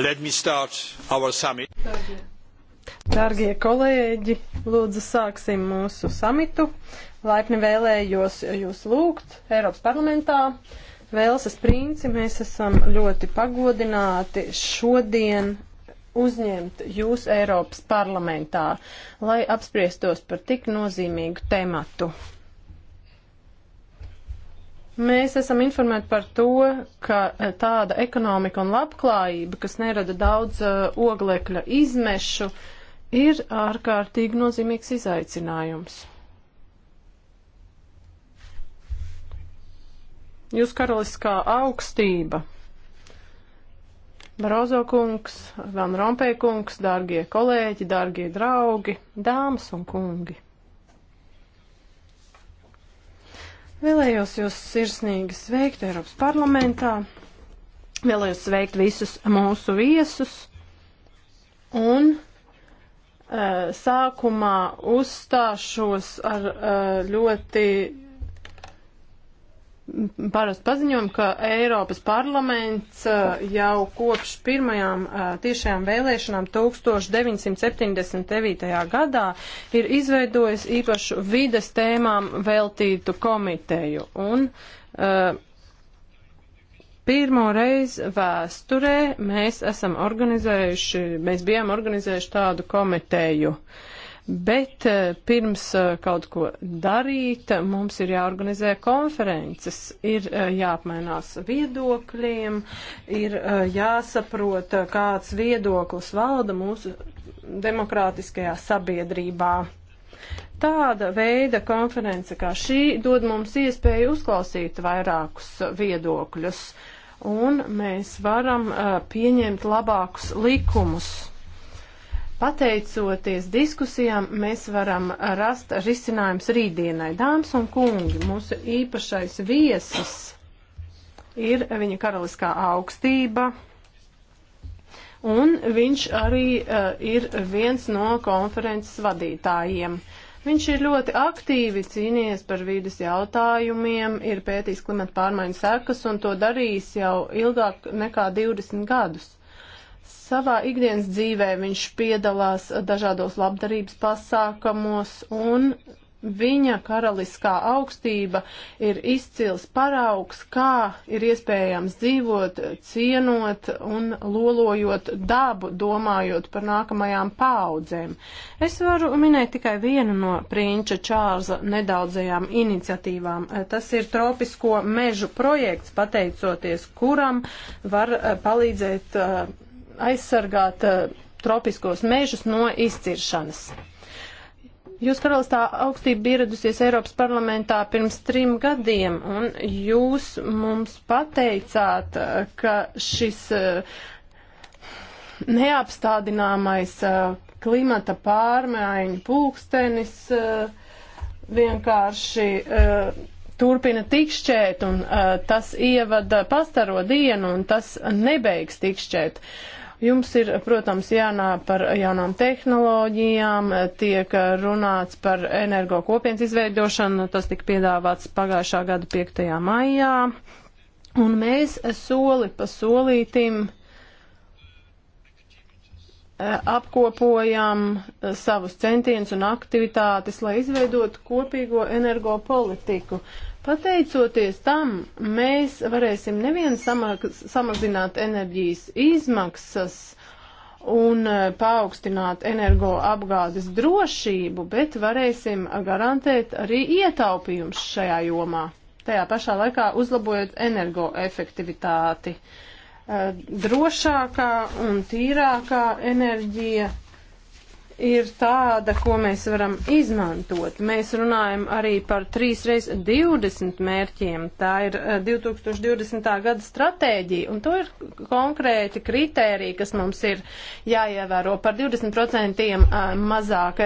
Let me start our summit. Dargie kolēģi, lūdzu sāksim mūsu samitu. Laipni vēlējos jūs lūgt Eiropas parlamentā. Vēlses princi, mēs esam ļoti pagodināti šodien uzņemt jūs Eiropas parlamentā, lai apspriestos par tik nozīmīgu tematu. Mēs esam informēti par to, ka e, tāda ekonomika un labklājība, kas nerada daudz uh, oglekļa izmešu, ir ārkārtīgi nozīmīgs izaicinājums. Jūs karaliskā augstība, Barozo kungs, Van Rompē kungs, dārgie kolēģi, dārgie draugi, dāmas un kungi. Vēlējos jūs sirsnīgi sveikt Eiropas parlamentā, vēlējos sveikt visus mūsu viesus un eh, sākumā uzstāšos ar eh, ļoti parasti paziņojam, ka Eiropas parlaments uh, jau kopš pirmajām uh, tiešajām vēlēšanām 1979. gadā ir izveidojis īpašu vides tēmām veltītu komiteju. Un, uh, Pirmo reizi vēsturē mēs esam organizējuši, mēs bijām organizējuši tādu komiteju. Uh, Bet eh, pirms eh, kaut ko darīt, mums ir jāorganizē konferences, ir eh, jāapmainās viedokļiem, ir jāsaprot, kāds viedoklis valda mūsu demokrātiskajā sabiedrībā. Tāda veida konference kā šī dod mums iespēju uzklausīt vairākus viedokļus, un mēs varam pieņemt labākus likumus. Pateicoties diskusijām, mēs varam rast risinājums rītdienai. Dāmas un kungi, mūsu īpašais viesis ir viņa karaliskā augstība, un viņš arī uh, ir viens no konferences vadītājiem. Viņš ir ļoti aktīvi cīnījies par vīdes jautājumiem, ir pētījis klimata pārmaiņu sekas un to darījis jau ilgāk nekā 20 gadus. Savā ikdienas dzīvē viņš piedalās dažādos labdarības pasākumos un viņa karaliskā augstība ir izcils paraugs, kā ir iespējams dzīvot, cienot un lolojot dabu, domājot par nākamajām paudzēm. Es varu minēt tikai vienu no prinča Čārza nedaudzajām iniciatīvām. Tas ir tropisko mežu projekts, pateicoties kuram var palīdzēt aizsargāt eh, tropiskos mežus no izciršanas. Jūs karalistā augstība ieradusies Eiropas parlamentā pirms trim gadiem, un jūs mums pateicāt, eh, ka šis eh, neapstādināmais klimata pārmaiņu pulkstenis vienkārši turpina tikšķēt, un tas ievada pastaro dienu, un tas nebeigs tikšķēt. Uh, Jums ir, protams, jānā par jaunām tehnoloģijām, tiek runāts par energo kopienas izveidošanu, tas tika piedāvāts pagājušā gada 5. maijā, un mēs soli pa solītim e, apkopojam e, savus centienus un aktivitātes, lai izveidotu kopīgo energo politiku. Uh, Pateicoties tam, mēs varēsim nevien samaks, samazināt enerģijas izmaksas un e, paaugstināt energoapgādes drošību, bet varēsim garantēt arī ietaupījums šajā jomā, tajā pašā laikā uzlabojot energoefektivitāti. E, drošākā un tīrākā enerģija ir tāda, ko mēs varam izmantot. Mēs runājam arī par 3x20 mērķiem. Tā ir 2020. Eh, gada stratēģija, un to ir konkrēti kritēriji, kas mums ir jāievēro par 20% eh, mazāk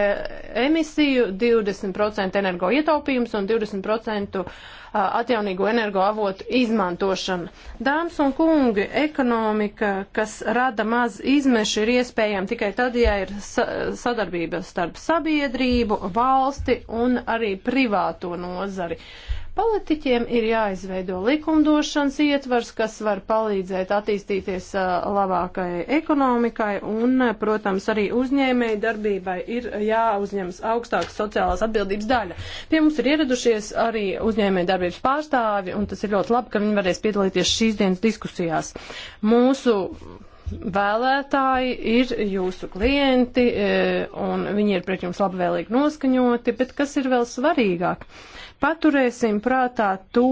emisiju, 20% energo ietaupījums un 20% atjaunīgo energoavotu izmantošana. Dāmas un kungi, ekonomika, kas rada maz izmešu, ir iespējama tikai tad, ja ir sa sadarbība starp sabiedrību, valsti un arī privāto nozari. Uh, Politiķiem ir jāizveido likumdošanas ietvars, kas var palīdzēt attīstīties labākai ekonomikai un, protams, arī uzņēmēji darbībai ir jāuzņemas augstākas sociālās atbildības daļa. Pie mums ir ieradušies arī uzņēmēji darbības pārstāvi, un tas ir ļoti labi, ka viņi varēs piedalīties šīs dienas diskusijās. Mūsu vēlētāji ir jūsu klienti, un viņi ir pret jums labvēlīgi noskaņoti, bet kas ir vēl svarīgāk? Uh, Paturēsim prātā to,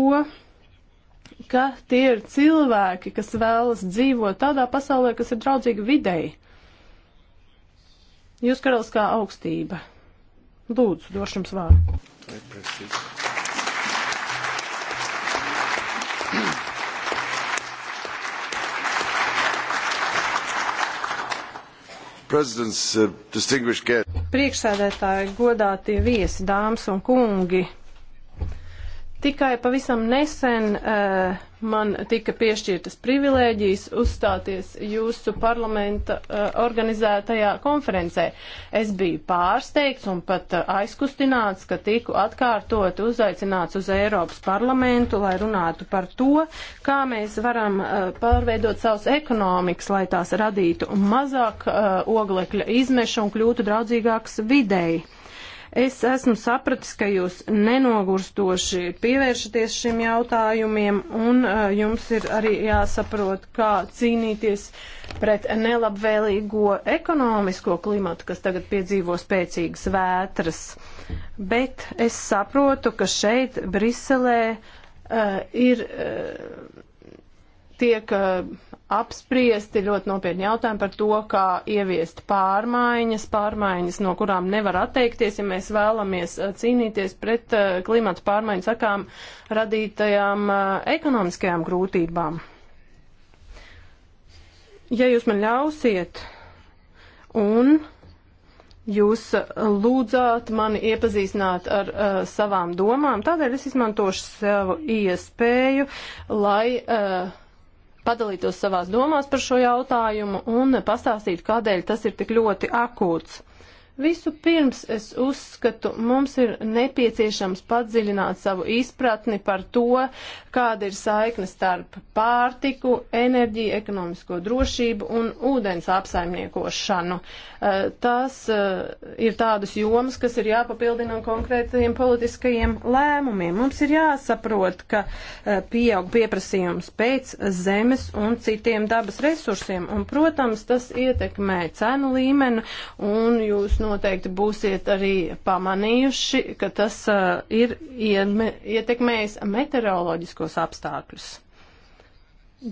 ka tie ir cilvēki, kas vēlas dzīvot tādā pasaulē, kas ir draudzīga videi. Jūs karaliskā augstība. Lūdzu, došu jums vārdu. Uh, Priekšsēdētāji, godātie viesi, dāmas un kungi! Tikai pavisam nesen uh, man tika piešķirtas privilēģijas uzstāties jūsu parlamenta uh, organizētajā konferencē. Es biju pārsteigts un pat uh, aizkustināts, ka tiku atkārtot uzaicināts uz Eiropas parlamentu, lai runātu par to, kā mēs varam uh, pārveidot savus ekonomikas, lai tās radītu mazāk uh, oglekļa izmešu un kļūtu draudzīgākas videi. Uh, Es esmu sapratis, ka jūs nenogurstoši pievēršaties šiem jautājumiem un uh, jums ir arī jāsaprot, kā cīnīties pret nelabvēlīgo ekonomisko klimatu, kas tagad piedzīvo spēcīgas vētras. Bet es saprotu, ka šeit, Briselē, uh, ir uh, tiek. Uh, apspriesti ļoti nopietni jautājumi par to, kā ieviest pārmaiņas, pārmaiņas, no kurām nevar atteikties, ja mēs vēlamies eh, cīnīties pret eh, klimata pārmaiņu sakām radītajām eh, ekonomiskajām grūtībām. Ja jūs man ļausiet un Jūs lūdzāt mani iepazīstināt ar uh, savām domām, tādēļ es izmantošu savu iespēju, lai uh, padalītos savās domās par šo jautājumu un pastāstītu, kādēļ tas ir tik ļoti akūts. Visu pirms es uzskatu, mums ir nepieciešams padziļināt savu izpratni par to, kāda ir saikne starp pārtiku, enerģiju, ekonomisko drošību un ūdens apsaimniekošanu. Eh, tas eh, ir tādas jomas, kas ir jāpapildina konkrētajiem politiskajiem lēmumiem. Mums ir jāsaprot, ka eh, pieaug pieprasījums pēc zemes un citiem dabas resursiem, un, protams, tas ietekmē cenu līmeni, un jūs noteikti būsiet arī pamanījuši, ka tas uh, ir ietekmējis meteoroloģiskos apstākļus.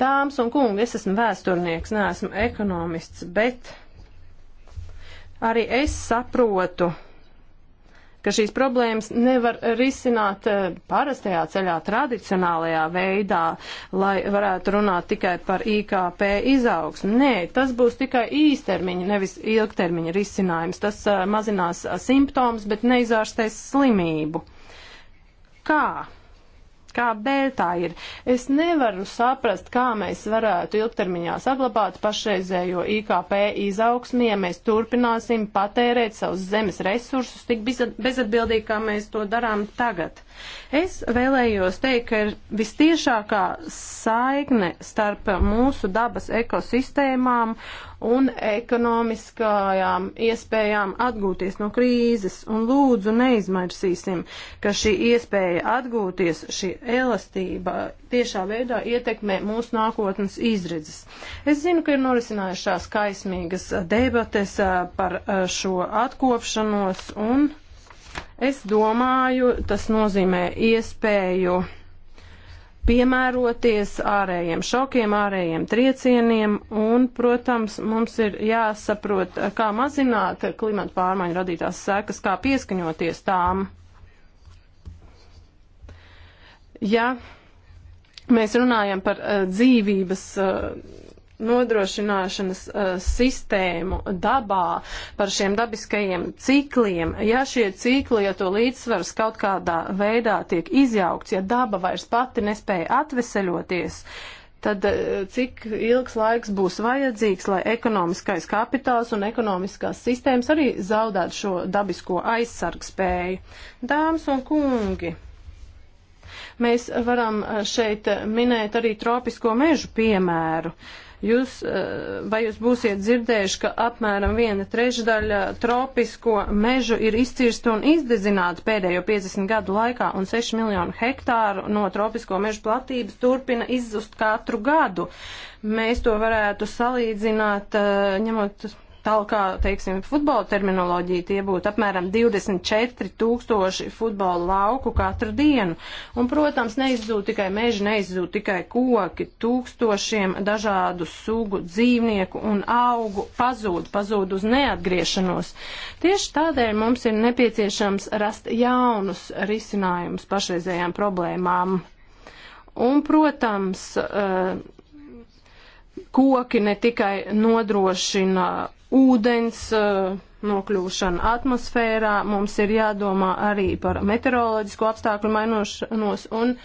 Dāmas un kungi, es esmu vēsturnieks, neesmu ekonomists, bet arī es saprotu, ka šīs problēmas nevar risināt eh, parastajā ceļā, tradicionālajā veidā, lai varētu runāt tikai par IKP izaugsmu. Nē, tas būs tikai īstermiņa, nevis ilgtermiņa risinājums. Tas eh, mazinās eh, simptomus, bet neizārstēs slimību. Kā? Kādēļ tā ir? Es nevaru saprast, kā mēs varētu ilgtermiņā saglabāt pašreizējo IKP izaugsmi, ja mēs turpināsim patērēt savus zemes resursus tik bezatbildīgi, kā mēs to darām tagad. Es vēlējos teikt, ka ir vistiešākā saikne starp mūsu dabas ekosistēmām un ekonomiskajām iespējām atgūties no krīzes. Un lūdzu, neizmirsīsim, ka šī iespēja atgūties, šī elastība tiešā veidā ietekmē mūsu nākotnes izredzes. Es zinu, ka ir norisinājušās kaismīgas debates par šo atkopšanos, un es domāju, tas nozīmē iespēju piemēroties ārējiem šokiem, ārējiem triecieniem, un, protams, mums ir jāsaprot, kā mazināt klimata pārmaiņu radītās sekas, kā pieskaņoties tām. Ja mēs runājam par uh, dzīvības uh, nodrošināšanas uh, sistēmu dabā, par šiem dabiskajiem cikliem. Ja šie cikli, ja to līdzsvars kaut kādā veidā tiek izjaukts, ja daba vairs pati nespēja atveseļoties, tad uh, cik ilgs laiks būs vajadzīgs, lai ekonomiskais kapitāls un ekonomiskās sistēmas arī zaudētu šo dabisko aizsargspēju. Dāmas un kungi! Mēs varam uh, šeit uh, minēt arī tropisko mežu piemēru. Uh, Jūs, eh, vai jūs būsiet dzirdējuši, ka apmēram viena trešdaļa tropisko mežu ir izcirsta un izdezināta pēdējo 50 gadu laikā, un 6 miljonu hektāru no tropisko mežu platības turpina izzust katru gadu? Mēs to varētu salīdzināt, eh, ņemot Tālāk, kā, teiksim, futbola terminoloģija, tie būtu apmēram 24 tūkstoši futbola lauku katru dienu. Un, protams, neizzūd tikai meži, neizzūd tikai koki, tūkstošiem dažādu sugu dzīvnieku un augu pazūd, pazūd uz neatgriešanos. Tieši tādēļ mums ir nepieciešams rast jaunus risinājumus pašreizējām problēmām. Un, protams, eh, koki ne tikai nodrošina ūdens eh, nokļūšana atmosfērā, mums ir jādomā arī par meteoroloģisko apstākļu mainošanos un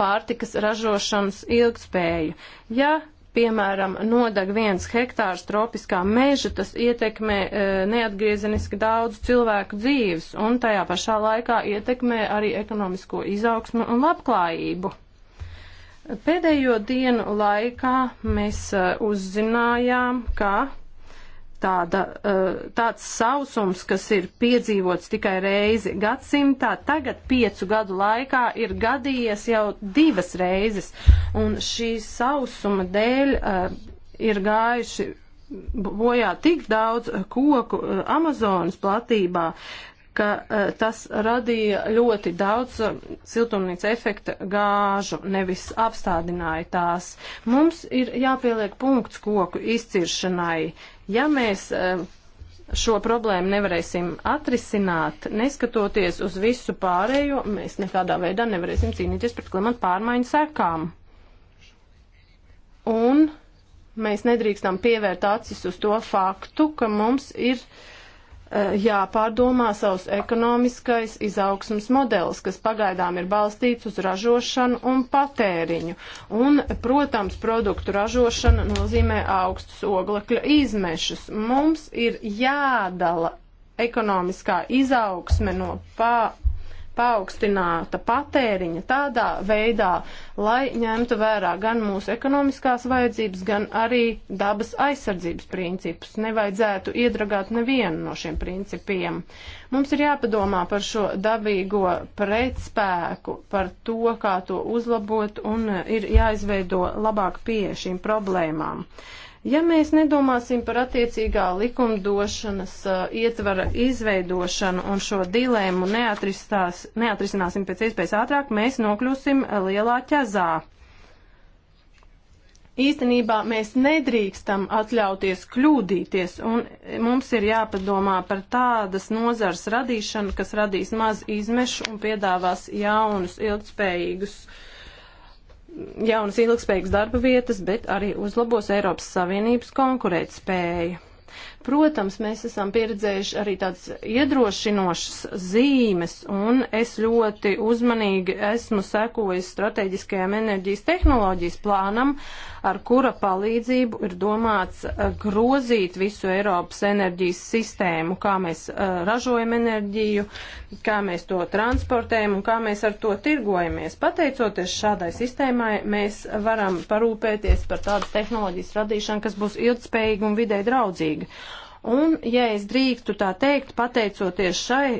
pārtikas ražošanas ilgspēju. Ja piemēram, nodeg viens hektārs tropiskā meža, tas ietekmē e, neatgriezeniski daudz cilvēku dzīves un tajā pašā laikā ietekmē arī ekonomisko izaugsmu un labklājību. Pēdējo dienu laikā mēs e, uzzinājām, ka tāda, eh, tāds sausums, kas ir piedzīvots tikai reizi gadsimtā, tagad piecu gadu laikā ir gadījies jau divas reizes. Un šī sausuma dēļ eh, ir gājuši bojā tik daudz koku eh, Amazonas platībā, ka e, tas radīja ļoti daudz e, siltumnīca efekta gāžu, nevis apstādināja tās. Mums ir jāpieliek punkts koku izciršanai. Ja mēs e, šo problēmu nevarēsim atrisināt, neskatoties uz visu pārējo, mēs nekādā veidā nevarēsim cīnīties pret klimatu pārmaiņu sekām. Un mēs nedrīkstam pievērt acis uz to faktu, ka mums ir uh, Eh, jāpārdomā savs ekonomiskais izaugsmas modelis, kas pagaidām ir balstīts uz ražošanu un patēriņu. Un, protams, produktu ražošana nozīmē augstus oglekļa izmešus. Mums ir jādala ekonomiskā izaugsme no pā paaugstināta patēriņa tādā veidā, lai ņemtu vērā gan mūsu ekonomiskās vajadzības, gan arī dabas aizsardzības principus. Nevajadzētu iedragāt nevienu no šiem principiem. Mums ir jāpadomā par šo dabīgo pretspēku, par to, kā to uzlabot, un ir jāizveido labāk pie šīm problēmām. Ja mēs nedomāsim par attiecīgā likumdošanas uh, ietvara izveidošanu un šo dilēmu neatrisināsim pēc iespējas ātrāk, mēs nokļūsim uh, lielā ķezā. Īstenībā mēs nedrīkstam atļauties kļūdīties, un mums ir jāpadomā par tādas nozars radīšanu, kas radīs maz izmešu un piedāvās jaunus, ilgspējīgus uh, jaunas ilgspējīgas darba vietas, bet arī uzlabos Eiropas Savienības konkurētspēju. Protams, mēs esam pieredzējuši arī tādas iedrošinošas zīmes, un es ļoti uzmanīgi esmu sekojis strateģiskajam enerģijas tehnoloģijas plānam, ar kura palīdzību ir domāts eh, grozīt visu Eiropas enerģijas sistēmu, kā mēs eh, ražojam enerģiju, kā mēs to transportējam un kā mēs ar to tirgojamies. Pateicoties šādai sistēmai, mēs varam parūpēties par tādas tehnoloģijas radīšanu, kas būs ilgspējīga un vidē draudzīga. Un, ja es drīkstu tā teikt, pateicoties šai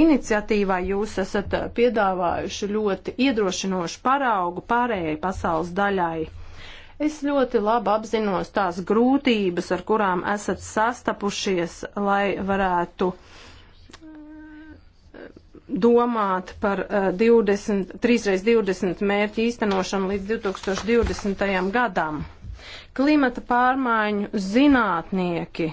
iniciatīvai, jūs esat piedāvājuši ļoti iedrošinošu paraugu pārējai pasaules daļai. Es ļoti labi apzinos tās grūtības, ar kurām esat sastapušies, lai varētu domāt par 20, 3x20 mērķu īstenošanu līdz 2020. gadam. Klimata pārmaiņu zinātnieki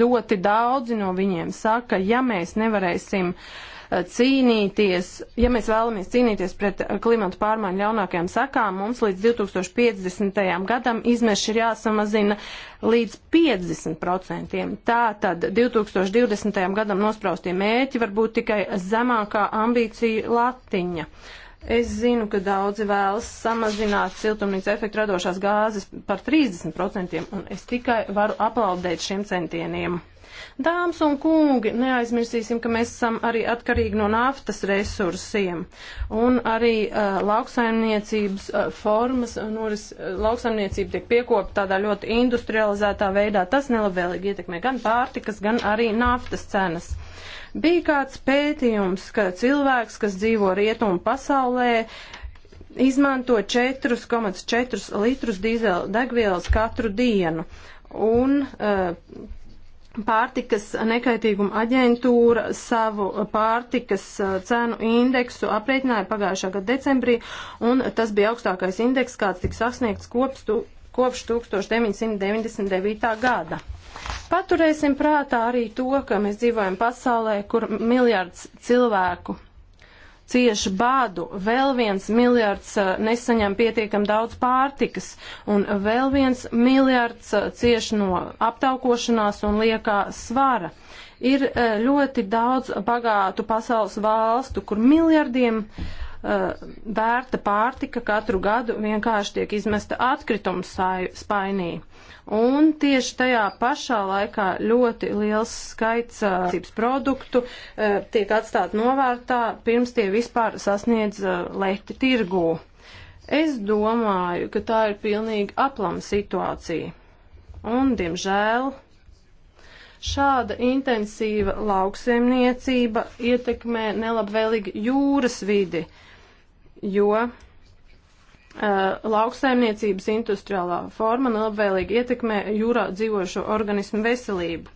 ļoti daudzi no viņiem saka, ja mēs nevarēsim eh, cīnīties, ja mēs vēlamies cīnīties pret eh, klimatu pārmaiņu ļaunākajām sakām, mums līdz 2050. gadam izmeši ir jāsamazina līdz 50%. Tā tad 2020. gadam nospraustie mērķi var būt tikai zemākā ambīcija latiņa. Uh, Es zinu, ka daudzi vēlas samazināt siltumnīca efektu radošās gāzes par 30%, un es tikai varu aplaudēt šiem centieniem. Dāmas un kungi, neaizmirsīsim, ka mēs esam arī atkarīgi no naftas resursiem, un arī uh, lauksaimniecības uh, formas, uh, noris, uh, lauksaimniecība tiek piekopta tādā ļoti industrializētā veidā. Tas nelabvēlīgi ietekmē gan pārtikas, gan arī naftas cenas. Uh, Bija kāds pētījums, ka cilvēks, kas dzīvo rietumu pasaulē, izmanto 4,4 litrus dīzeļa degvielas katru dienu. Un, uh, Pārtikas nekaitīguma aģentūra savu eh, pārtikas eh, cenu indeksu aprēķināja pagājušā gada decembrī, un tas bija augstākais indeks, kāds tika sasniegts kopstu, kopš 1999. gada. Paturēsim prātā arī to, ka mēs dzīvojam pasaulē, kur miljards cilvēku cieši bādu, vēl viens miljards uh, nesaņem pietiekam daudz pārtikas, un vēl viens miljards uh, cieši no aptaukošanās un liekā svara. Ir uh, ļoti daudz bagātu pasaules valstu, kur miljardiem uh, Eh, vērta pārtika katru gadu vienkārši tiek izmesta atkritumu spainī. Un tieši tajā pašā laikā ļoti liels skaits eh, cīps produktu eh, tiek atstāt novārtā, pirms tie vispār sasniedz lehti tirgū. Es domāju, ka tā ir pilnīgi aplama situācija. Un, diemžēl, Šāda intensīva lauksaimniecība ietekmē nelabvēlīgi jūras vidi. Uh, jo uh, lauksaimniecības industriālā forma nelabvēlīgi ietekmē jūrā dzīvošo organismu veselību.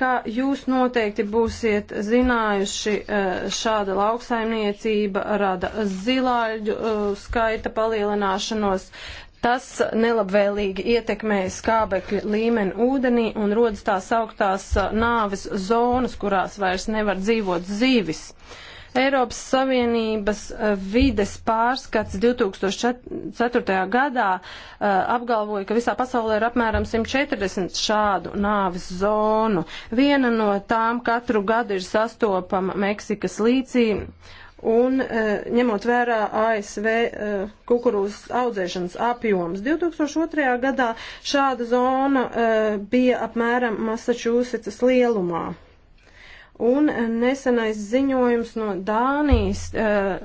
Kā jūs noteikti būsiet zinājuši, uh, šāda lauksaimniecība rada zilāļu uh, skaita palielināšanos, Tas nelabvēlīgi ietekmē skābekļa līmeni ūdenī un rodas tās augtās uh, nāves zonas, kurās vairs nevar dzīvot zīvis. Uh, Eiropas Savienības eh, vides pārskats 2004. gadā eh, apgalvoja, ka visā pasaulē ir apmēram 140 šādu nāvis zonu. Viena no tām katru gadu ir sastopama Meksikas līcī. Un eh, ņemot vērā ASV kukurūzas audzēšanas apjoms, 2002. gadā šāda zona bija apmēram Massachusetts lielumā. Un nesenais ziņojums no Dānijas uh,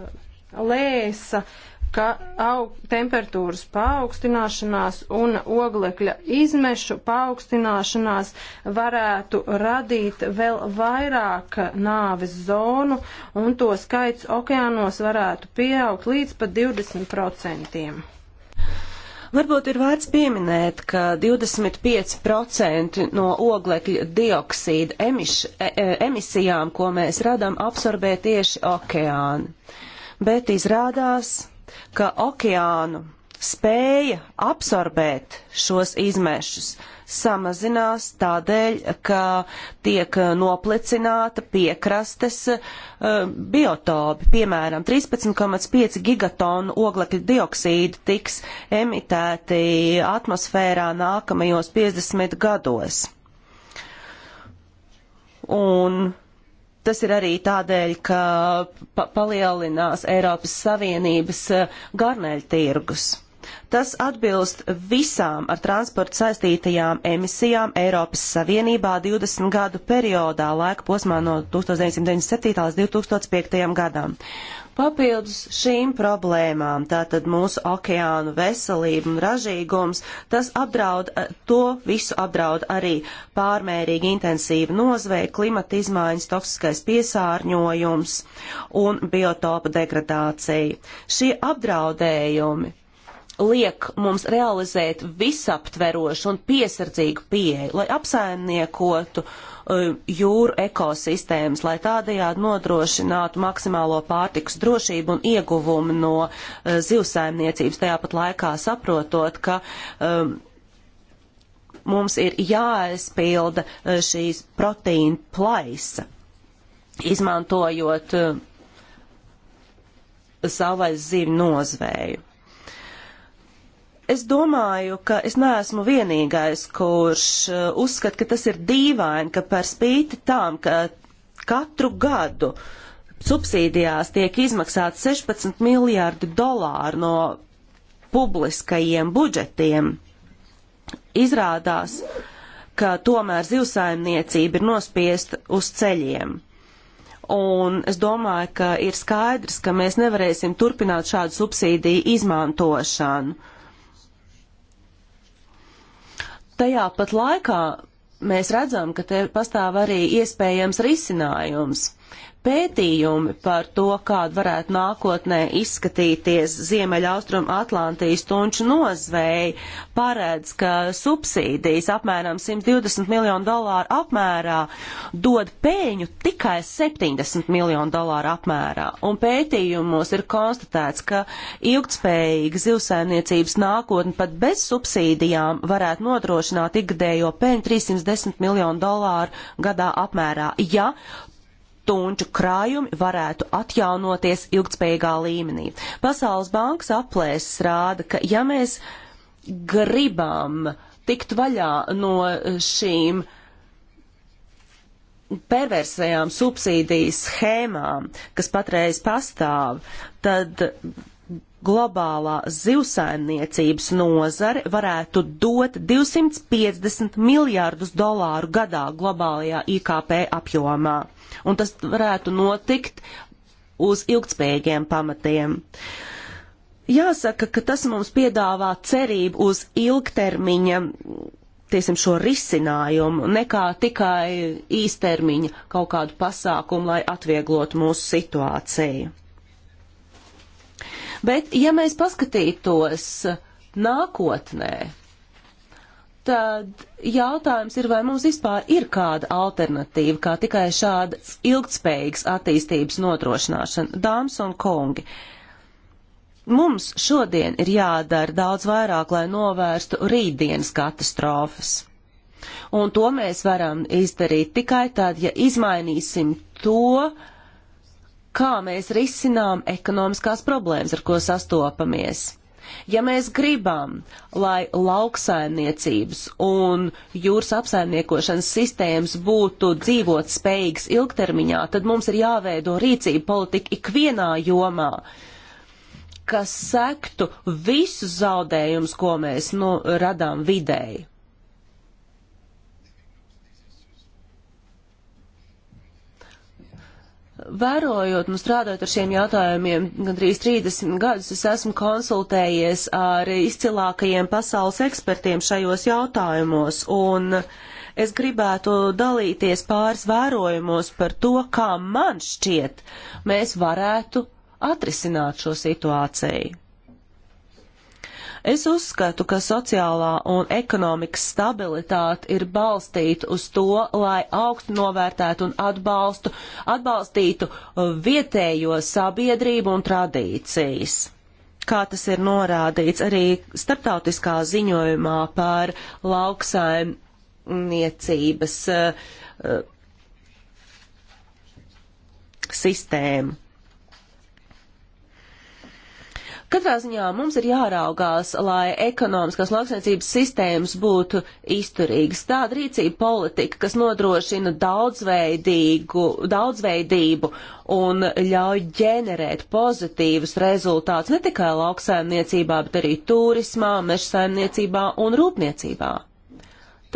lēsa, ka aug, temperatūras paaugstināšanās un oglekļa izmešu paaugstināšanās varētu radīt vēl vairāk nāves zonu, un to skaits okeānos varētu pieaugt līdz pat 20%. Varbūt ir vērts pieminēt, ka 25% no oglekļa dioksīda emiš, e, e, emisijām, ko mēs radām, absorbē tieši okeāni. Bet izrādās, ka okeānu spēja absorbēt šos izmešus samazinās tādēļ, ka tiek noplicināta piekrastes uh, biotopi. Piemēram, 13,5 gigatonu oglekļa dioksīdu tiks emitēti atmosfērā nākamajos 50 gados. Un Tas ir arī tādēļ, ka pa palielinās Eiropas Savienības eh, garneļtirgus. tirgus. Tas atbilst visām ar transportu saistītajām emisijām Eiropas Savienībā 20 gadu periodā laika posmā no 1997. līdz 2005. gadam. Papildus šīm problēmām, tātad mūsu okeānu veselība un ražīgums, tas apdraud, eh, to visu apdraud arī pārmērīgi intensīva nozveja, klimata izmaiņas, toksiskais piesārņojums un biotopa degradācija. Šie apdraudējumi liek mums realizēt visaptverošu un piesardzīgu pieeju, lai apsaimniekotu uh, jūru ekosistēmas, lai tādējādi nodrošinātu maksimālo pārtiks drošību un ieguvumu no uh, zivsaimniecības, tajāpat laikā saprotot, ka um, mums ir jāaizpilda uh, šīs proteīna plaisa, izmantojot savvaļas zivju nozvēju. Es domāju, ka es neesmu vienīgais, kurš uh, uzskata, ka tas ir dīvaini, ka par spīti tām, ka katru gadu subsīdijās tiek izmaksāts 16 miljārdi dolāru no publiskajiem budžetiem, izrādās, ka tomēr zivsaimniecība ir nospiest uz ceļiem. Un es domāju, ka ir skaidrs, ka mēs nevarēsim turpināt šādu subsīdiju izmantošanu tajā pat laikā mēs redzam, ka te pastāv arī iespējams risinājums pētījumi par to, kāda varētu nākotnē izskatīties Ziemeļaustrum Atlantijas tunču nozvei, paredz, ka subsīdijas apmēram 120 miljonu dolāru apmērā dod pēļņu tikai 70 miljonu dolāru apmērā. Un pētījumos ir konstatēts, ka ilgtspējīga zivsēniecības nākotne pat bez subsīdijām varētu nodrošināt ikgadējo pēļņu 310 miljonu dolāru gadā apmērā, ja stunču krājumi varētu atjaunoties ilgtspējīgā līmenī. Pasaules bankas aplēses rāda, ka ja mēs gribam tikt vaļā no šīm perversajām subsīdijas schēmām, kas patreiz pastāv, tad globālā zivsaimniecības nozare varētu dot 250 miljārdus dolāru gadā globālajā IKP apjomā. Un tas varētu notikt uz ilgtspējīgiem pamatiem. Jāsaka, ka tas mums piedāvā cerību uz ilgtermiņa, tiesim, šo risinājumu, nekā tikai īstermiņa kaut kādu pasākumu, lai atvieglotu mūsu situāciju. Bet, ja mēs paskatītos nākotnē, tad jautājums ir, vai mums vispār ir kāda alternatīva, kā tikai šāda ilgtspējīgas attīstības nodrošināšana. Dāmas un kungi, mums šodien ir jādara daudz vairāk, lai novērstu rītdienas katastrofas. Un to mēs varam izdarīt tikai tad, ja izmainīsim to, kā mēs risinām ekonomiskās problēmas, ar ko sastopamies. Ja mēs gribam, lai lauksaimniecības un jūras apsaimniekošanas sistēmas būtu dzīvot spējīgas ilgtermiņā, tad mums ir jāveido rīcība politika ikvienā jomā, kas sektu visus zaudējumus, ko mēs nu, radām vidēji. Vērojot un strādājot ar šiem jautājumiem, gandrīz 30 gadus es esmu konsultējies ar izcilākajiem pasaules ekspertiem šajos jautājumos, un es gribētu dalīties pāris vērojumos par to, kā man šķiet mēs varētu atrisināt šo situāciju. Es uzskatu, ka sociālā un ekonomikas stabilitāte ir balstīta uz to, lai augstu novērtētu un atbalstu, atbalstītu uh, vietējo sabiedrību un tradīcijas kā tas ir norādīts arī starptautiskā ziņojumā par lauksaimniecības uh, uh, sistēmu. Katrā ziņā mums ir jāraugās, lai ekonomiskās lauksainicības sistēmas būtu izturīgas. Tāda rīcība politika, kas nodrošina daudzveidību un ļauj ģenerēt pozitīvus rezultātus ne tikai lauksaimniecībā, bet arī turismā, mežsaimniecībā un rūpniecībā.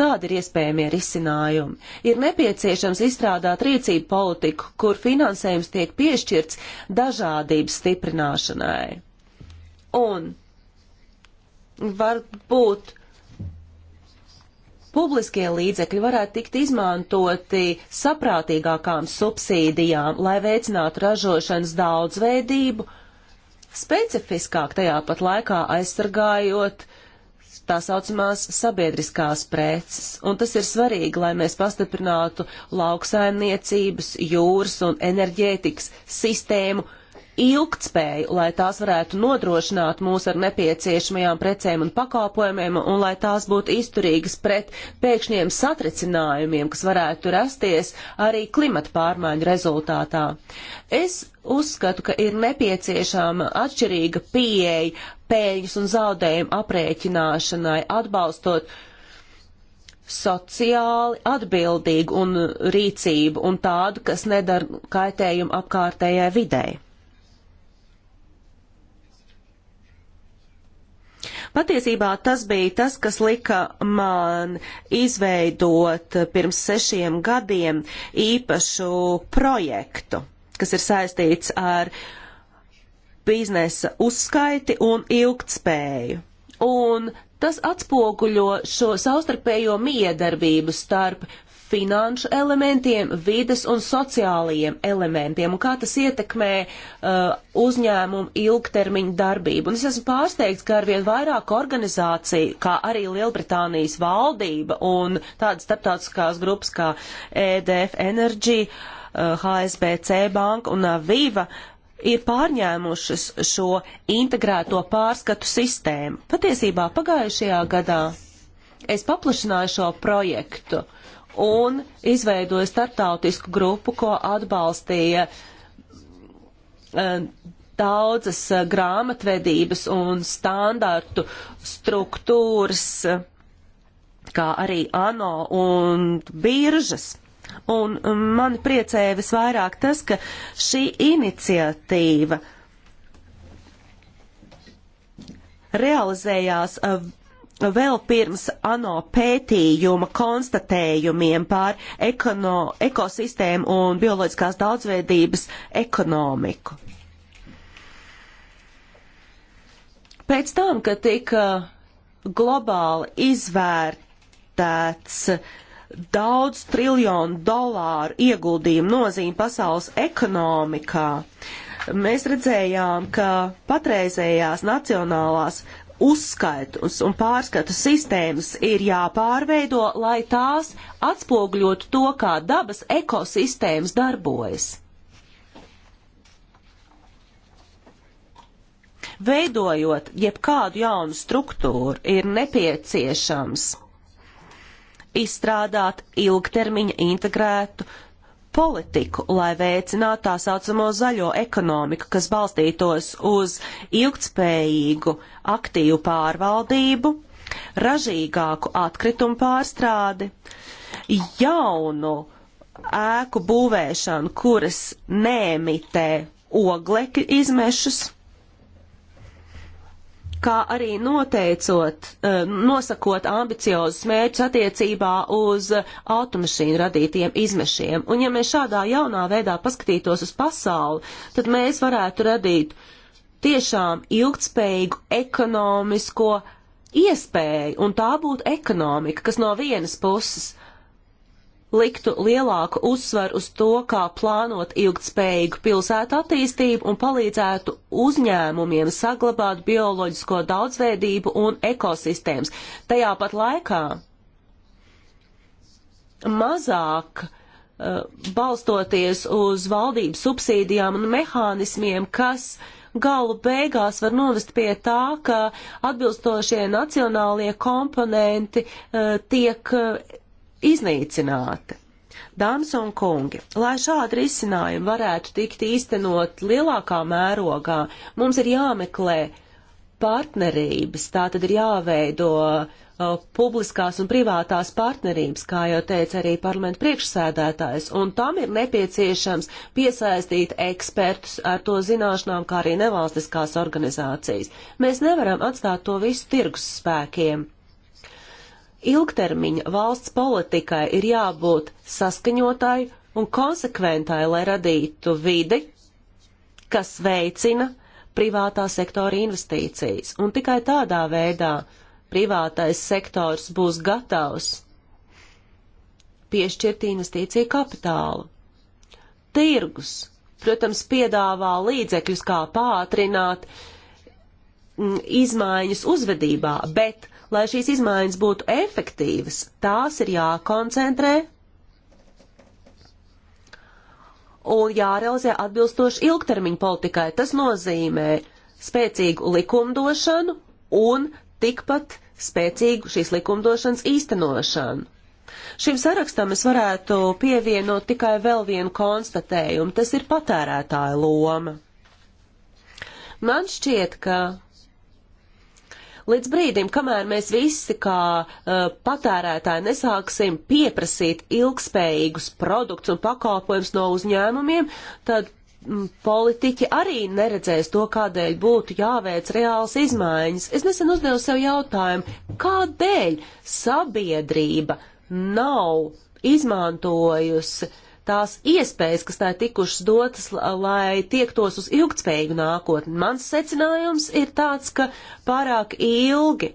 Tādi ir iespējamie risinājumi. Ir nepieciešams izstrādāt rīcību politiku, kur finansējums tiek piešķirts dažādības stiprināšanai. Un varbūt publiskie līdzekļi varētu tikt izmantoti saprātīgākām subsīdijām, lai veicinātu ražošanas daudzveidību, specifiskāk tajā pat laikā aizsargājot tā saucamās sabiedriskās preces. Un tas ir svarīgi, lai mēs pastiprinātu lauksaimniecības, jūras un enerģētikas sistēmu, ilgtspēju, lai tās varētu nodrošināt mūs ar nepieciešamajām precēm un pakalpojumiem, un lai tās būtu izturīgas pret pēkšņiem satricinājumiem, kas varētu rasties arī klimata pārmaiņu rezultātā. Es uzskatu, ka ir nepieciešama atšķirīga pieeja pēļņas un zaudējumu aprēķināšanai, atbalstot sociāli atbildīgu un rīcību un tādu, kas nedara kaitējumu apkārtējai videi. Patiesībā tas bija tas, kas lika man izveidot pirms sešiem gadiem īpašu projektu, kas ir saistīts ar biznesa uzskaiti un ilgtspēju. Un tas atspoguļo šo savstarpējo miedarbību starp finanšu elementiem, vides un sociālajiem elementiem un kā tas ietekmē uh, uzņēmumu ilgtermiņu darbību. Un es esmu pārsteigts, ka arvien vairāk organizāciju, kā arī Lielbritānijas valdība un tādas starptautiskās grupas kā EDF Energy, uh, HSBC banka un Aviva uh, ir pārņēmušas šo integrēto pārskatu sistēmu. Patiesībā pagājušajā gadā es paplašināju šo projektu un izveidoja startautisku grupu, ko atbalstīja eh, daudzas eh, grāmatvedības un standartu struktūras, eh, kā arī ANO un biržas. Un mani priecēja visvairāk tas, ka šī iniciatīva realizējās vēl pirms ANO pētījuma konstatējumiem par ekono, ekosistēmu un bioloģiskās daudzveidības ekonomiku. Pēc tam, kad tika globāli izvērtēts daudz triljonu dolāru ieguldījumu nozīme pasaules ekonomikā, mēs redzējām, ka patreizējās nacionālās uzskaitus un pārskatu sistēmas ir jāpārveido, lai tās atspogļotu to, kā dabas ekosistēmas darbojas. Veidojot jebkādu jaunu struktūru, ir nepieciešams izstrādāt ilgtermiņa integrētu politiku, lai veicinātu tā saucamo zaļo ekonomiku, kas balstītos uz ilgtspējīgu aktīvu pārvaldību, ražīgāku atkritumu pārstrādi, jaunu ēku būvēšanu, kuras neemitē oglekļa izmešus, kā arī noteicot, e, nosakot ambiciozus mērķus attiecībā uz automašīnu radītiem izmešiem. Un ja mēs šādā jaunā veidā paskatītos uz pasauli, tad mēs varētu radīt tiešām ilgtspējīgu ekonomisko iespēju, un tā būtu ekonomika, kas no vienas puses liktu lielāku uzsvaru uz to, kā plānot ilgtspējīgu pilsētu attīstību un palīdzētu uzņēmumiem saglabāt bioloģisko daudzveidību un ekosistēmas. Tajā pat laikā mazāk eh, balstoties uz valdības subsīdijām un mehānismiem, kas galu beigās var novest pie tā, ka atbilstošie nacionālie komponenti eh, tiek eh, iznīcināta. Dāmas un kungi, lai šādi risinājumi varētu tikt īstenot lielākā mērogā, mums ir jāmeklē partnerības, tā tad ir jāveido uh, publiskās un privātās partnerības, kā jau teica arī parlamenta priekšsēdētājs, un tam ir nepieciešams piesaistīt ekspertus ar to zināšanām, kā arī nevalstiskās organizācijas. Mēs nevaram atstāt to visu tirgus spēkiem. Ilgtermiņa valsts politikai ir jābūt saskaņotai un konsekventai, lai radītu vidi, kas veicina privātā sektora investīcijas. Un tikai tādā veidā privātais sektors būs gatavs piešķirt investīciju kapitālu. Tirgus, protams, piedāvā līdzekļus, kā pātrināt mm, izmaiņas uzvedībā, bet Lai šīs izmaiņas būtu efektīvas, tās ir jākoncentrē un jārealizē atbilstoši ilgtermiņu politikai. Tas nozīmē spēcīgu likumdošanu un tikpat spēcīgu šīs likumdošanas īstenošanu. Šim sarakstam es varētu pievienot tikai vēl vienu konstatējumu, tas ir patērētāja loma. Man šķiet, ka Līdz brīdim, kamēr mēs visi kā uh, patērētāji nesāksim pieprasīt ilgspējīgus produktus un pakalpojumus no uzņēmumiem, tad mm, politiķi arī neredzēs to, kādēļ būtu jāveic reāls izmaiņas. Es nesen uzdevu sev jautājumu, kādēļ sabiedrība nav izmantojusi uh, tās iespējas, kas tā ir tikušas dotas, lai tiektos uz ilgtspējīgu nākotni. Mans secinājums ir tāds, ka pārāk ilgi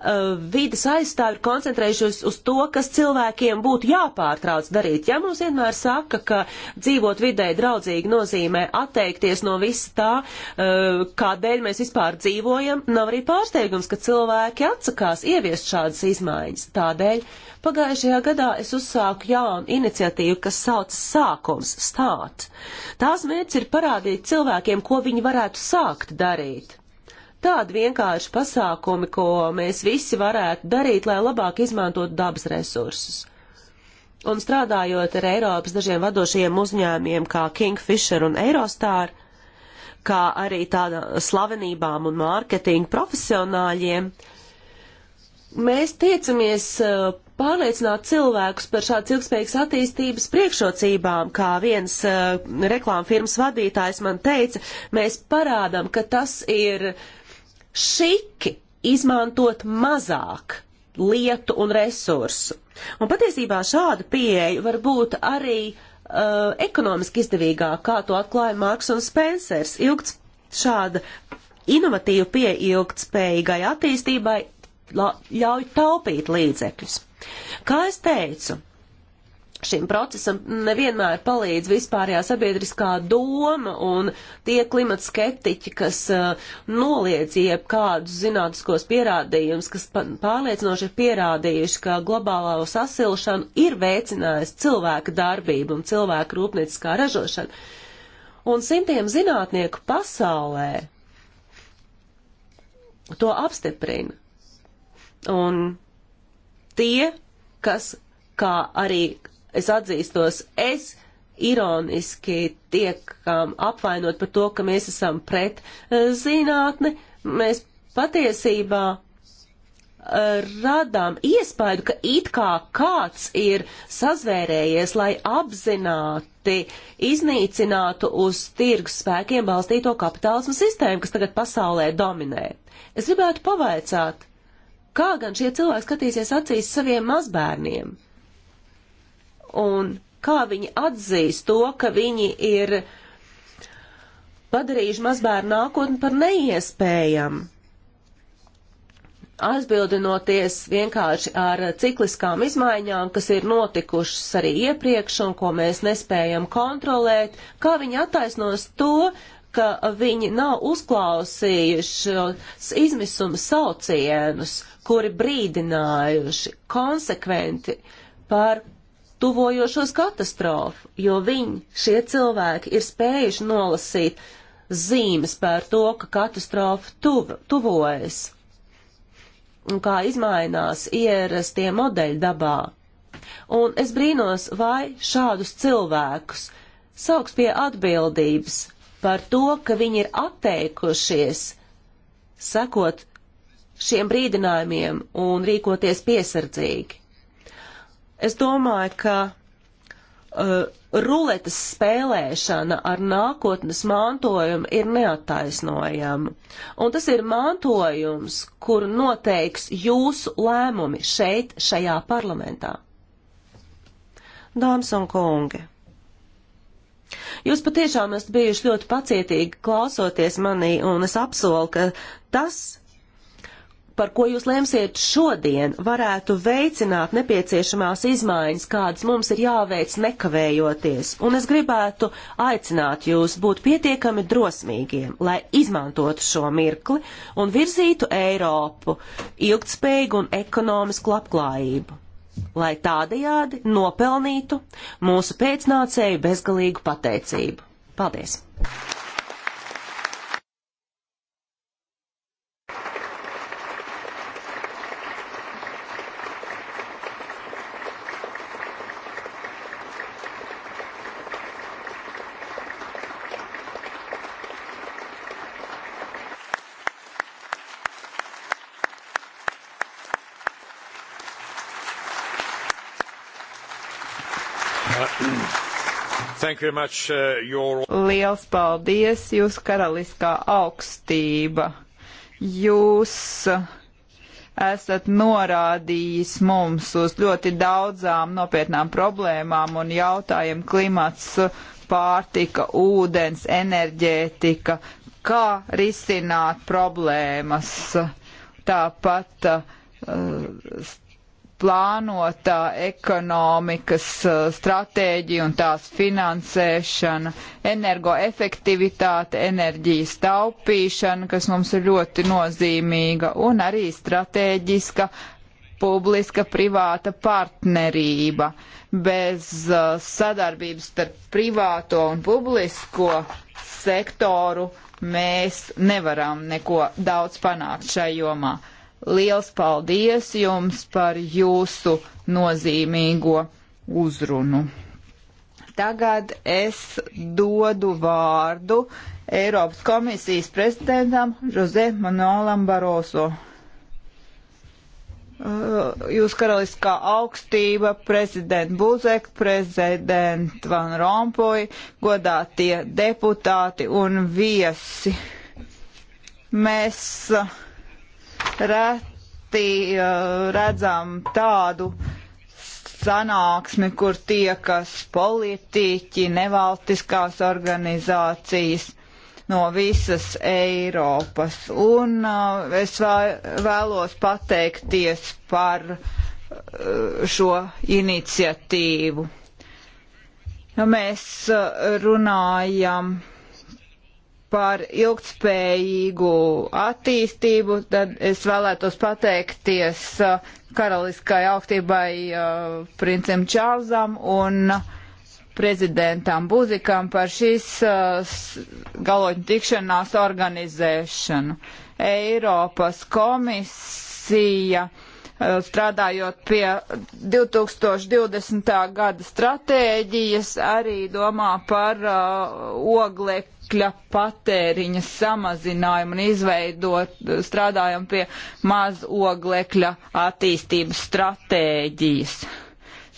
Eh, vidas aizstāvi ir koncentrējušies uz to, kas cilvēkiem būtu jāpārtrauc darīt. Ja mums vienmēr saka, ka dzīvot vidē draudzīgi nozīmē atteikties no visa tā, eh, kādēļ mēs vispār dzīvojam, nav arī pārsteigums, ka cilvēki atsakās ieviest šādas izmaiņas. Tādēļ pagājušajā gadā es uzsāku jaunu iniciatīvu, kas saucas sākums - stāt. Tās mērķis ir parādīt cilvēkiem, ko viņi varētu sākt darīt tādi vienkārši pasākumi, ko mēs visi varētu darīt, lai labāk izmantotu dabas resursus. Un strādājot ar Eiropas dažiem vadošajiem uzņēmiem kā Kingfisher un Eurostar, kā arī tādām slavenībām un mārketinga profesionāļiem, mēs tiecamies eh, pārliecināt cilvēkus par šādas ilgspējīgas attīstības priekšrocībām, kā viens uh, reklāmfirmas vadītājs man teica, mēs parādām, ka tas ir uh, šiki izmantot mazāk lietu un resursu. Un patiesībā šāda pieeja var būt arī uh, ekonomiski izdevīgāk, kā to atklāja Marks un Spencers. Ilgts šāda inovatīva pieeja ilgtspējīgai attīstībai ļauj taupīt līdzekļus. Kā es teicu, šim procesam nevienmēr palīdz vispārējā sabiedriskā doma un tie klimata skeptiķi, kas uh, noliedz jebkādus zinātniskos pierādījumus, kas pārliecinoši ir pierādījuši, ka globālā sasilšana ir veicinājusi cilvēka darbību un cilvēka rūpnieciskā ražošana. Un simtiem zinātnieku pasaulē to apstiprina. Un tie, kas kā arī es atzīstos, es ironiski tiekam apvainot par to, ka mēs esam pret e, zinātni, mēs patiesībā e, radām iespēju, ka it kā kāds ir sazvērējies, lai apzināti iznīcinātu uz tirgus spēkiem balstīto kapitālismu sistēmu, kas tagad pasaulē dominē. Es gribētu pavaicāt, kā gan šie cilvēki skatīsies acīs saviem mazbērniem? un kā viņi atzīst to, ka viņi ir padarījuši mazbērnu nākotni par neiespējamu. Aizbildinoties vienkārši ar cikliskām izmaiņām, kas ir notikušas arī iepriekš un ko mēs nespējam kontrolēt, kā viņi attaisnos to, ka viņi nav uzklausījušos izmisuma saucienus, kuri brīdinājuši konsekventi par tuvojošos katastrofu, jo viņi, šie cilvēki, ir spējuši nolasīt zīmes par to, ka katastrofa tuv, tuvojas un kā izmainās ierastie modeļi dabā. Un es brīnos, vai šādus cilvēkus sauks pie atbildības par to, ka viņi ir atteikušies sekot šiem brīdinājumiem un rīkoties piesardzīgi. Es domāju, ka uh, ruletes spēlēšana ar nākotnes mantojumu ir neattaisnojama. Un tas ir mantojums, kur noteiks jūsu lēmumi šeit, šajā parlamentā. Dāmas un kungi! Jūs patiešām esat bijuši ļoti pacietīgi klausoties manī, un es apsolu, ka tas, par ko jūs lemsiet šodien, varētu veicināt nepieciešamās izmaiņas, kādas mums ir jāveic nekavējoties. Un es gribētu aicināt jūs būt pietiekami drosmīgiem, lai izmantotu šo mirkli un virzītu Eiropu ilgtspējīgu un ekonomisku labklājību lai tādajādi nopelnītu mūsu pēcnācēju bezgalīgu pateicību. Paldies! Much, uh, your... Liels paldies, jūs karaliskā augstība. Jūs esat norādījis mums uz ļoti daudzām nopietnām problēmām un jautājumiem klimats, pārtika, ūdens, enerģētika, kā risināt problēmas. Tāpat uh, plānotā ekonomikas stratēģija un tās finansēšana, energoefektivitāte, enerģijas taupīšana, kas mums ir ļoti nozīmīga, un arī stratēģiska publiska privāta partnerība. Bez sadarbības starp privāto un publisko sektoru mēs nevaram neko daudz panākt šai jomā. Liels paldies jums par jūsu nozīmīgo uzrunu. Tagad es dodu vārdu Eiropas komisijas prezidentam Jose Manolam Baroso. Uh, jūs karaliskā augstība, prezident Buzek, prezident Van Rompuy, godātie deputāti un viesi. Mēs uh, reti redzam tādu sanāksmi, kur tiekas politiķi, nevaltiskās organizācijas no visas Eiropas. Un uh, es vēlos pateikties par uh, šo iniciatīvu. Mēs runājam par ilgtspējīgu attīstību, tad es vēlētos pateikties uh, karaliskai augstībai uh, princem Čārlzam un prezidentam Buzikam par šīs uh, galoņu tikšanās organizēšanu. Eiropas komisija uh, Eh, strādājot pie 2020. gada stratēģijas, arī domā par eh, oglekļa patēriņa samazinājumu un izveidot, strādājam pie maz oglekļa attīstības stratēģijas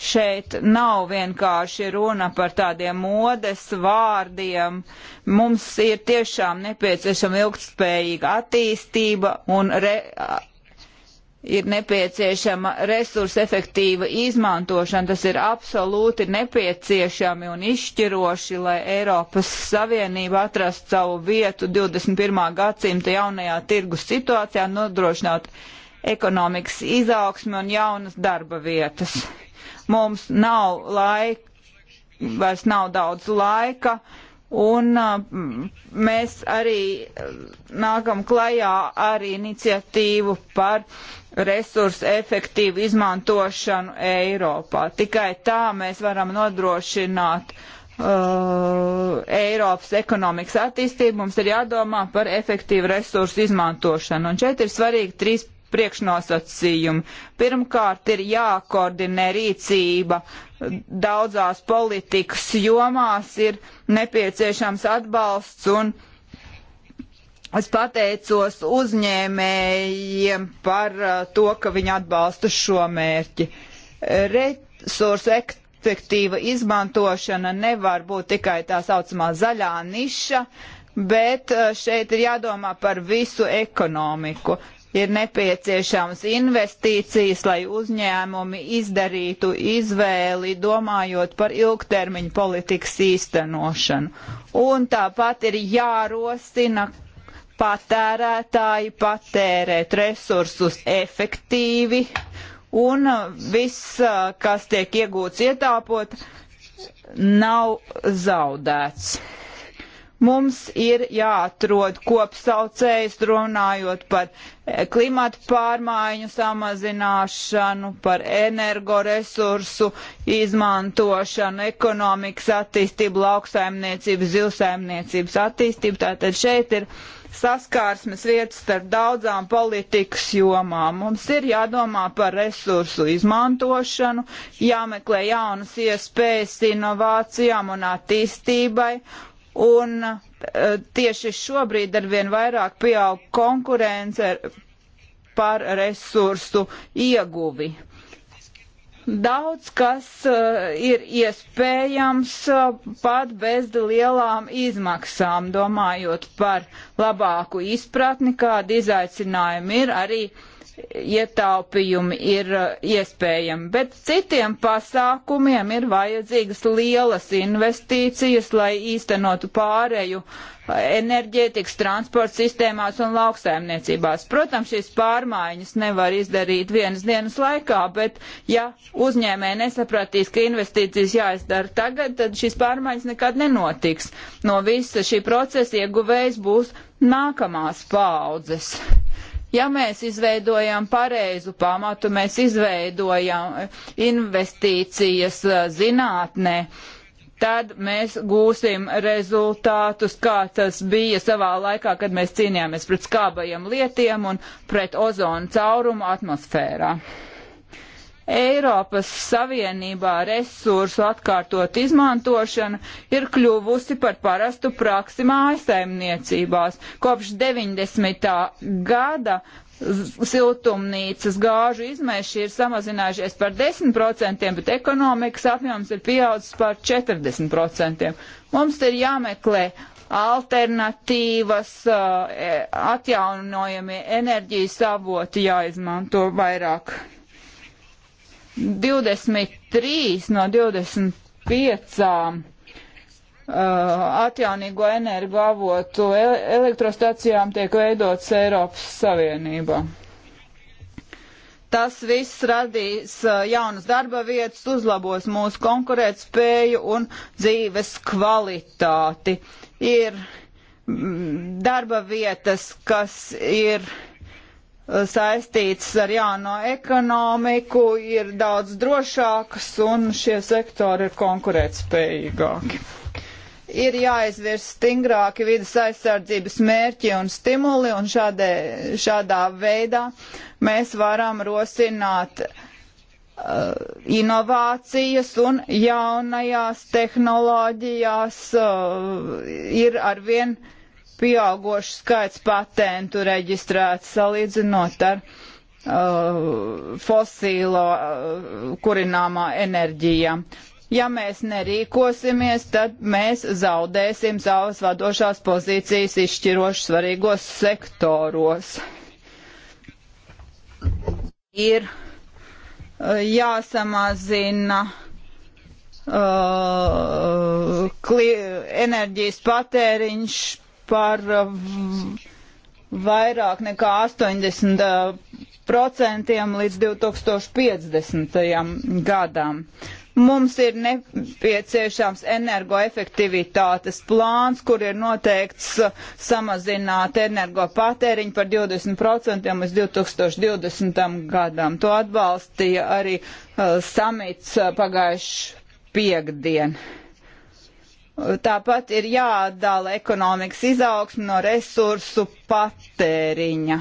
šeit nav vienkārši runa par tādiem modes vārdiem. Mums ir tiešām nepieciešama ilgtspējīga attīstība un re, ir nepieciešama resursu efektīva izmantošana. Tas ir absolūti nepieciešami un izšķiroši, lai Eiropas Savienība atrastu savu vietu 21. gadsimta jaunajā tirgus situācijā, nodrošinot ekonomikas izaugsmi un jaunas darba vietas. Mums nav laika, vairs nav daudz laika Un mēs arī nākam klajā ar iniciatīvu par resursu efektīvu izmantošanu Eiropā. Tikai tā mēs varam nodrošināt Uh, Eiropas ekonomikas attīstību, mums ir jādomā par efektīvu resursu izmantošanu. Un šeit ir svarīgi trīs priekšnosacījumi. Pirmkārt, ir jākoordinē rīcība daudzās politikas jomās, ir nepieciešams atbalsts un es pateicos uzņēmējiem par uh, to, ka viņi atbalsta šo mērķi. Resursu efektīva izmantošana nevar būt tikai tā saucamā zaļā niša, bet uh, šeit ir jādomā par visu ekonomiku ir nepieciešams investīcijas, lai uzņēmumi izdarītu izvēli, domājot par ilgtermiņu politikas īstenošanu. Un tāpat ir jārosina patērētāji patērēt resursus efektīvi, un viss, kas tiek iegūts ietāpot, nav zaudēts. Mums ir jāatrod kopsaucējs runājot par eh, klimatu pārmaiņu samazināšanu, par energoresursu izmantošanu, ekonomikas attīstību, lauksaimniecības, zilsaimniecības attīstību. Tātad šeit ir saskārsmes vietas starp daudzām politikas jomām. Mums ir jādomā par resursu izmantošanu, jāmeklē jaunas iespējas inovācijām un attīstībai, Un e, tieši šobrīd arvien vairāk pieaug konkurence par resursu ieguvi. Daudz kas e, ir iespējams e, pat bez lielām izmaksām, domājot par labāku izpratni, kādi izaicinājumi ir arī uh, ietaupījumi ir uh, iespējami, bet citiem pasākumiem ir vajadzīgas lielas investīcijas, lai īstenotu pārēju uh, enerģētikas, transporta sistēmās un lauksaimniecībās. Protams, šīs pārmaiņas nevar izdarīt vienas dienas laikā, bet ja uzņēmēji nesapratīs, ka investīcijas jāizdara tagad, tad šīs pārmaiņas nekad nenotiks. No visa šī procesa ieguvējs būs nākamās paudzes. Ja mēs izveidojam pareizu pamatu, mēs izveidojam investīcijas eh, zinātnē, tad mēs gūsim rezultātus, kā tas bija savā laikā, kad mēs cīnījāmies pret skābajiem lietiem un pret ozonu caurumu atmosfērā. Eiropas Savienībā resursu atkārtot izmantošana ir kļuvusi par parastu praksi mājasaimniecībās. Kopš 90. gada siltumnīcas gāžu izmeši ir samazinājušies par 10%, bet ekonomikas apjoms ir pieaudzis par 40%. Mums ir jāmeklē alternatīvas, uh, e, atjaunojamie enerģijas avoti jāizmanto vairāk 23 no 25 uh, atjaunīgo energoavotu elektrostacijām tiek veidots Eiropas Savienībā. Tas viss radīs uh, jaunas darba vietas, uzlabos mūsu konkurētspēju un dzīves kvalitāti. Ir mm, darba vietas, kas ir uh, Eh, saistīts ar jauno ekonomiku, ir daudz drošākas un šie sektori ir konkurētspējīgāki. Ir jāizvirs stingrāki vidas aizsardzības mērķi un stimuli, un šādē, šādā veidā mēs varam rosināt eh, inovācijas un jaunajās tehnoloģijās uh, ir arvien pieaugošs skaits patentu reģistrēts salīdzinot ar uh, fosīlo uh, kurināmā enerģija. Ja mēs nerīkosimies, tad mēs zaudēsim savas vadošās pozīcijas izšķiroši svarīgos sektoros. Ir uh, jāsamazina Uh, enerģijas patēriņš par uh, vairāk nekā 80% līdz 2050. gadam. Mums ir nepieciešams energoefektivitātes plāns, kur ir noteikts uh, samazināt energopatēriņu par 20% līdz 2020. gadam. To atbalstīja arī uh, samits uh, pagājuši piekdien. Uh, Tāpat ir jāatdala ekonomikas izaugsme no resursu patēriņa.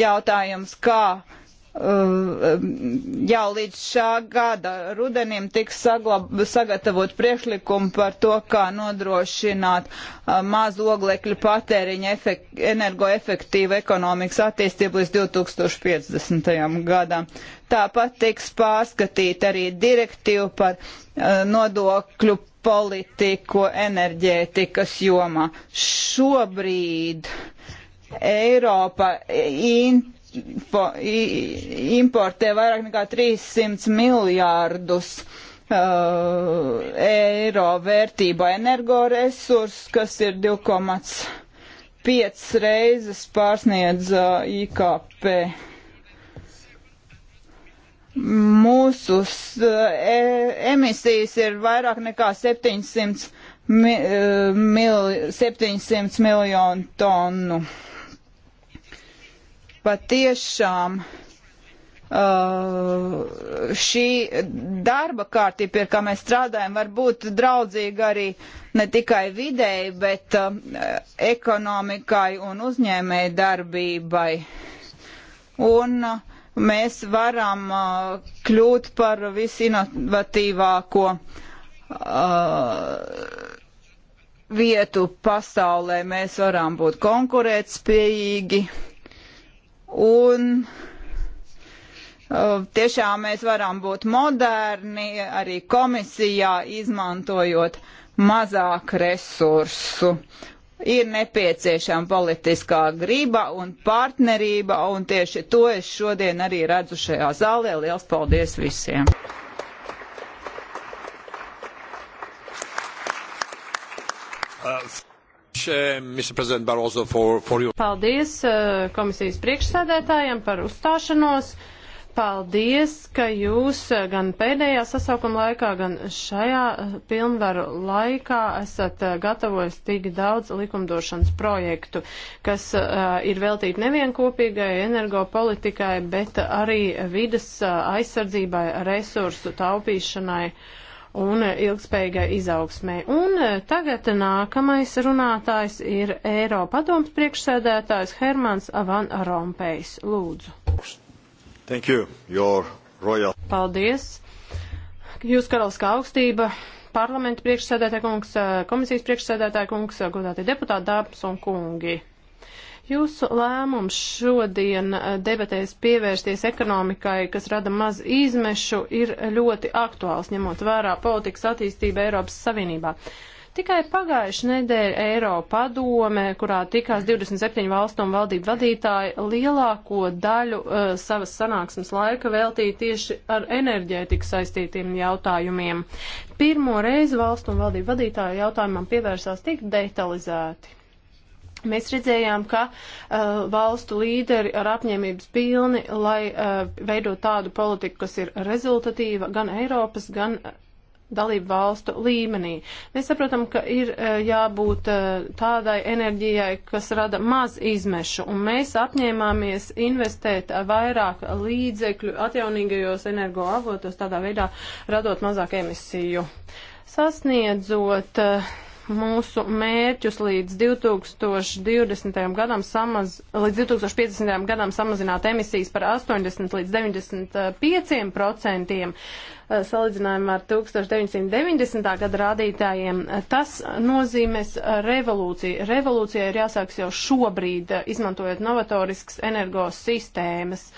Jautājums, kā uh, jau līdz šā gada rudenim tiks saglab, sagatavot priekšlikumu par to, kā nodrošināt uh, mazu oglekļu patēriņu efekt, energoefektīvu ekonomikas attīstību līdz 2050. gadam. Tāpat tiks pārskatīt arī direktīvu par uh, nodokļu politiku enerģētikas jomā. Šobrīd Eiropa info, importē vairāk nekā 300 miljārdus uh, eiro vērtībā energoresursus, kas ir 2,5 reizes pārsniedz uh, IKP Mūsu e, emisijas ir vairāk nekā 700, e, mil, 700 miljonu tonu. Patiešām Uh, šī darba kārtība, pie kā mēs strādājam, var būt draudzīga arī ne tikai videi, bet uh, ekonomikai un uzņēmēji darbībai. Un uh, mēs varam uh, kļūt par visinovatīvāko uh, vietu pasaulē, mēs varam būt konkurētspējīgi un uh, Tiešām mēs varam būt moderni arī komisijā, izmantojot mazāk resursu ir nepieciešama politiskā griba un partnerība, un tieši to es šodien arī redzu šajā zālē. Liels paldies visiem! Paldies eh, komisijas priekšsēdētājiem par uzstāšanos. Paldies, ka jūs eh, gan pēdējā sasaukuma laikā, gan šajā eh, pilnvaru laikā esat eh, gatavojis tik daudz likumdošanas projektu, kas ir veltīti nevien kopīgai energopolitikai, bet arī vidas aizsardzībai, resursu taupīšanai un ilgspējīgai izaugsmē. Un tagad nākamais runātājs ir Eiropadoms priekšsēdētājs Hermans Van Rompējs. Lūdzu. Thank you, your royal. Paldies. Jūs karaliskā augstība, parlamenta priekšsēdētāja kungs, eh, komisijas priekšsēdētāja kungs, eh, godātie deputāti, dāmas un kungi. Jūsu lēmums šodien eh, debatēs pievērsties ekonomikai, kas rada maz izmešu, ir ļoti aktuāls, ņemot vērā politikas attīstību Eiropas Savienībā. Uh, Tikai pagājuši nedēļa Eiro padome, kurā tikās 27 valstu un valdību vadītāji, lielāko daļu uh, savas sanāksmes laika veltīja tieši ar enerģētiku saistītiem jautājumiem. Pirmo reizi valstu un valdību vadītāju jautājumam pievērsās tik detalizēti. Mēs redzējām, ka uh, valstu līderi ar apņēmības pilni, lai uh, veidot tādu politiku, kas ir rezultatīva gan Eiropas, gan dalību valstu līmenī. Mēs saprotam, ka ir e, jābūt e, tādai enerģijai, kas rada maz izmešu, un mēs apņēmāmies investēt vairāk līdzekļu atjaunīgajos energoavotos, tādā veidā radot mazāk emisiju. Sasniedzot uh, mūsu mērķus līdz 2020. gadam samaz, līdz 2050. gadam samazināt emisijas par 80 līdz 95 procentiem eh, salīdzinājumā ar 1990. gada rādītājiem. Tas nozīmēs revolūciju. Revolūcija ir jāsāks jau šobrīd, eh, izmantojot novatorisks energosistēmas. sistēmas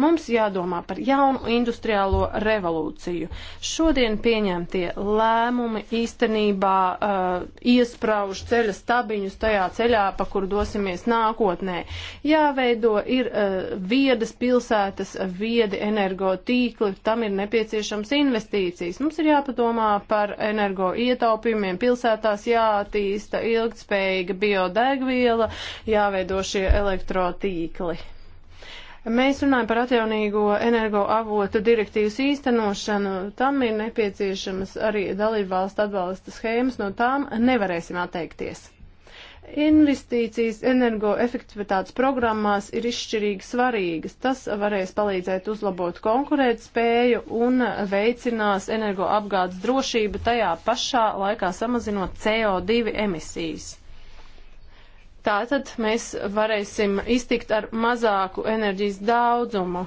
Mums jādomā par jaunu industriālo revolūciju. Šodien pieņemtie lēmumi īstenībā uh, iesprauž ceļa stabiņus tajā ceļā, pa kur dosimies nākotnē. Jāveido ir uh, viedas pilsētas, viedi energotīkli, tam ir nepieciešams investīcijas. Mums ir jāpadomā par energo ietaupījumiem pilsētās, jātīsta ilgtspējīga biodegviela, jāveido šie elektrotīkli. Mēs runājam par atjaunīgo energoavotu direktīvas īstenošanu. Tam ir nepieciešamas arī dalībvalstu atbalsta schēmas, no tām nevarēsim atteikties. Investīcijas energoefektivitātes programmās ir izšķirīgi svarīgas. Tas varēs palīdzēt uzlabot konkurētspēju un veicinās energoapgādes drošību tajā pašā laikā samazinot CO2 emisijas. Tātad mēs varēsim iztikt ar mazāku enerģijas daudzumu.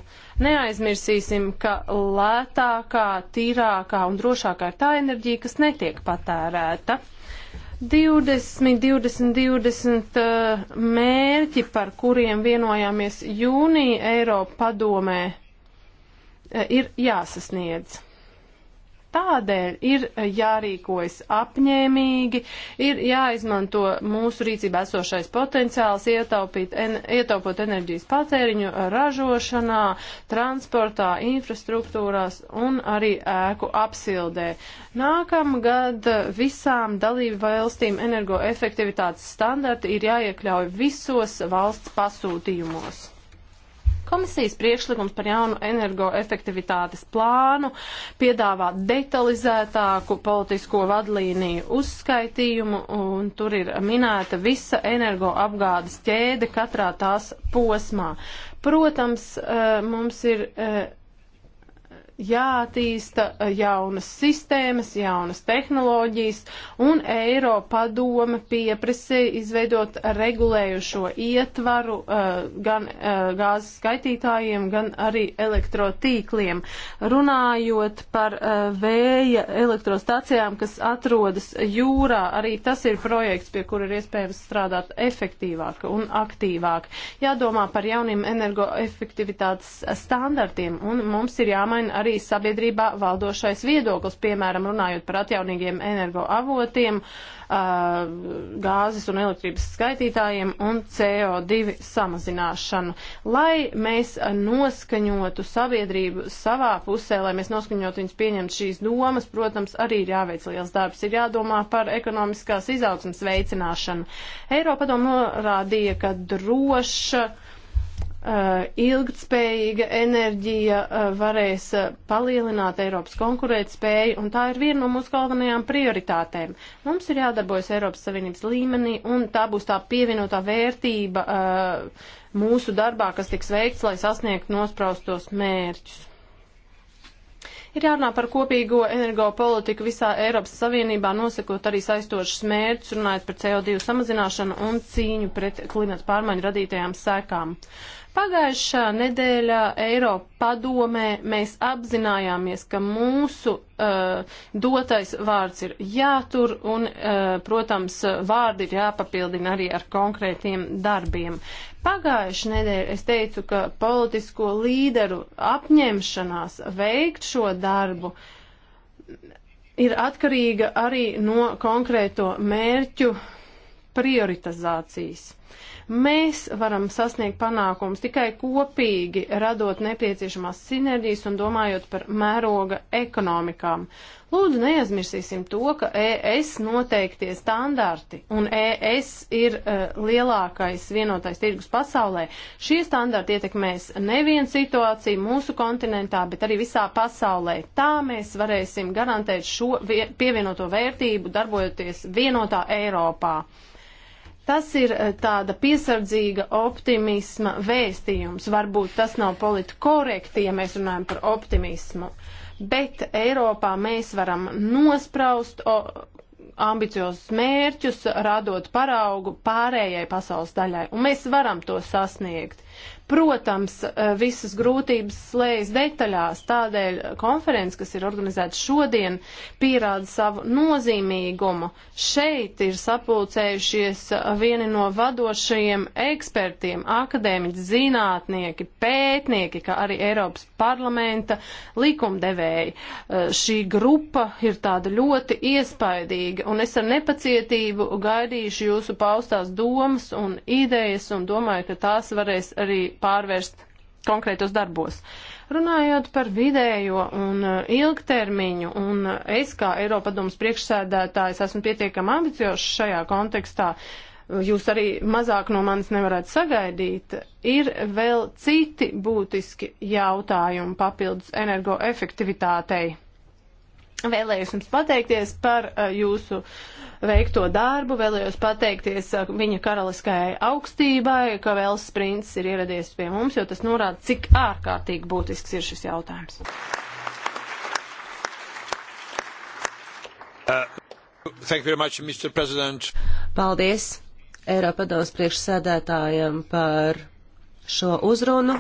Neaizmirsīsim, ka lētākā, tīrākā un drošākā ir tā enerģija, kas netiek patērēta. 20, 20, 20 mērķi, par kuriem vienojāmies jūnija Eiropa padomē, eh, ir jāsasniedz. Tādēļ ir jārīkojas apņēmīgi, ir jāizmanto mūsu rīcībā esošais potenciāls, ietaupīt, en, ietaupot enerģijas patēriņu ražošanā, transportā, infrastruktūrās un arī ēku apsildē. Nākamgad visām dalību valstīm energoefektivitātes standarti ir jāiekļauj visos valsts pasūtījumos. Komisijas priekšlikums par jaunu energoefektivitātes plānu piedāvā detalizētāku politisko vadlīniju uzskaitījumu, un tur ir minēta visa energoapgādes ķēde katrā tās posmā. Protams, eh, mums ir eh, jātīsta jaunas sistēmas, jaunas tehnoloģijas, un Eiropadome pieprasīja izveidot regulējušo ietvaru uh, gan uh, gāzes skaitītājiem, gan arī elektrotīkliem. Runājot par uh, vēja elektrostacijām, kas atrodas jūrā, arī tas ir projekts, pie kura ir iespējams strādāt efektīvāk un aktīvāk. Jādomā par jauniem energoefektivitātes standartiem, un mums ir jāmaina arī sabiedrībā valdošais viedoklis, piemēram, runājot par atjaunīgiem energoavotiem, gāzes un elektrības skaitītājiem un CO2 samazināšanu. Lai mēs noskaņotu sabiedrību savā pusē, lai mēs noskaņotu viņus pieņemt šīs domas, protams, arī ir jāveic liels darbs, ir jādomā par ekonomiskās izaugsmas veicināšanu. Eiropa padomu norādīja, ka droša Uh, ilgtspējīga enerģija uh, varēs uh, palielināt Eiropas konkurētspēju, un tā ir viena no mūsu galvenajām prioritātēm. Mums ir jādarbojas Eiropas Savienības līmenī, un tā būs tā pievienotā vērtība mūsu darbā, kas tiks veikts, lai sasniegtu nospraustos mērķus. Ir jārunā par kopīgo energopolitiku visā Eiropas Savienībā, nosakot arī saistošas mērķus, runājot par CO2 samazināšanu un cīņu pret klimata pārmaiņu radītajām sekām. Uh, Pagājušā nedēļā Eiropa padomē mēs apzinājāmies, ka mūsu uh, dotais vārds ir jātur un, uh, protams, vārdi ir jāpapildina arī ar konkrētiem darbiem. Pagājušā nedēļa es teicu, ka politisko līderu apņemšanās veikt šo darbu ir atkarīga arī no konkrēto mērķu prioritizācijas. Mēs varam sasniegt panākums tikai kopīgi, radot nepieciešamās sinerģijas un domājot par mēroga ekonomikām. Lūdzu, neaizmirsīsim to, ka ES noteiktie standarti un ES ir uh, lielākais vienotais tirgus pasaulē. Šie standarti ietekmēs nevienu situāciju mūsu kontinentā, bet arī visā pasaulē. Tā mēs varēsim garantēt šo pievienoto vērtību, darbojoties vienotā Eiropā. Tas ir eh, tāda piesardzīga optimisma vēstījums. Varbūt tas nav politiski korekti, ja mēs runājam par optimismu, bet Eiropā mēs varam nospraust ambiciozus mērķus, radot paraugu pārējai pasaules daļai, un mēs varam to sasniegt. Protams, eh, visas grūtības slējas detaļās, tādēļ konferences, kas ir organizēta šodien, pierāda savu nozīmīgumu. Šeit ir sapulcējušies eh, vieni no vadošajiem ekspertiem, akadēmiķi, zinātnieki, pētnieki, kā arī Eiropas parlamenta likumdevēji. Eh, šī grupa ir tāda ļoti iespaidīga, un es ar nepacietību gaidīšu jūsu paustās domas un idejas, un domāju, ka tās varēs arī arī pārvērst konkrētos darbos. Runājot par vidējo un uh, ilgtermiņu, un uh, es kā Eiropadomas priekšsēdētājs esmu pietiekami ambiciozs šajā kontekstā, jūs arī mazāk no manis nevarat sagaidīt, ir vēl citi būtiski jautājumi papildus energoefektivitātei. Vēlējos jums pateikties par uh, jūsu veikto darbu, vēlējos pateikties uh, viņa karaliskajai augstībai, ka Vels princis ir ieradies pie mums, jo tas norāda, cik ārkārtīgi būtisks ir šis jautājums. Uh, much, Paldies Eiropadomas priekšsēdētājiem par šo uzrunu.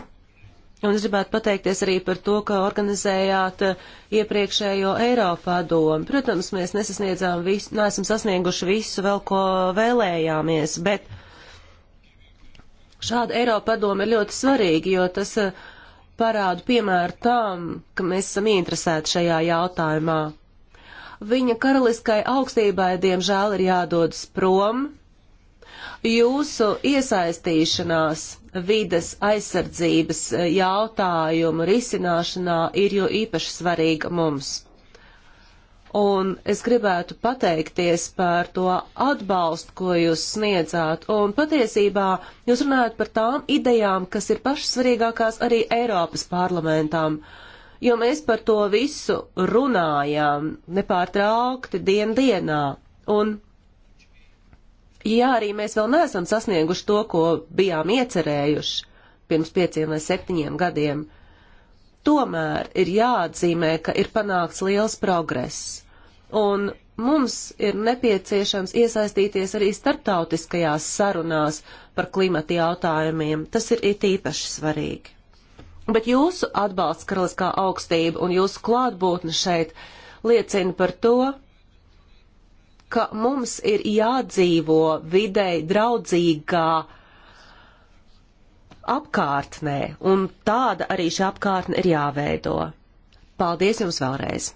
Un es gribētu pateikties arī par to, ka organizējāt eh, iepriekšējo Eiropā domu. Protams, mēs nesasniedzām visu, neesam sasnieguši visu vēl, ko vēlējāmies, bet šāda Eiropa doma ir ļoti svarīga, jo tas eh, parāda piemēru tam, ka mēs esam interesēti šajā jautājumā. Viņa karaliskai augstībai, diemžēl, ir jādodas prom, jūsu iesaistīšanās vides aizsardzības eh, jautājumu risināšanā ir jo īpaši svarīga mums. Un es gribētu pateikties par to atbalstu, ko jūs sniedzāt. Un patiesībā jūs runājat par tām idejām, kas ir pašas svarīgākās arī Eiropas parlamentām jo mēs par to visu runājām nepārtraukti dien dienā. Un ja arī mēs vēl neesam sasnieguši to, ko bijām iecerējuši pirms pieciem vai septiņiem gadiem, tomēr ir jāatzīmē, ka ir panākts liels progress. Un mums ir nepieciešams iesaistīties arī starptautiskajās sarunās par klimata jautājumiem. Tas ir it īpaši svarīgi. Bet jūsu atbalsts, karaliskā augstība un jūsu klātbūtne šeit liecina par to, ka mums ir jādzīvo videi draudzīgā apkārtnē, un tāda arī šī apkārtne ir jāveido. Paldies jums vēlreiz!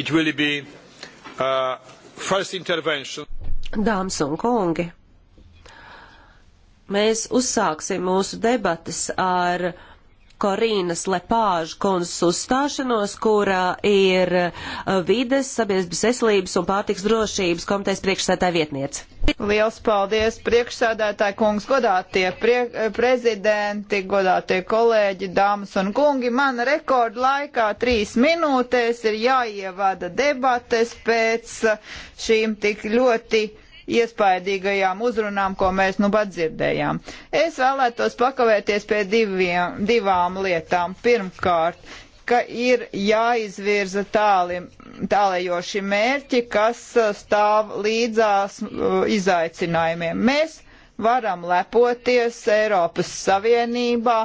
It will be uh, first intervention. Dāmas un kungi, mēs uzsāksim mūsu debatas ar Korīnas Lepāžu kundzes uzstāšanos, kurā ir uh, vides, sabiedrības veselības un pārtiks drošības komitejas priekšsētāja vietniece. Liels paldies priekšsādātāji kungs, godātie priek prezidenti, godātie kolēģi, dāmas un kungi. Man rekordu laikā trīs minūtēs ir jāievada debates pēc šīm tik ļoti iespaidīgajām uzrunām, ko mēs nu pat dzirdējām. Es vēlētos pakavēties pie diviem, divām lietām. Pirmkārt, ka ir jāizvirza tāli, tālējoši mērķi, kas uh, stāv līdzās uh, izaicinājumiem. Mēs varam lepoties Eiropas Savienībā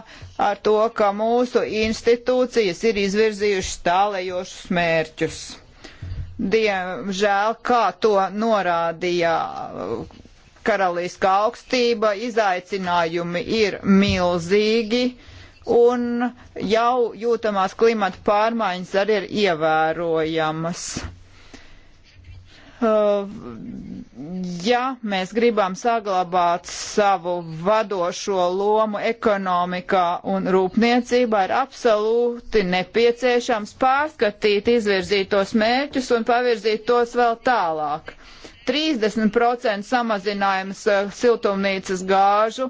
ar to, ka mūsu institūcijas ir izvirzījušas tālējošus mērķus. Diemžēl, kā to norādīja uh, karaliska augstība, izaicinājumi ir milzīgi un jau jūtamās klimata pārmaiņas arī ir ievērojamas. Uh, ja mēs gribam saglabāt savu vadošo lomu ekonomikā un rūpniecībā, ir absolūti nepieciešams pārskatīt izvirzītos mērķus un pavirzīt tos vēl tālāk. Uh, 30% samazinājums eh, siltumnīcas gāžu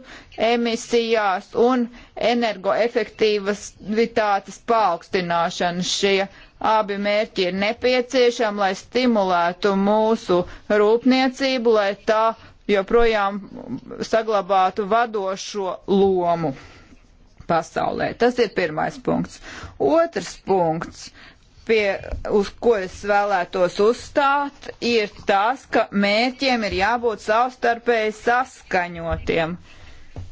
emisijās un energoefektīvitātes paaugstināšana. Šie abi mērķi ir nepieciešami, lai stimulētu mūsu rūpniecību, lai tā joprojām saglabātu vadošo lomu pasaulē. Tas ir pirmais punkts. Otrs punkts pie, uz ko es vēlētos uzstāt, ir tas, ka mērķiem ir jābūt savstarpēji saskaņotiem.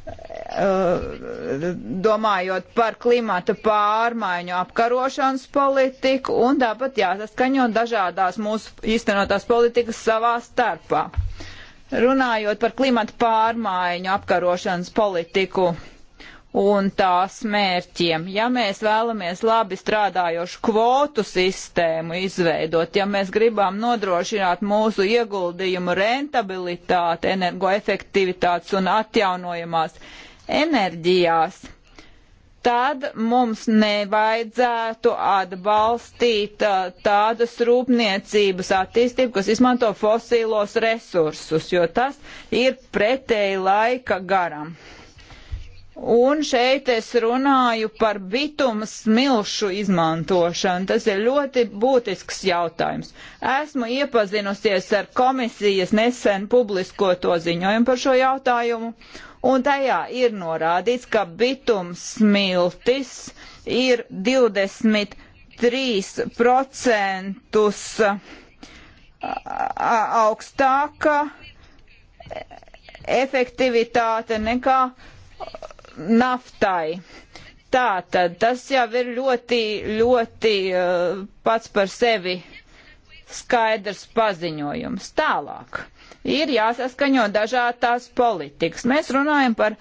Eh, domājot par klimata pārmaiņu apkarošanas politiku un tāpat jāsaskaņo dažādās mūsu īstenotās politikas savā starpā. Runājot par klimata pārmaiņu apkarošanas politiku, un tās mērķiem. Ja mēs vēlamies labi strādājošu kvotu sistēmu izveidot, ja mēs gribam nodrošināt mūsu ieguldījumu rentabilitāti, energoefektivitātes un atjaunojamās enerģijās, tad mums nevajadzētu atbalstīt uh, tādas rūpniecības attīstību, kas izmanto fosīlos resursus, jo tas ir pretēji laika garam. Un šeit es runāju par bituma smilšu izmantošanu. Tas ir ļoti būtisks jautājums. Esmu iepazinusies ar komisijas nesen publiskoto ziņojumu par šo jautājumu, un tajā ir norādīts, ka bituma smiltis ir 23% augstāka e, efektivitāte nekā naftai. Tātad tas jau ir ļoti, ļoti uh, pats par sevi skaidrs paziņojums. Tālāk ir jāsaskaņo dažādās politikas. Mēs runājam par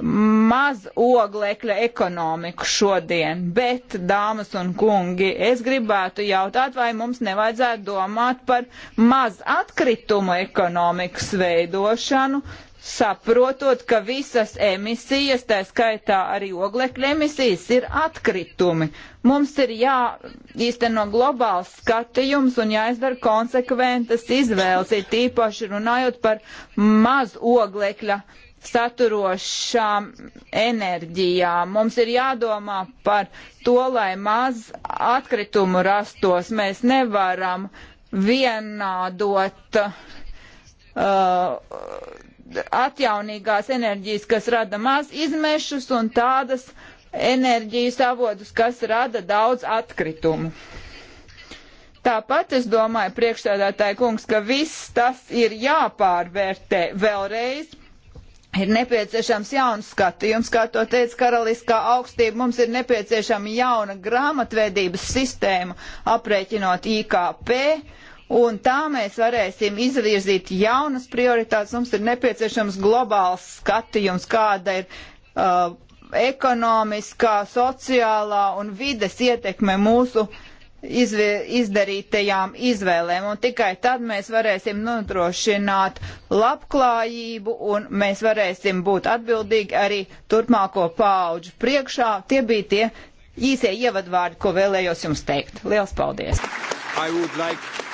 maz oglekļa ekonomiku šodien, bet, dāmas un kungi, es gribētu jautāt, vai mums nevajadzētu domāt par maz atkritumu ekonomikas veidošanu, saprotot, ka visas emisijas, tā skaitā arī oglekļa emisijas, ir atkritumi. Mums ir jāīsteno globāls skatījums un jāizdara konsekventas izvēles, ir tīpaši runājot par maz oglekļa saturošām enerģijām. Mums ir jādomā par to, lai maz atkritumu rastos. Mēs nevaram vienādot uh, atjaunīgās enerģijas, kas rada maz izmešus un tādas enerģijas avotus, kas rada daudz atkritumu. Tāpat es domāju, priekšstādātāji kungs, ka viss tas ir jāpārvērtē vēlreiz. Ir nepieciešams jauns skatījums, kā to teica karaliskā augstība. Mums ir nepieciešama jauna grāmatvedības sistēma, aprēķinot IKP Un tā mēs varēsim izvirzīt jaunas prioritātes. Mums ir nepieciešams globāls skatījums, kāda ir uh, ekonomiskā, sociālā un vides ietekme mūsu izvie, izdarītajām izvēlēm. Un tikai tad mēs varēsim nodrošināt labklājību un mēs varēsim būt atbildīgi arī turpmāko pauģu priekšā. Tie bija tie īsie ievadvārdi, ko vēlējos jums teikt. Liels paldies! I would like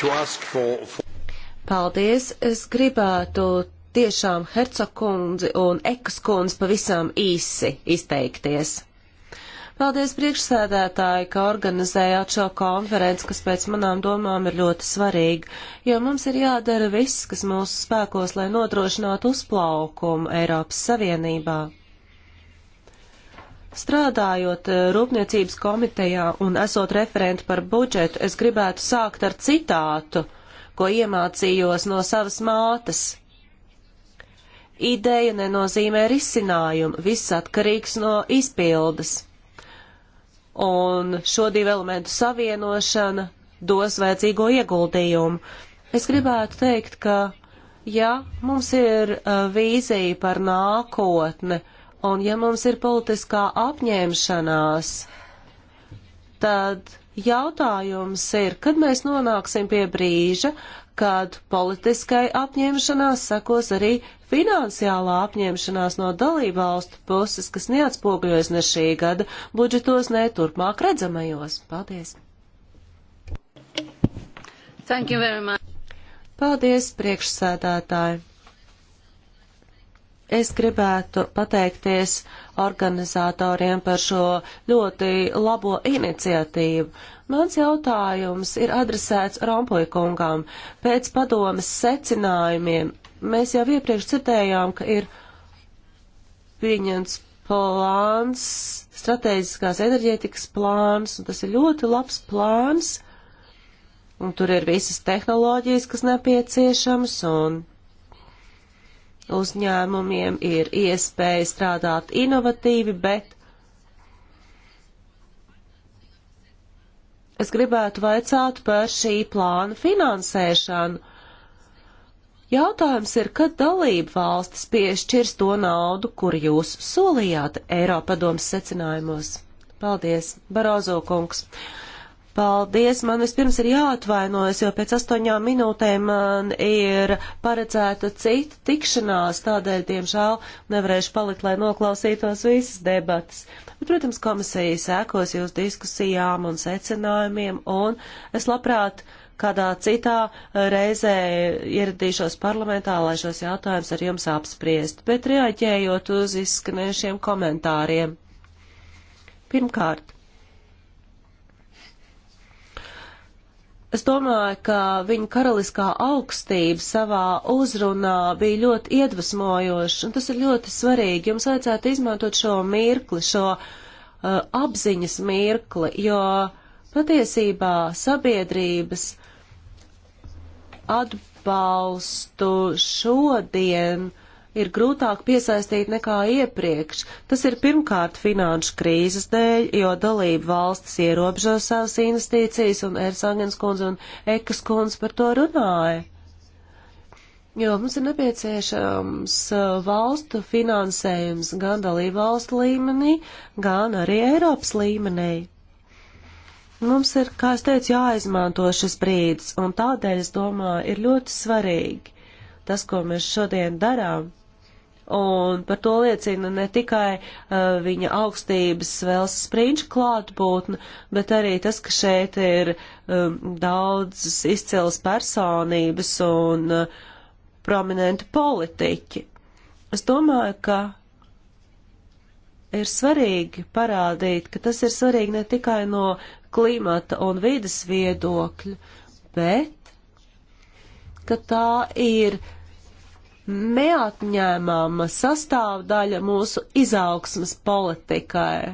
for, for... Paldies! Es gribētu tiešām Hercogkundzi un Ekskundzi pavisam īsi izteikties. Paldies priekšsēdētāji, ka organizējāt šo konferenci, kas pēc manām domām ir ļoti svarīga, jo mums ir jādara viss, kas mūsu spēkos, lai nodrošinātu uzplaukumu Eiropas Savienībā. Strādājot eh, Rūpniecības komitejā un esot referenti par budžetu, es gribētu sākt ar citātu, ko iemācījos no savas mātes. Ideja nenozīmē risinājumu, viss atkarīgs no izpildes. Un šo divu elementu savienošana dos vajadzīgo ieguldījumu. Es gribētu teikt, ka, ja mums ir uh, vīzija par nākotni, uh, Un ja mums ir politiskā apņēmšanās, tad jautājums ir, kad mēs nonāksim pie brīža, kad politiskai apņemšanās sekos arī finansiālā apņemšanās no dalībvalstu puses, kas neatspoguļojas ne šī gada budžetos, ne turpmāk redzamajos. Paldies! Paldies, priekšsēdētāji! Es gribētu pateikties organizatoriem par šo ļoti labo iniciatīvu. Mans jautājums ir adresēts Rompuja kungām. Pēc padomas secinājumiem mēs jau iepriekš citējām, ka ir pieņemts plāns, strateģiskās enerģētikas plāns, un tas ir ļoti labs plāns, un tur ir visas tehnoloģijas, kas nepieciešams, un uzņēmumiem ir iespēja strādāt inovatīvi, bet es gribētu vaicāt par šī plāna finansēšanu. Jautājums ir, kad dalība valstis piešķirs to naudu, kur jūs solījāt Eiropadomas secinājumos. Paldies, Barozo kungs. Uh, Paldies, man vispirms ir jāatvainojas, jo pēc astoņām minūtēm man ir paredzēta cita tikšanās, tādēļ, diemžēl, nevarēšu palikt, lai noklausītos visas debatas. Bet, protams, komisija sēkos jūs diskusijām un secinājumiem, un es labprāt kādā citā reizē ieradīšos parlamentā, lai šos jautājumus ar jums apspriest, bet reaģējot uz izskanējušiem komentāriem. Pirmkārt. Es domāju, ka viņa karaliskā augstība savā uzrunā bija ļoti iedvesmojoša, un tas ir ļoti svarīgi. Jums vajadzētu izmantot šo mirkli, šo uh, apziņas mirkli, jo patiesībā sabiedrības atbalstu šodien ir grūtāk piesaistīt nekā iepriekš. Tas ir pirmkārt finanšu krīzes dēļ, jo dalību valstis ierobežo savas investīcijas, un Ersangens kundze un Ekas kundze par to runāja. Jo mums ir nepieciešams uh, valstu finansējums gan dalību valstu līmenī, gan arī Eiropas līmenī. Mums ir, kā es teicu, jāizmanto šis brīdis, un tādēļ, es domāju, ir ļoti svarīgi tas, ko mēs šodien darām, un par to liecina ne tikai uh, viņa augstības vēls sprīņš klātbūtne, bet arī tas, ka šeit ir um, daudzas izcils personības un uh, prominenti politiķi. Es domāju, ka ir svarīgi parādīt, ka tas ir svarīgi ne tikai no klimata un vidas viedokļa, bet ka tā ir uh, neatņēmama sastāvdaļa mūsu izaugsmas politikai.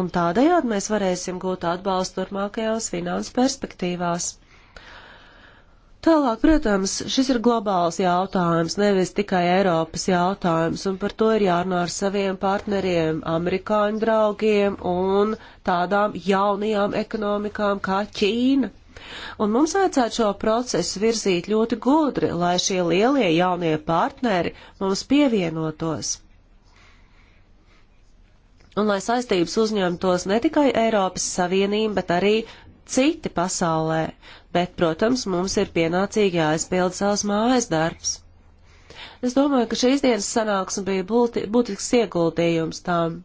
Un tādējādi mēs varēsim gūt atbalstu turpmākajās finanses perspektīvās. Tālāk, protams, šis ir globāls jautājums, nevis tikai Eiropas jautājums, un par to ir jārunā ar saviem partneriem, amerikāņu draugiem un tādām jaunajām ekonomikām kā Ķīna. Un mums vajadzētu šo procesu virzīt ļoti gudri, lai šie lielie jaunie partneri mums pievienotos. Un lai saistības uzņemtos ne tikai Eiropas Savienība, bet arī citi pasaulē, bet, protams, mums ir pienācīgi jāizpild savs mājas darbs. Es domāju, ka šīs dienas sanāksme bija būti, būtisks ieguldījums tām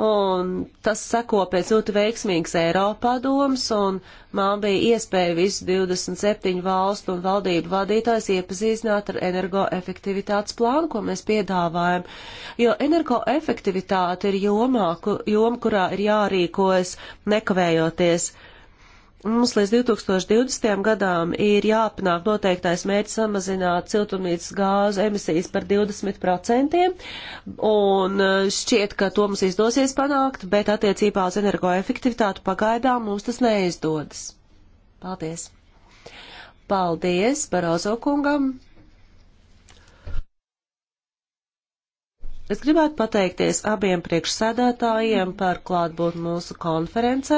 un tas seko pēc ļoti veiksmīgas Eiropadomas, un man bija iespēja visu 27 valstu un valdību vadītājs iepazīstināt ar energoefektivitātes plānu, ko mēs piedāvājam, jo energoefektivitāte ir jomā, joma, kurā ir jārīkojas nekavējoties. Mums līdz 2020. gadām ir jāpanāk noteiktais mērķis samazināt siltumnīcas gāzu emisijas par 20%, un e, šķiet, ka to mums izdosies panākt, bet attiecībā uz energoefektivitātu pagaidām mums tas neizdodas. Paldies! Paldies Barozo kungam! Es gribētu pateikties abiem priekšsēdētājiem par klātbūtni mūsu konferencē,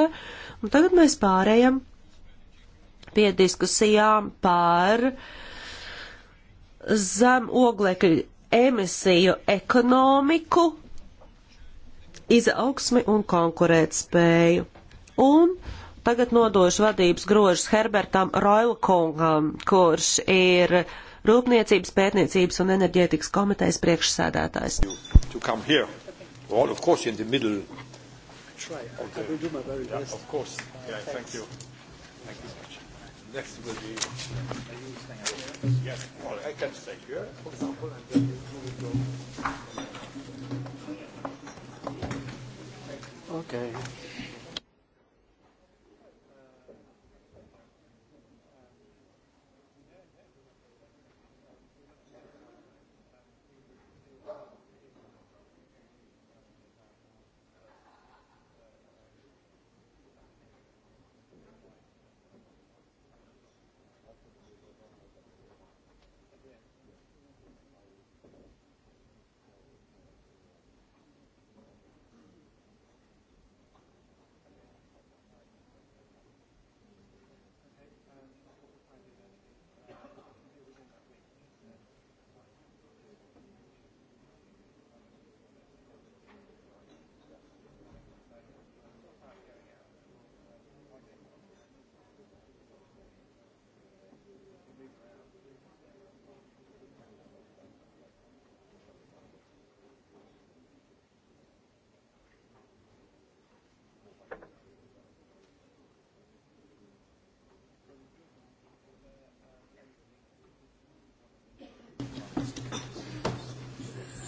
un tagad mēs pārējam pie diskusijām par zem oglekļu emisiju ekonomiku, izaugsmi un konkurētspēju. Un tagad nodošu vadības grožus Herbertam Roilkungam, kurš ir Rūpniecības, Pētniecības un enerģētikas komitejas priekšsēdētājs. Next will be yes. Well, I can stay here, for example, and then you will go. Okay.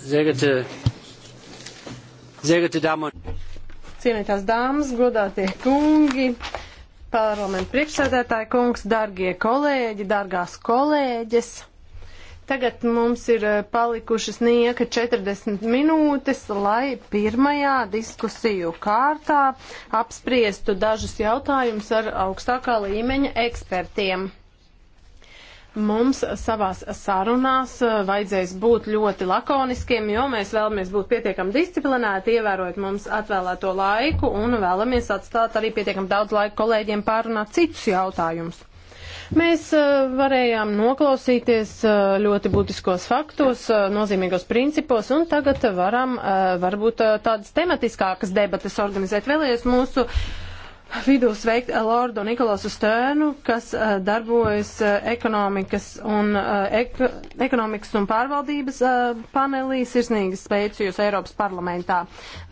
Sehr geehrte, sehr geehrte Damen und Cienītās dāmas, godātie kungi, parlamentu priekšsēdētāji kungs, dargie kolēģi, dargās kolēģes. Tagad mums ir eh, palikušas nieka 40 minūtes, lai pirmajā diskusiju kārtā apspriestu dažus jautājumus ar augstākā līmeņa ekspertiem. Mums savās sarunās eh, vajadzēs būt ļoti lakoniskiem, jo mēs vēlamies būt pietiekami disciplinēti, ievērojot mums atvēlēto laiku un vēlamies atstāt arī pietiekami daudz laika kolēģiem pārunāt citus jautājumus. Mēs eh, varējām noklausīties eh, ļoti būtiskos faktos, nozīmīgos principos, un tagad varam varbūt tādas tematiskākas debates organizēt. Vēlējos mūsu uh, vidū sveikt Lordu Nikolasu Stērnu, kas eh, darbojas eh, ekonomikas un, eh, eko, ekonomikas un pārvaldības panelī sirsnīgas spēcījus Eiropas parlamentā.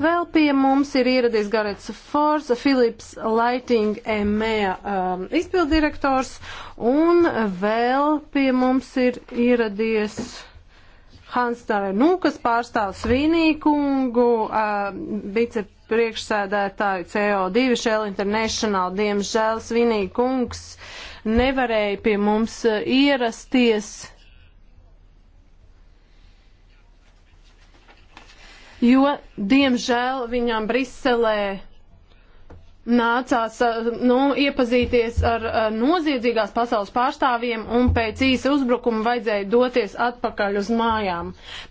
Vēl pie mums ir ieradies Garets Fors, Philips Lighting EMEA um, e, izpildirektors un vēl pie mums ir ieradies. Hans Tarenu, kas pārstāv Svinīkungu, vice priekšsēdētāju CO2 Shell International, diemžēl Svinīkungs nevarēja pie mums ierasties. jo, diemžēl, viņam Briselē nācās nu, iepazīties ar noziedzīgās pasaules pārstāvjiem un pēc īsa uzbrukuma vajadzēja doties atpakaļ uz mājām.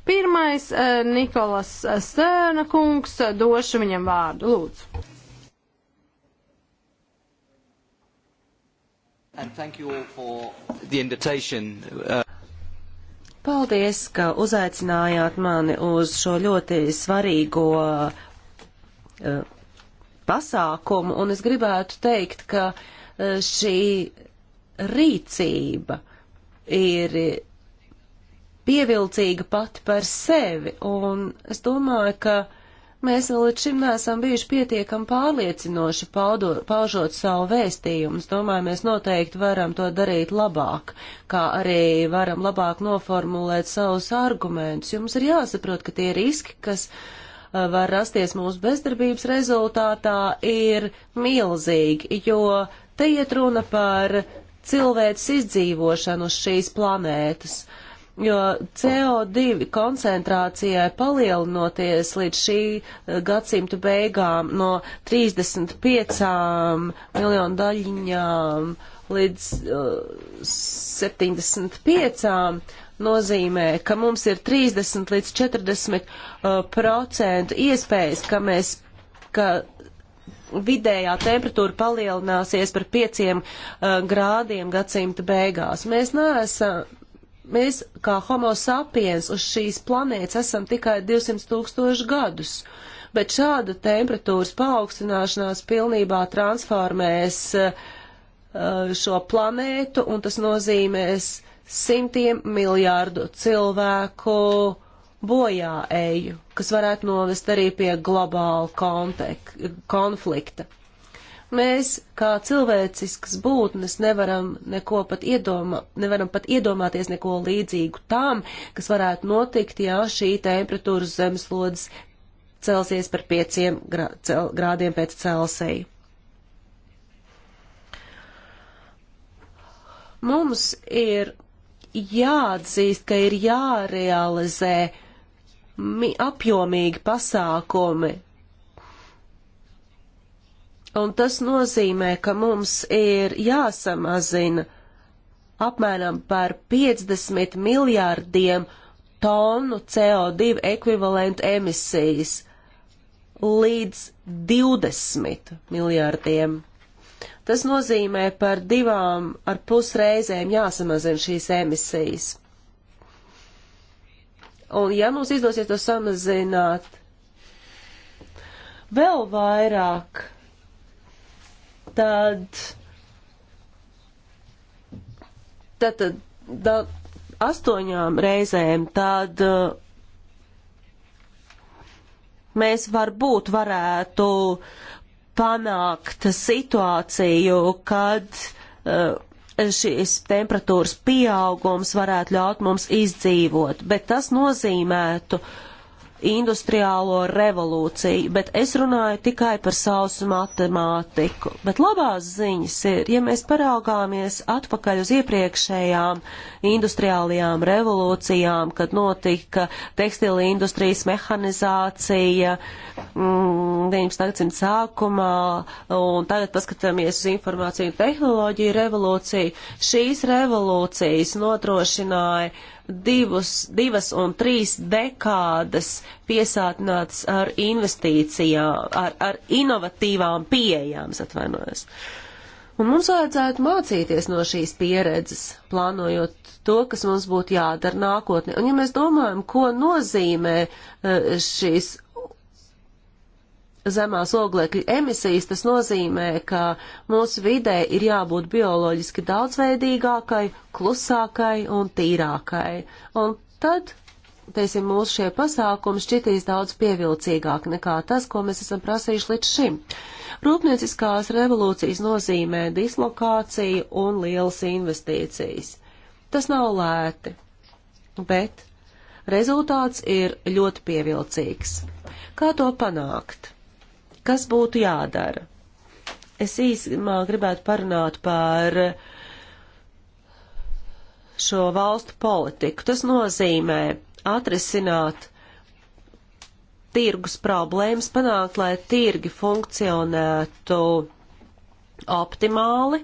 Pirmais - Nikolas Sēna kungs, došu viņam vārdu, lūdzu. Uh... Paldies, ka uzaicinājāt mani uz šo ļoti svarīgo uh, pasākumu, un es gribētu teikt, ka e, šī rīcība ir pievilcīga pati par sevi, un es domāju, ka mēs vēl līdz šim neesam bijuši pietiekami pārliecinoši paudo, paužot savu vēstījumu. Es domāju, mēs noteikti varam to darīt labāk, kā arī varam labāk noformulēt savus argumentus. Jums ir jāsaprot, ka tie riski, kas uh, var rasties mūsu bezdarbības rezultātā, ir milzīgi, jo te iet runa par cilvēks izdzīvošanu uz šīs planētas. Jo CO2 koncentrācijai palielinoties līdz šī gadsimta beigām no 35 miljonu daļiņām līdz uh, 75, nozīmē, ka mums ir 30 līdz 40 uh, procentu iespējas, ka mēs, ka vidējā temperatūra palielināsies par 5 uh, grādiem gadsimta beigās. Mēs neesam, mēs kā homo sapiens uz šīs planētas esam tikai 200 tūkstoši gadus, bet šāda temperatūras paaugstināšanās pilnībā transformēs uh, uh šo planētu un tas nozīmēs uh, simtiem miljārdu cilvēku bojā eju, kas varētu novest arī pie globāla kontek, konflikta. Mēs, kā cilvēciskas būtnes, nevaram, pat iedomā, nevaram pat iedomāties neko līdzīgu tām, kas varētu notikt, ja šī temperatūra zemeslodes celsies par pieciem grā, cel, grādiem pēc Celsija. Mums ir jāatzīst, ka ir jārealizē apjomīgi pasākumi. Un tas nozīmē, ka mums ir jāsamazina apmēram par 50 miljārdiem tonu CO2 ekvivalentu emisijas līdz 20 miljārdiem. Tas nozīmē par divām ar pusreizēm jāsamazina šīs emisijas. Un ja mums izdosies to samazināt vēl vairāk, tad, tad, tad da, astoņām reizēm, tad uh, mēs varbūt varētu uh, panākt situāciju, kad uh, eh, šīs temperatūras pieaugums varētu ļaut mums izdzīvot, bet tas nozīmētu uh, industriālo revolūciju, bet es runāju tikai par sausu matemātiku. Bet labās ziņas ir, ja mēs paraugāmies atpakaļ uz iepriekšējām industriālajām revolūcijām, kad notika tekstila industrijas mehanizācija mm, 19. gadsimta sākumā, un tagad paskatāmies uz informāciju tehnoloģiju revolūciju, šīs revolūcijas nodrošināja divus, divas un trīs dekādas piesātināts ar investīcijām, ar, ar inovatīvām pieejām, atvainojos. Un mums vajadzētu mācīties no šīs pieredzes, plānojot to, kas mums būtu jādara nākotnē. Un ja mēs domājam, ko nozīmē eh, šīs zemās oglekļa emisijas, tas nozīmē, ka mūsu vidē ir jābūt bioloģiski daudzveidīgākai, klusākai un tīrākai. Un tad, teiksim, mūsu šie pasākumi šķitīs daudz pievilcīgāk nekā tas, ko mēs esam prasījuši līdz šim. Rūpnieciskās revolūcijas nozīmē dislokāciju un lielas investīcijas. Tas nav lēti, bet rezultāts ir ļoti pievilcīgs. Kā to panākt? Kas būtu jādara? Es īsumā gribētu parunāt par šo valstu politiku. Tas nozīmē atrisināt tirgus problēmas, panākt, lai tirgi funkcionētu optimāli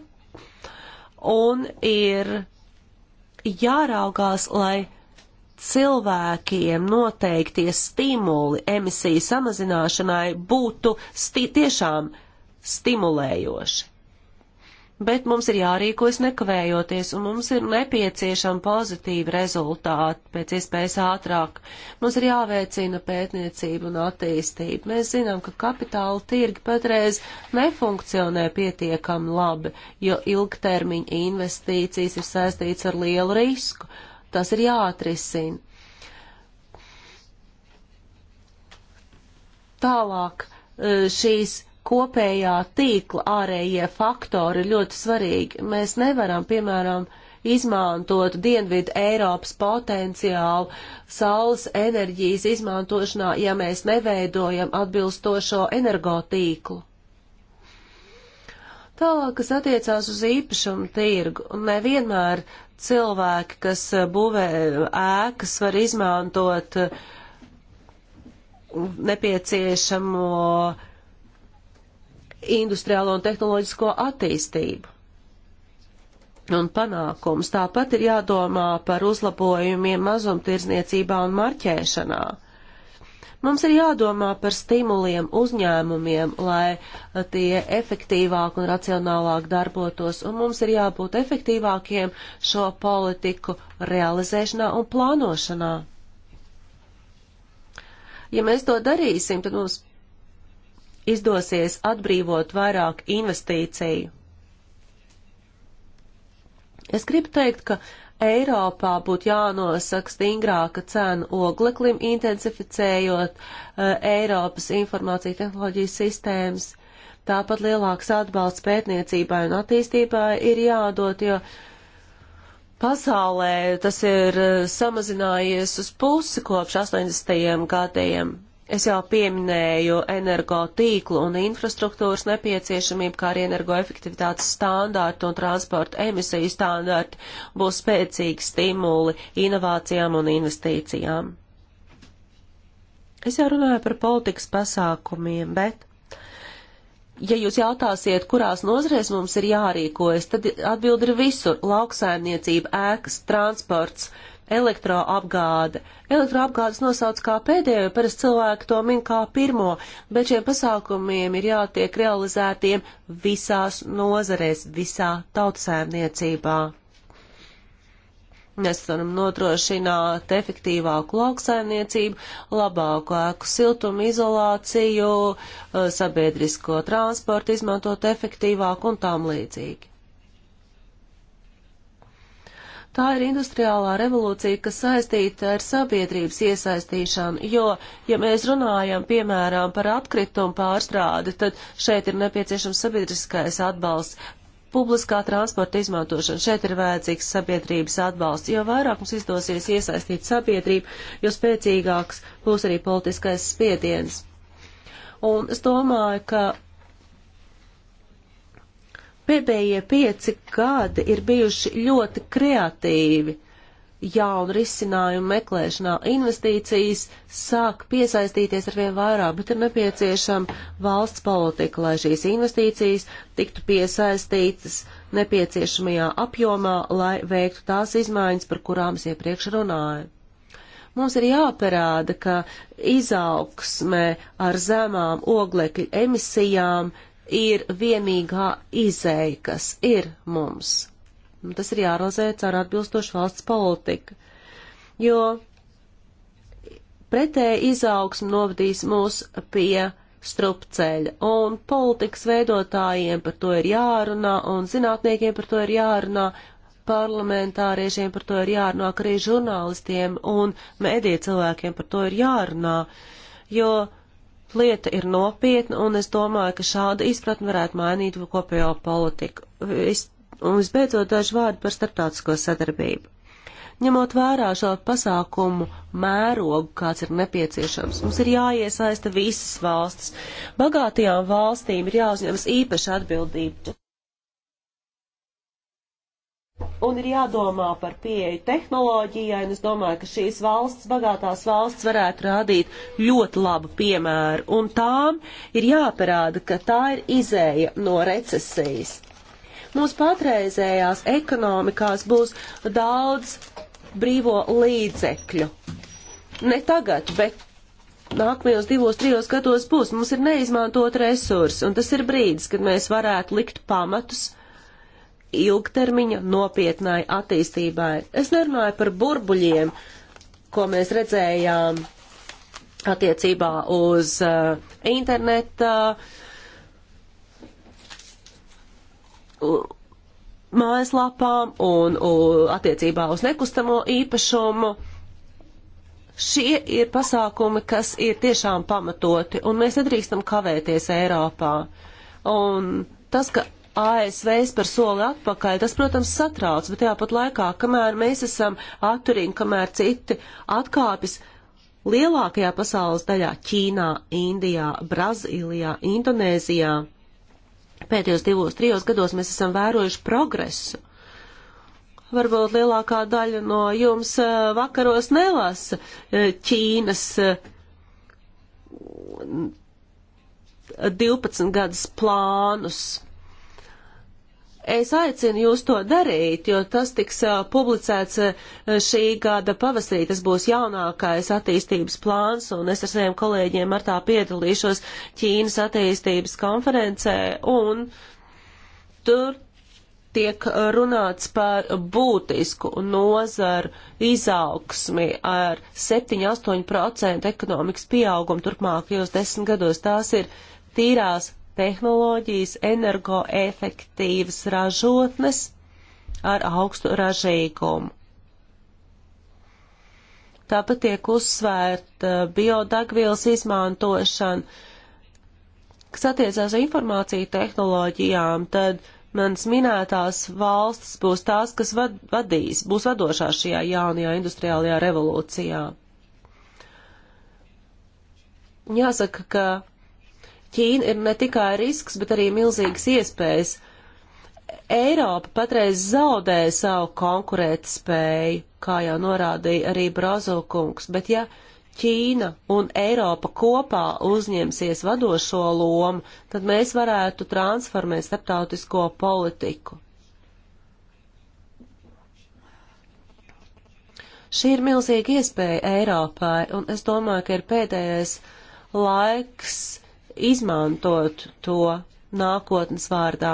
un ir jāraugās, lai cilvēkiem noteiktie stimuli emisiju samazināšanai būtu sti tiešām stimulējoši. Bet mums ir jārīkojas nekavējoties, un mums ir nepieciešama pozitīva rezultāta pēc iespējas ātrāk. Mums ir jāveicina pētniecība un attīstība. Mēs zinām, ka kapitāla tirgi patreiz nefunkcionē pietiekami labi, jo ilgtermiņa investīcijas ir saistīts ar lielu risku Tas ir jāatrisina. Tālāk e, šīs kopējā tīkla ārējie faktori ir ļoti svarīgi. Mēs nevaram, piemēram, izmantot Dienvidu Eiropas potenciālu saules enerģijas izmantošanā, ja mēs neveidojam atbilstošo energotīklu. Tālāk, kas attiecās uz īpašumu tirgu, nevienmēr cilvēki, kas eh, būvē eh, ēkas, var izmantot eh, nepieciešamo industriālo un tehnoloģisko attīstību un panākums. Tāpat ir jādomā par uzlabojumiem mazumtirdzniecībā un marķēšanā. Mums ir jādomā par stimuliem uzņēmumiem, lai uh, tie efektīvāk un racionālāk darbotos, un mums ir jābūt efektīvākiem šo politiku realizēšanā un plānošanā. Ja mēs to darīsim, tad mums izdosies atbrīvot vairāk investīciju. Es gribu teikt, ka Eiropā būtu jānosaka stingrāka cena ogleklim, intensificējot uh, Eiropas informācija tehnoloģijas sistēmas. Tāpat lielāks atbalsts pētniecībai un attīstībai ir jādod, jo pasaulē tas ir uh, samazinājies uz pusi kopš 80. gadiem. Es jau pieminēju energotīklu un infrastruktūras nepieciešamību, kā arī energoefektivitātes standārti un transporta emisiju standārti būs spēcīgi stimuli inovācijām un investīcijām. Es jau runāju par politikas pasākumiem, bet, ja jūs jautāsiet, kurās nozarēs mums ir jārīkojas, tad atbildi ir visur - lauksaimniecība, ēkas, transports, uh, elektroapgāde. Elektroapgādes nosauc kā pēdējo, parasti cilvēki to min kā pirmo, bet šiem pasākumiem ir jātiek realizētiem visās nozarēs, visā tautsēmniecībā. Mēs varam nodrošināt efektīvāku lauksaimniecību, labāku ēku siltumu izolāciju, eh, sabiedrisko transportu izmantot efektīvāk un tam līdzīgi. Tā ir industriālā revolūcija, kas saistīta ar sabiedrības iesaistīšanu, jo, ja mēs runājam, piemēram, par atkritumu pārstrādi, tad šeit ir nepieciešams sabiedriskais atbalsts. Publiskā transporta izmantošana šeit ir vajadzīgs sabiedrības atbalsts, jo vairāk mums izdosies iesaistīt sabiedrību, jo spēcīgāks būs arī politiskais spiediens. Un es domāju, ka Pēdējie pieci gadi ir bijuši ļoti kreatīvi jaunu risinājumu meklēšanā. Investīcijas sāk piesaistīties ar vien vairāk, bet ir nepieciešama valsts politika, lai šīs investīcijas tiktu piesaistītas nepieciešamajā apjomā, lai veiktu tās izmaiņas, par kurām es iepriekš runāju. Mums ir jāparāda, ka izaugsmē ar zemām oglekļa emisijām uh, ir vienīgā izēja, kas ir mums. Un tas ir jārealizē caur atbilstošu valsts politiku, jo pretēji izaugsme novadīs mūs pie strupceļa, un politikas veidotājiem par to ir jārunā, un zinātniekiem par to ir jārunā, parlamentāriešiem par to ir jārunā, arī žurnālistiem un mēdīja cilvēkiem par to ir jārunā, jo lieta ir nopietna, un es domāju, ka šāda izpratne varētu mainīt kopējo politiku. Vis, un visbeidzot daži vārdi par starptautisko sadarbību. Ņemot vērā šo pasākumu mērogu, kāds ir nepieciešams, mums ir jāiesaista visas valstis. Bagātajām valstīm ir jāuzņemas īpaša atbildība. Un ir jādomā par pieeju tehnoloģijai, un es domāju, ka šīs valsts, bagātās valsts, varētu rādīt ļoti labu piemēru. Un tām ir jāparāda, ka tā ir izēja no recesijas. Mūsu patreizējās ekonomikās būs daudz brīvo līdzekļu. Ne tagad, bet nākamajos divos, trijos gados būs. Mums ir neizmantot resursi, un tas ir brīdis, kad mēs varētu likt pamatus ilgtermiņa nopietnai attīstībai. Es nerunāju par burbuļiem, ko mēs redzējām attiecībā uz uh, interneta uh, mājaslapām un uh, attiecībā uz nekustamo īpašumu. Šie ir pasākumi, kas ir tiešām pamatoti, un mēs nedrīkstam kavēties Eiropā. Un tas, ka ASVs par soli atpakaļ, tas, protams, satrauc, bet tāpat laikā, kamēr mēs esam atturīgi, kamēr citi atkāpjas, lielākajā pasaules daļā - Ķīnā, Indijā, Brazīlijā, Indonēzijā. Pēdējos divos, trijos gados mēs esam vērojuši progresu. Varbūt lielākā daļa no jums eh, vakaros nelasa eh, Ķīnas 12 eh, gadus plānus. Es aicinu jūs to darīt, jo tas tiks publicēts šī gada pavasarī. Tas būs jaunākais attīstības plāns, un es ar saviem kolēģiem martā piedalīšos Ķīnas attīstības konferencē, un tur tiek runāts par būtisku nozaru izaugsmi ar 7-8% ekonomikas pieaugumu turpmākajos desmit gados. Tās ir tīrās tehnoloģijas, energoefektīvas ražotnes ar augstu ražīgumu. Tāpat tiek uzsvērta eh, biodegvielas izmantošana, kas attiecās informāciju tehnoloģijām, tad manas minētās valstis būs tās, kas vad, vadīs, būs vadošās šajā jaunajā industriālajā revolūcijā. Jāsaka, ka Ķīna ir ne tikai risks, bet arī milzīgas iespējas. Eiropa patreiz zaudē savu konkurētspēju, kā jau norādīja arī Brazokungs, bet ja Ķīna un Eiropa kopā uzņemsies vadošo lomu, tad mēs varētu transformēt starptautisko politiku. Šī ir milzīga iespēja Eiropai, un es domāju, ka ir pēdējais laiks izmantot to nākotnes vārdā,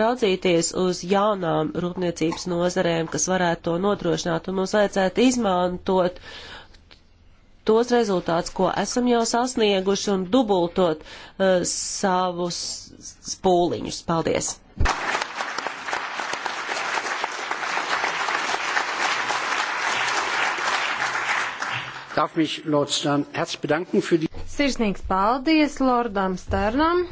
raudzīties uz jaunām rūpniecības nozarēm, kas varētu to nodrošināt, un mums vajadzētu izmantot tos rezultātus, ko esam jau sasnieguši, un dubultot uh, savus spūliņus. Paldies! darf mich Lord Stern herzlich bedanken für die. Sirsnīgs paldies Lordam Sternam.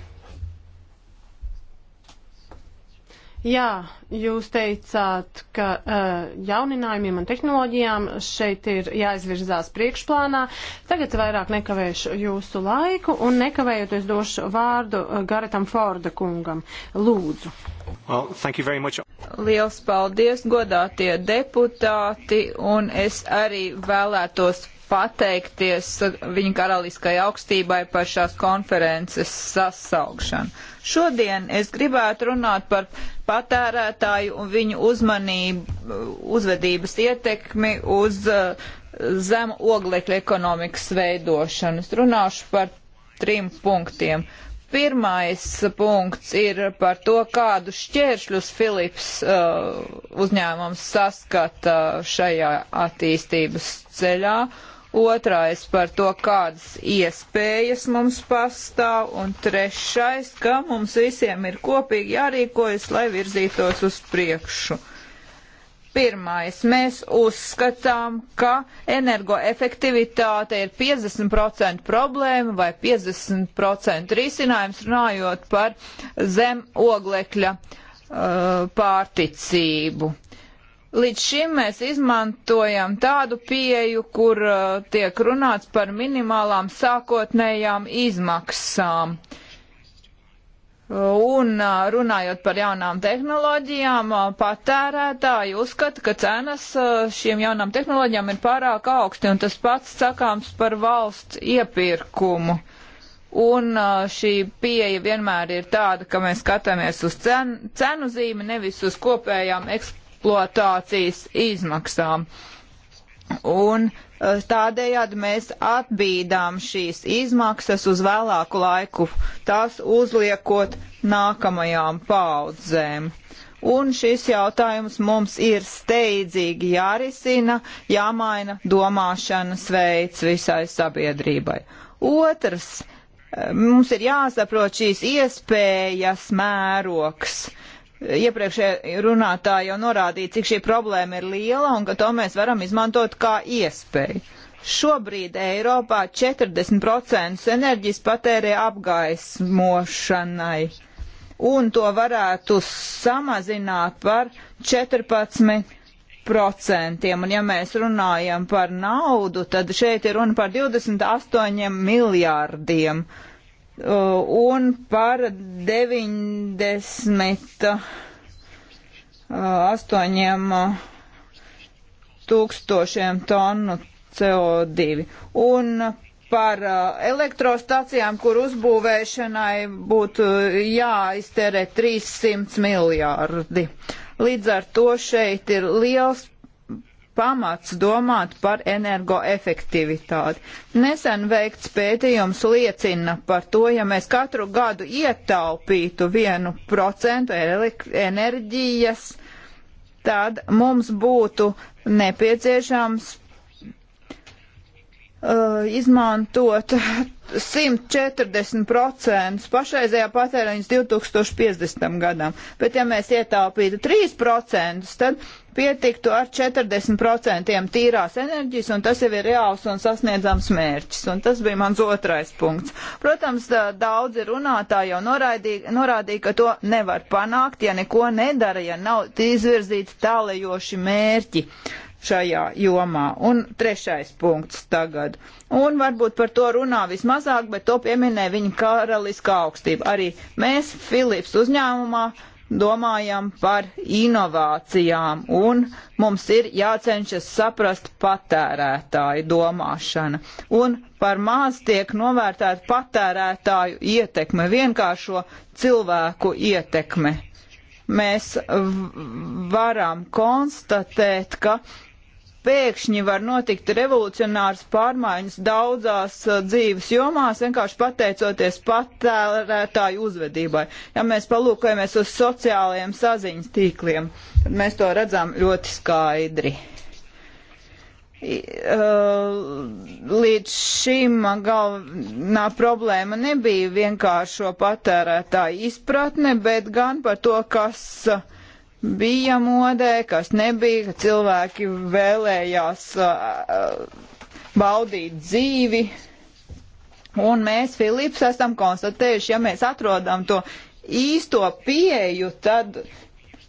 Jā, jūs teicāt, ka uh, jauninājumiem un tehnoloģijām šeit ir jāizvirzās priekšplānā. Tagad vairāk nekavēšu jūsu laiku un nekavējoties došu vārdu eh, Garetam Forda kungam. Lūdzu. Well, Liels paldies, godātie deputāti, un es arī vēlētos pateikties viņa karaliskai augstībai par šās konferences sasaugšanu. Šodien es gribētu runāt par patērētāju un viņu uzmanību, uzvedības ietekmi uz uh, eh, zemu oglekļa ekonomikas veidošanu. Es runāšu par trim punktiem. Pirmais punkts ir par to, kādu šķēršļus Philips uh, eh, uzņēmums saskata šajā attīstības ceļā. Uh, otrais par to, kādas iespējas mums pastāv, un trešais, ka mums visiem ir kopīgi jārīkojas, lai virzītos uz priekšu. Pirmais, mēs uzskatām, ka energoefektivitāte ir 50% problēma vai 50% risinājums, runājot par zem oglekļa uh, pārticību. Uh, Līdz šim mēs izmantojam tādu pieju, kur uh, tiek runāts par minimālām sākotnējām izmaksām. Un uh, runājot par jaunām tehnoloģijām, uh, patērētāji uzskata, ka cenas uh, šīm jaunām tehnoloģijām ir pārāk augsti, un tas pats sakāms par valsts iepirkumu. Un uh, šī pieeja vienmēr ir tāda, ka mēs skatāmies uz cen, cenu zīmi, nevis uz kopējām eksportēm eksploatācijas izmaksām. Un eh, tādējādi mēs atbīdām šīs izmaksas uz vēlāku laiku, tās uzliekot nākamajām paudzēm. Un šis jautājums mums ir steidzīgi jārisina, jāmaina domāšanas veids visai sabiedrībai. Otrs, eh, mums ir jāsaprot šīs iespējas mērogs. Uh, iepriekšējā runātāja jau norādīja, cik šī problēma ir liela un ka to mēs varam izmantot kā iespēju. Šobrīd Eiropā 40% enerģijas patērē apgaismošanai, un to varētu samazināt par 14%. Un ja mēs runājam par naudu, tad šeit ir runa par 28 miljārdiem eiro Uh, un par 90 uh, astoņiem uh, tūkstošiem tonu CO2. Un par elektrostacijām, kur uzbūvēšanai būtu jāizterē 300 miljārdi. Līdz ar to šeit ir liels pamats domāt par energoefektivitāti. Nesen veikts pētījums liecina par to, ja mēs katru gadu ietaupītu vienu procentu enerģijas, tad mums būtu nepieciešams uh, izmantot 140% pašreizējā patēriņas 2050. gadam. Bet ja mēs ietaupītu 3%, tad pietiktu ar 40% tīrās enerģijas, un tas jau ir reāls un sasniedzams mērķis. Un tas bija mans otrais punkts. Protams, daudzi runātāji jau noraidīja, norādīja, ka to nevar panākt, ja neko nedara, ja nav izvirzīti tālējoši mērķi šajā jomā. Un trešais punkts tagad. Un varbūt par to runā vismazāk, bet to pieminē viņa karaliskā augstība. Arī mēs Philips uzņēmumā domājam par inovācijām un mums ir jācenšas saprast patērētāju domāšana. Un par maz tiek novērtēta patērētāju ietekme, vienkāršo cilvēku ietekme. Mēs varam konstatēt, ka uh, pēkšņi var notikt revolucionārs pārmaiņas daudzās uh, dzīves jomās, vienkārši pateicoties patērētāju uzvedībai. Ja mēs palūkojamies uz sociālajiem saziņas tīkliem, tad mēs to redzam ļoti skaidri. Uh, līdz šim galvenā problēma nebija vienkāršo patērētāju izpratne, bet gan par to, kas uh, bija modē, kas nebija, ka cilvēki vēlējās uh, baudīt dzīvi. Un mēs, Filips, esam konstatējuši, ja mēs atrodam to īsto pieeju, tad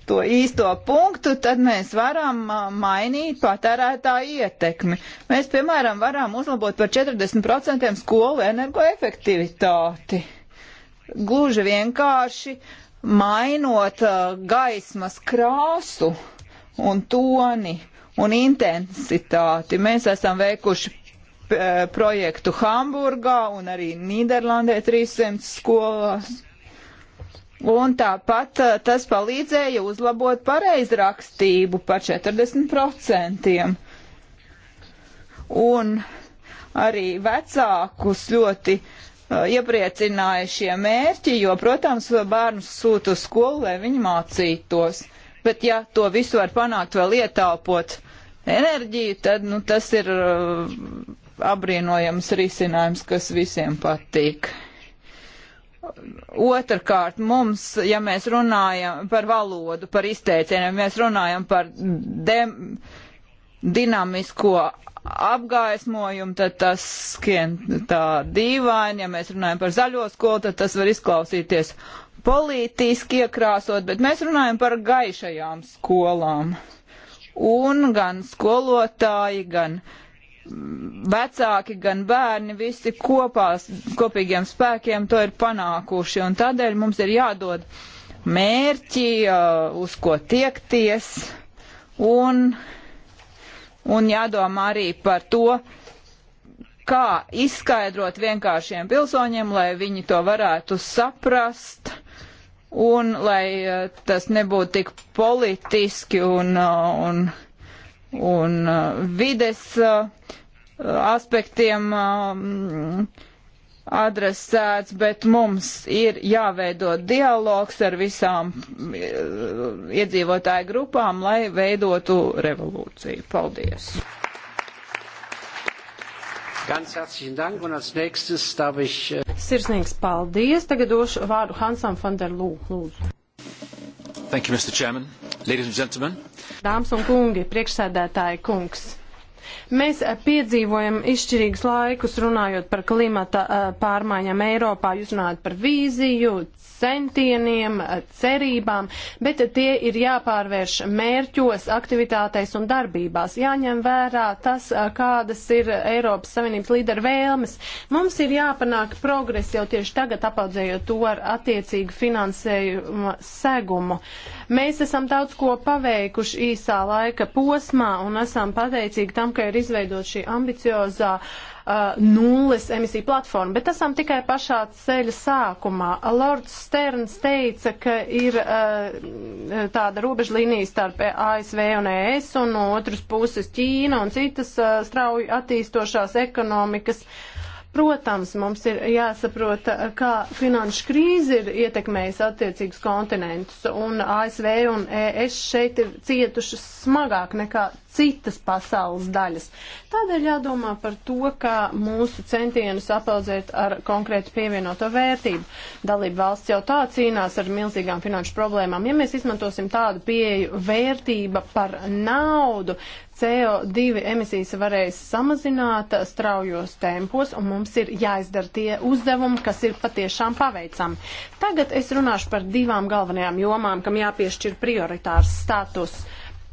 to īsto punktu, tad mēs varam mainīt patērētāju ietekmi. Mēs, piemēram, varam uzlabot par 40% skolu energoefektivitāti. Gluži vienkārši uh, mainot uh, gaismas krāsu un toni un intensitāti. Mēs esam veikuši uh, projektu Hamburgā un arī Nīderlandē 300 skolās. Un tāpat uh, tas palīdzēja uzlabot pareizrakstību par 40%. Un arī vecākus ļoti uh, Uh, iepriecināja šie mērķi, jo, protams, bērnus sūta uz skolu, lai viņi mācītos. Bet ja to visu var panākt vēl ietaupot enerģiju, tad nu, tas ir uh, apbrīnojams risinājums, kas visiem patīk. Otrakārt, mums, ja mēs runājam par valodu, par izteicieniem, mēs runājam par dem, uh, dinamisko apgaismojumu, tad tas skien tā dīvaini. Ja mēs runājam par zaļo skolu, tad tas var izklausīties politiski iekrāsot, bet mēs runājam par gaišajām skolām. Un gan skolotāji, gan vecāki, gan bērni, visi kopā, kopīgiem spēkiem to ir panākuši. Un tādēļ mums ir jādod mērķi, uh, uz ko tiekties. Un uh, un jādomā arī par to, kā izskaidrot vienkāršiem pilsoņiem, lai viņi to varētu saprast un lai eh, tas nebūtu tik politiski un, eh, un, un eh, vides aspektiem adresēts, bet mums ir jāveido dialogs ar visām eh, iedzīvotāju grupām, lai veidotu revolūciju. Paldies! Äh, Sirsnīgs paldies. Tagad došu vārdu Hansam van der Lū. Lūdzu. Thank you, Mr. Chairman. Ladies and gentlemen. Dāmas un kungi, priekšsēdētāji kungs. Mēs eh, piedzīvojam izšķirīgus laikus runājot par klimata eh, pārmaiņām Eiropā. Jūs runājat par vīziju, centieniem, cerībām, bet tie ir jāpārvērš mērķos, aktivitātēs un darbībās. Jāņem vērā tas, kādas ir Eiropas Savienības līderu vēlmes. Mums ir jāpanāk progres jau tieši tagad, apaudzējot to ar attiecīgu finansējumu segumu. Mēs esam daudz ko paveikuši īsā laika posmā un esam pateicīgi tam, ka ir izveidot šī ambiciozā uh, uh, nulles emisiju platformu, bet esam tikai pašā ceļa sākumā. Lords Sterns teica, ka ir uh, tāda robežlīnija starp ASV un ES un no otras puses Ķīna un citas uh, strauji attīstošās ekonomikas. Uh, Protams, mums ir jāsaprot, kā finanšu krīze ir ietekmējusi attiecīgus kontinentus, un ASV un ES šeit ir cietušas smagāk nekā citas pasaules daļas. Tādēļ jādomā par to, kā mūsu centienus apaudzēt ar konkrētu pievienoto vērtību. Dalība valsts jau tā cīnās ar milzīgām finanšu problēmām. Ja mēs izmantosim tādu pieeju vērtība par naudu, CO2 emisijas varēs samazināt straujos tempos, un mums ir jāizdara tie uzdevumi, kas ir patiešām paveicami. Tagad es runāšu par divām galvenajām jomām, kam jāpiešķir prioritārs status.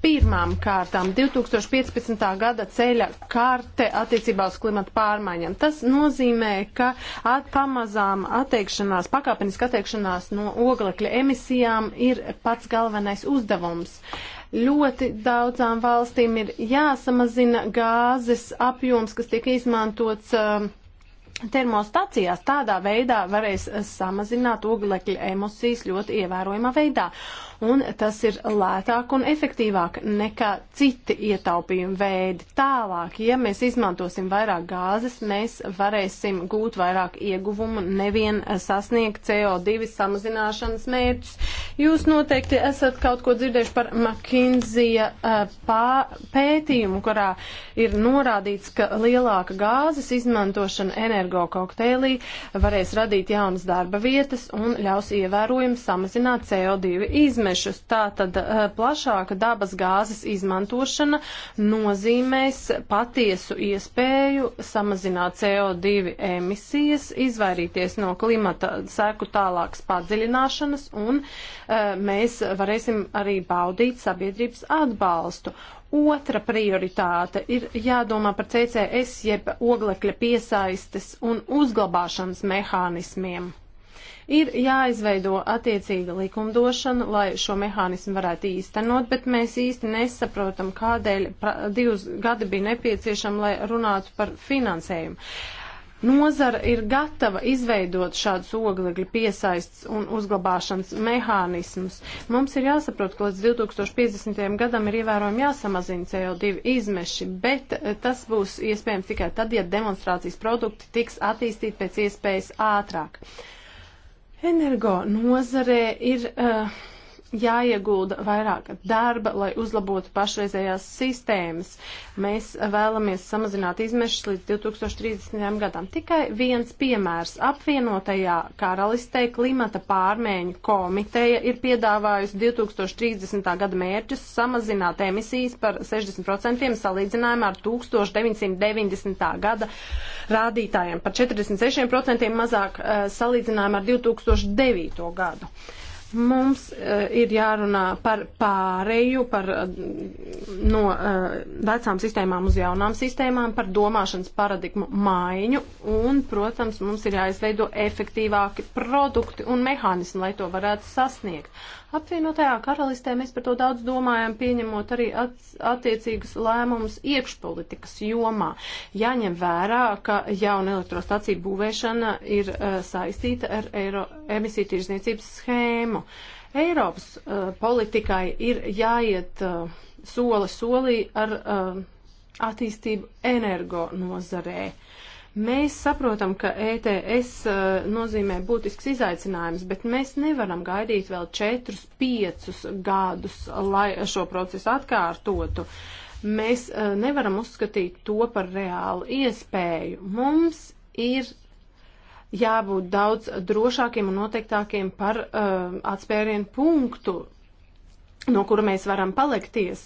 Pirmām kārtām 2015. gada ceļa karte attiecībā uz klimatu pārmaiņām. Tas nozīmē, ka at, pamazām atteikšanās, pakāpeniski atteikšanās no oglekļa emisijām ir pats galvenais uzdevums. Uh, Ļoti daudzām valstīm ir jāsamazina gāzes apjoms, kas tiek izmantots um, termostacijās. Tādā veidā varēs samazināt oglekļa emisijas ļoti ievērojamā veidā un tas ir lētāk un efektīvāk nekā citi ietaupījumi veidi. Tālāk, ja mēs izmantosim vairāk gāzes, mēs varēsim gūt vairāk ieguvumu, nevien sasniegt CO2 samazināšanas mērķus. Jūs noteikti esat kaut ko dzirdējuši par McKinsey uh, pētījumu, kurā ir norādīts, ka lielāka gāzes izmantošana energo kokteilī varēs radīt jaunas darba vietas un ļaus ievērojami samazināt CO2 izmešus izmešus. Tātad eh, plašāka dabas gāzes izmantošana nozīmēs patiesu iespēju samazināt CO2 emisijas, izvairīties no klimata seku tālākas padziļināšanas un eh, mēs varēsim arī baudīt sabiedrības atbalstu. Otra prioritāte ir jādomā par CCS jeb oglekļa piesaistes un uzglabāšanas mehānismiem. Ir jāizveido attiecīga likumdošana, lai šo mehānismu varētu īstenot, bet mēs īsti nesaprotam, kādēļ divus gadi bija nepieciešami, lai runātu par finansējumu. Nozara ir gatava izveidot šādus oglekļa piesaists un uzglabāšanas mehānismus. Mums ir jāsaprot, ka līdz 2050. gadam ir ievērojami jāsamazina CO2 izmeši, bet eh, tas būs iespējams tikai tad, ja demonstrācijas produkti tiks attīstīti pēc iespējas ātrāk. Uh, Energo nozarē ir. Uh, jāiegulda vairāk darba, lai uzlabotu pašreizējās sistēmas. Mēs vēlamies samazināt izmešas līdz 2030. gadam. Tikai viens piemērs. Apvienotajā karalistē klimata pārmaiņu komiteja ir piedāvājusi 2030. gada mērķus samazināt emisijas par 60% salīdzinājumā ar 1990. gada rādītājiem, par 46% mazāk eh, salīdzinājumā ar 2009. gadu. Mums uh, ir jārunā par pāreju, par, uh, no uh, vecām sistēmām uz jaunām sistēmām, par domāšanas paradigmu maiņu un, protams, mums ir jāizveido efektīvāki produkti un mehānismi, lai to varētu sasniegt. Apvienotajā karalistē mēs par to daudz domājam, pieņemot arī attiecīgus lēmumus iekšpolitikas jomā. Jāņem vērā, ka jauna elektrostaciju būvēšana ir uh, saistīta ar eiro emisiju tirzniecības schēmu. Eiropas uh, politikai ir jāiet uh, soli solī ar uh, attīstību energo nozarē. Uh, Mēs saprotam, ka ETS uh, nozīmē būtisks izaicinājums, bet mēs nevaram gaidīt vēl 4-5 gadus, lai šo procesu atkārtotu. Mēs uh, nevaram uzskatīt to par reālu iespēju. Mums ir jābūt daudz drošākiem un noteiktākiem par uh, atspērienu punktu no kura mēs varam palikties.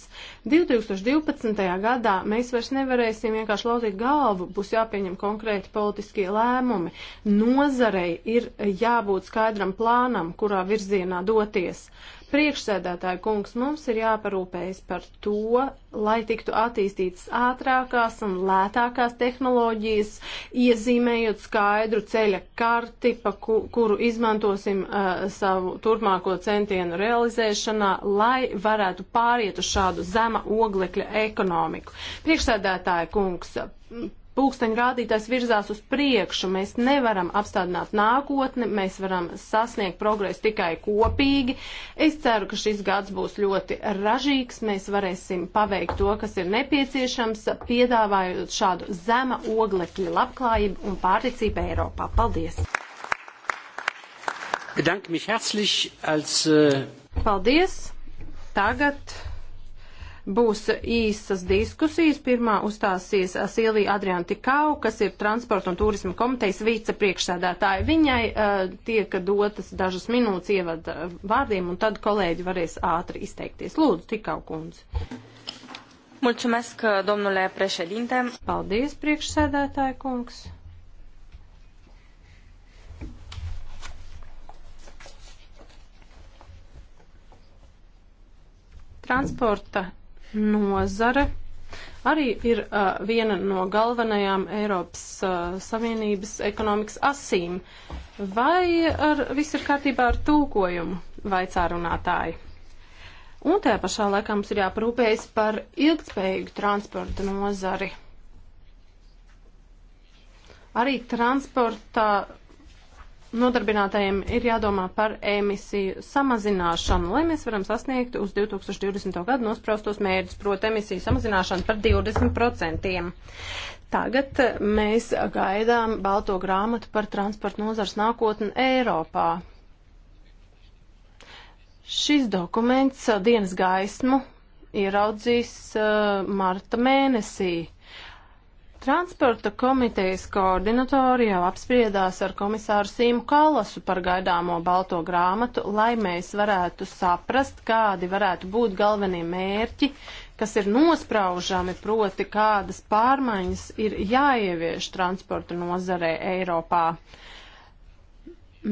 2012. gadā mēs vairs nevarēsim vienkārši lauzīt galvu, būs jāpieņem konkrēti politiskie lēmumi. Nozarei ir jābūt skaidram plānam, kurā virzienā doties. Uh, Priekšsēdētāja kungs, mums ir jāparūpējas par to, lai tiktu attīstītas ātrākās un lētākās tehnoloģijas, iezīmējot skaidru ceļa karti, pa ku, kuru izmantosim uh, savu turpmāko centienu realizēšanā, lai varētu pāriet uz šādu zema oglekļa ekonomiku. Priekšsēdētāja kungs, pulksteņu rādītājs virzās uz priekšu. Mēs nevaram apstādināt nākotni, mēs varam sasniegt progresu tikai kopīgi. Es ceru, ka šis gads būs ļoti ražīgs, mēs varēsim paveikt to, kas ir nepieciešams, piedāvājot šādu zema oglekļa labklājību un pārticību Eiropā. Paldies! bedanke mich herzlich als. Äh, Paldies! Tagad Būs īsas diskusijas. Pirmā uzstāsies Silvija Adrianti Kau, kas ir transporta un turisma komitejas vicepriekšsēdētāja. Viņai uh, tiek dotas dažas minūtes ievada vārdiem, un tad kolēģi varēs ātri izteikties. Lūdzu, Tikau kundze. Mulțumesc, domnule președinte. Paldies, priekšsēdētāja kungs. transporta nozare arī ir uh, viena no galvenajām Eiropas uh, Savienības ekonomikas asīm. Vai ar, viss ir kārtībā ar tūkojumu, vaicā runātāji? Un tajā pašā laikā mums ir jāparūpējas par ilgspējīgu transporta nozari. Arī transporta nodarbinātajiem ir jādomā par emisiju samazināšanu, lai mēs varam sasniegt uz 2020. gadu nospraustos mērķus, proti emisiju samazināšanu par 20%. Tagad eh, mēs gaidām balto grāmatu par transporta nozars nākotni Eiropā. Šis dokuments eh, dienas gaismu ieraudzīs uh, marta mēnesī. Transporta komitejas koordinatori jau apspriedās ar komisāru Sīmu Kallasu par gaidāmo balto grāmatu, lai mēs varētu saprast, kādi varētu būt galvenie mērķi, kas ir nospraužami, proti kādas pārmaiņas ir jāievieš transporta nozarē Eiropā.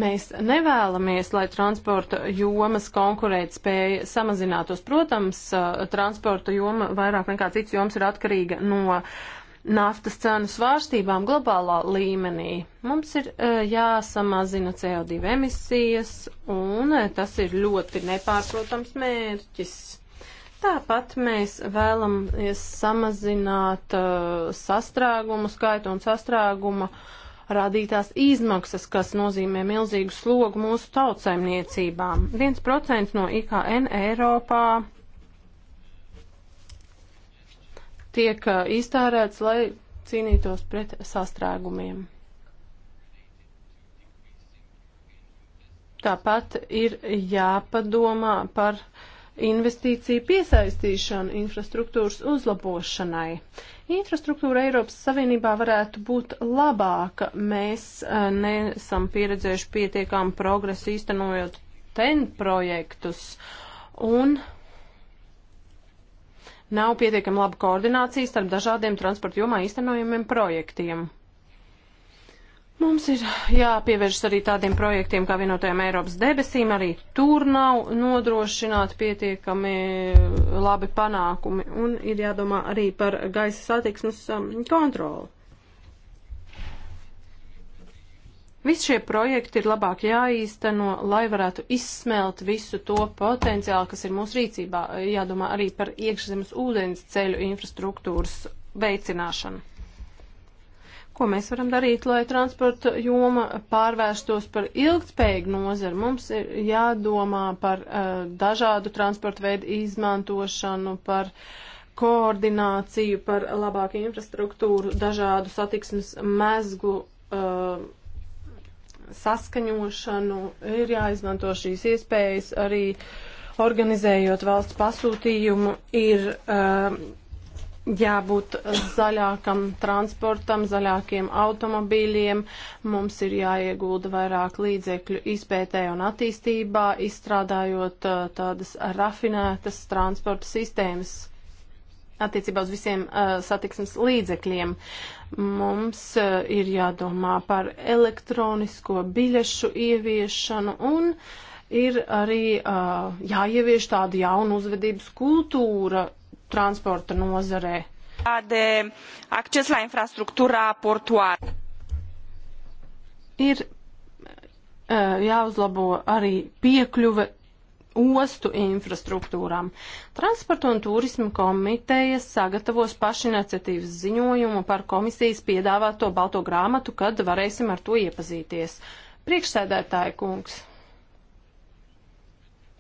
Mēs nevēlamies, lai transporta jomas konkurētspēja samazinātos. Protams, uh, transporta joma vairāk nekā cits joms ir atkarīga no uh, naftas cenu svārstībām globālā līmenī. Mums ir e, jāsamazina CO2 emisijas, un e, tas ir ļoti nepārprotams mērķis. Tāpat mēs vēlamies samazināt uh, sastrēgumu skaitu un sastrēguma radītās izmaksas, kas nozīmē milzīgu slogu mūsu tautsaimniecībām. 1% no IKN Eiropā tiek iztērēts, lai cīnītos pret sastrēgumiem. Tāpat ir jāpadomā par investīciju piesaistīšanu infrastruktūras uzlabošanai. Infrastruktūra Eiropas Savienībā varētu būt labāka. Mēs nesam pieredzējuši pietiekām progresu īstenojot ten projektus. Un uh, nav pietiekami laba koordinācija starp dažādiem transporta jomā īstenojumiem projektiem. Mums ir jāpievēršas arī tādiem projektiem kā vienotajām Eiropas debesīm, arī tur nav nodrošināti pietiekami labi panākumi un ir jādomā arī par gaisa satiksmes um, kontroli. Visi šie projekti ir labāk jāīsteno, lai varētu izsmelt visu to potenciālu, kas ir mūsu rīcībā. Jādomā arī par iekšzemes ūdens ceļu infrastruktūras veicināšanu. Ko mēs varam darīt, lai transporta joma pārvērstos par ilgspējīgu nozaru? Mums ir jādomā par uh, dažādu transporta veidu izmantošanu, par uh, koordināciju, par labāku infrastruktūru, dažādu satiksmes mezglu uh, saskaņošanu, ir jāizmanto šīs iespējas arī organizējot valsts pasūtījumu, ir uh, jābūt zaļākam transportam, zaļākiem automobīļiem, mums ir jāiegulda vairāk līdzekļu izpētē un attīstībā, izstrādājot uh, tādas rafinētas transporta sistēmas attiecībā uz visiem uh, satiksmes līdzekļiem. Mums eh, ir jādomā par elektronisko biļešu ieviešanu un ir arī uh, jāievieš tāda jauna uzvedības kultūra transporta nozarē. De acces la infrastructura portuară. Ir uh, jāuzlabo arī piekļuve ostu infrastruktūrām. Transporta un turisma komiteja sagatavos pašiniciatīvas ziņojumu par komisijas piedāvāto balto grāmatu, kad varēsim ar to iepazīties. Priekšsēdētāja kungs.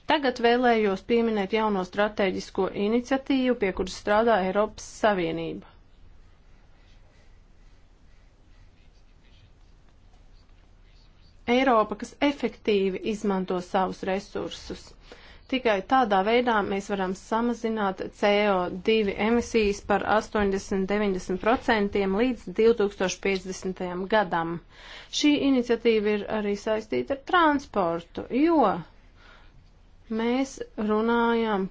Tagad vēlējos pieminēt jauno strateģisko iniciatīvu, pie kuras strādā Eiropas Savienība. Eiropa, kas efektīvi izmanto savus resursus. Tikai tādā veidā mēs varam samazināt CO2 emisijas par 80-90% līdz 2050. gadam. Šī iniciatīva ir arī saistīta ar transportu, jo mēs runājam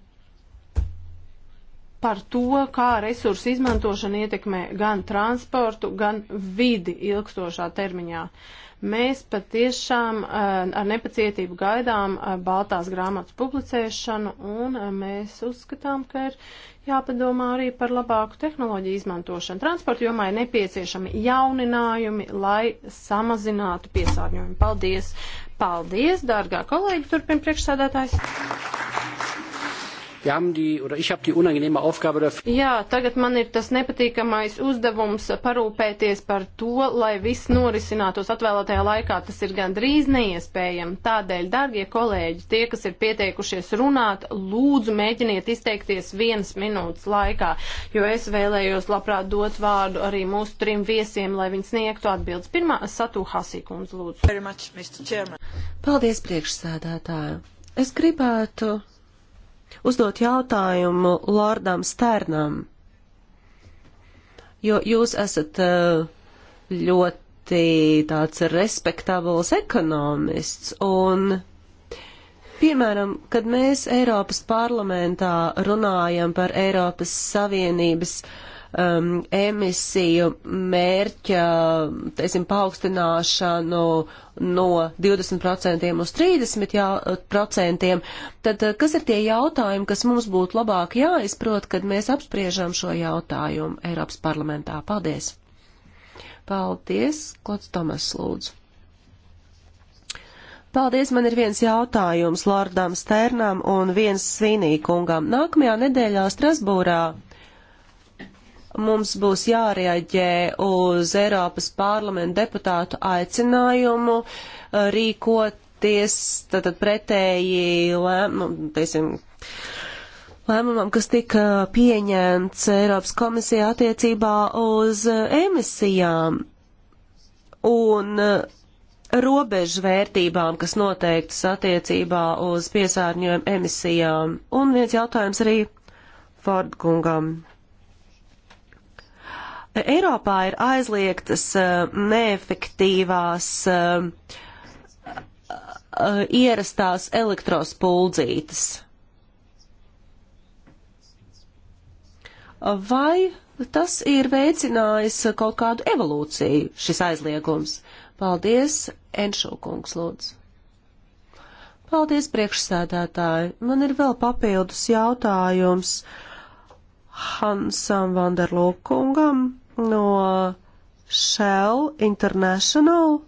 par to, kā resursu izmantošana ietekmē gan transportu, gan vidi ilgstošā termiņā. Mēs patiešām eh, ar nepacietību gaidām eh, Baltās grāmatas publicēšanu un eh, mēs uzskatām, ka ir jāpadomā arī par labāku tehnoloģiju izmantošanu. Transporta jomā ir nepieciešami jauninājumi, lai samazinātu piesārņojumu. Paldies! Paldies, dārgā kolēģi, turpina priekšsēdētājs! Wir haben die, oder ich habe die unangenehme Aufgabe dafür. Jā, tagad man ir tas nepatīkamais uzdevums parūpēties par to, lai viss norisinātos atvēlētajā laikā. Tas ir gandrīz neiespējami. Tādēļ, darbie kolēģi, tie, kas ir pieteikušies runāt, lūdzu mēģiniet izteikties vienas minūtes laikā, jo es vēlējos labprāt dot vārdu arī mūsu trim viesiem, lai viņi sniegtu atbildes. Pirmā Satū Hasīkums, lūdzu. Much, Paldies, priekšsēdētāju. Es gribētu uzdot jautājumu Lordam Sternam, jo jūs esat eh, ļoti tāds respektabls ekonomists un Piemēram, kad mēs Eiropas parlamentā runājam par Eiropas Savienības uh, um, emisiju mērķa, teiksim, paaugstināšanu no 20% uz 30%, tad uh, kas ir tie jautājumi, kas mums būtu labāk jāizprot, kad mēs apspriežam šo jautājumu Eiropas parlamentā? Paldies! Paldies, Klots Tomas lūdzu! Paldies, man ir viens jautājums Lordam Sternam un viens Svinī kungam. Nākamajā nedēļā Strasbūrā mums būs jārieģē uz Eiropas parlamenta deputātu aicinājumu uh, rīkoties tātad pretēji lēmumu, teiksim, lēmumam, kas tika pieņemts Eiropas komisijā attiecībā uz emisijām un uh, robežvērtībām, kas noteiktas attiecībā uz piesārņojumu emisijām. Un viens jautājums arī Fordkungam. Eiropā ir aizliegtas eh, neefektīvās eh, eh, ierastās elektrospuldzītes. Vai tas ir veicinājis kaut kādu evolūciju, šis aizliegums? Paldies, Enšūkungs, lūdzu. Paldies, priekšsēdētāji. Man ir vēl papildus jautājums Hansam Vanderlūkungam no Shell International.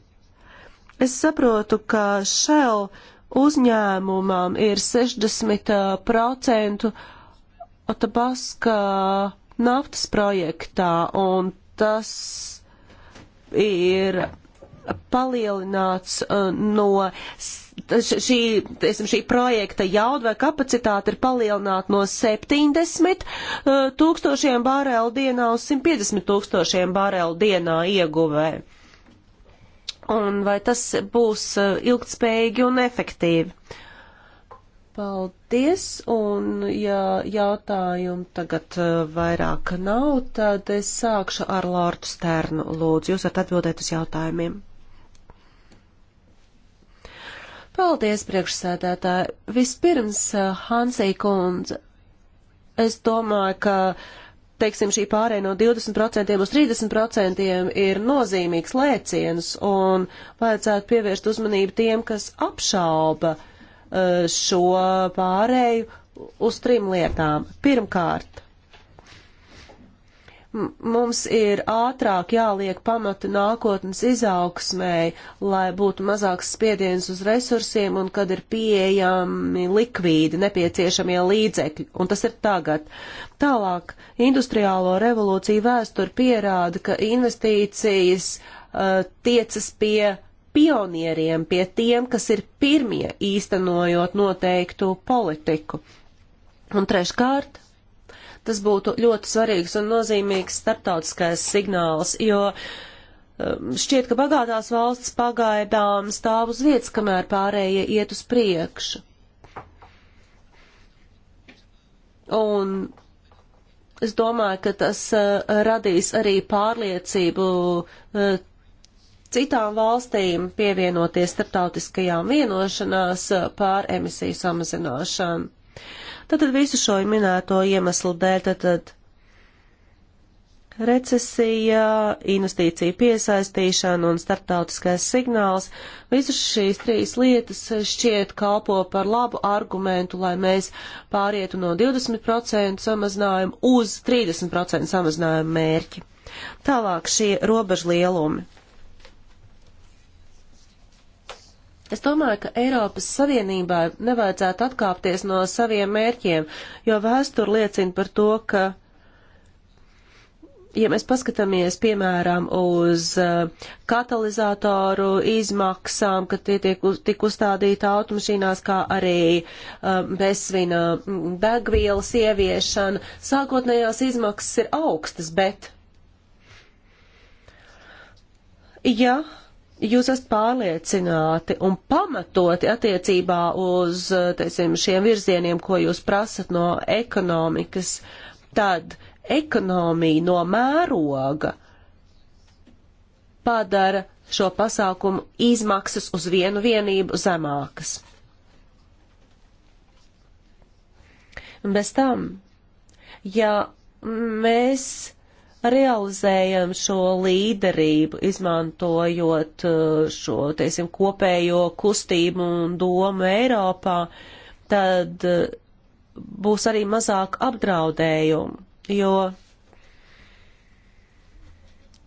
Es saprotu, ka Shell uzņēmumam ir 60% uh, Otabaska naftas projektā, un tas ir palielināts uh, no šī, tiesim, šī projekta jauda vai kapacitāte ir palielināta no 70 uh, tūkstošiem bārēlu dienā uz 150 tūkstošiem bārēlu dienā ieguvē. Un vai tas būs uh, ilgtspējīgi un efektīvi? Paldies, un ja jautājumu tagad vairāk nav, tad es sākšu ar Lordu Sternu. Lūdzu, jūs varat atbildēt uz jautājumiem. Paldies, priekšsēdētāji. Vispirms, eh, Hansī kundze, es domāju, ka, teiksim, šī pārēja no 20% uz 30% ir nozīmīgs lēciens un vajadzētu pievērst uzmanību tiem, kas apšauba eh, šo pārēju uz trim lietām. Pirmkārt, mums ir ātrāk jāliek pamatu nākotnes izaugsmēji, lai būtu mazāks spiediens uz resursiem un kad ir pieejami likvīdi nepieciešamie līdzekļi, un tas ir tagad. Tālāk, industriālo revolūciju vēsture pierāda, ka investīcijas uh, tiecas pie pionieriem, pie tiem, kas ir pirmie īstenojot noteiktu politiku. Un treškārt, Tas būtu ļoti svarīgs un nozīmīgs starptautiskais signāls, jo um, šķiet, ka bagātās valsts pagaidām stāv uz vietas, kamēr pārējie iet uz priekšu. Un es domāju, ka tas uh, radīs arī pārliecību uh, citām valstīm pievienoties starptautiskajām vienošanās uh, pār emisiju samazināšanu. Tātad visu šo minēto iemeslu dēļ, tātad recesija, investīcija piesaistīšana un starptautiskais signāls. Visas šīs trīs lietas šķiet kalpo par labu argumentu, lai mēs pārietu no 20% samazinājumu uz 30% samazinājumu mērķi. Tālāk šie robežu lielumi. Es domāju, ka Eiropas Savienībai nevajadzētu atkāpties no saviem mērķiem, jo vēsture liecina par to, ka, ja mēs paskatāmies, piemēram, uz eh, katalizatoru izmaksām, kad tie tiek uz, tik uzstādīti automašīnās, kā arī um, bezsvina mm, degvielas ieviešana, sākotnējās izmaksas ir augstas, bet. Ja jūs esat pārliecināti un pamatoti attiecībā uz teisim, šiem virzieniem, ko jūs prasat no ekonomikas, tad ekonomija no mēroga padara šo pasākumu izmaksas uz vienu vienību zemākas. Un bez tam, ja mēs realizējam šo līderību, izmantojot uh, šo, teiksim, kopējo kustību un domu Eiropā, tad uh, būs arī mazāk apdraudējumu, jo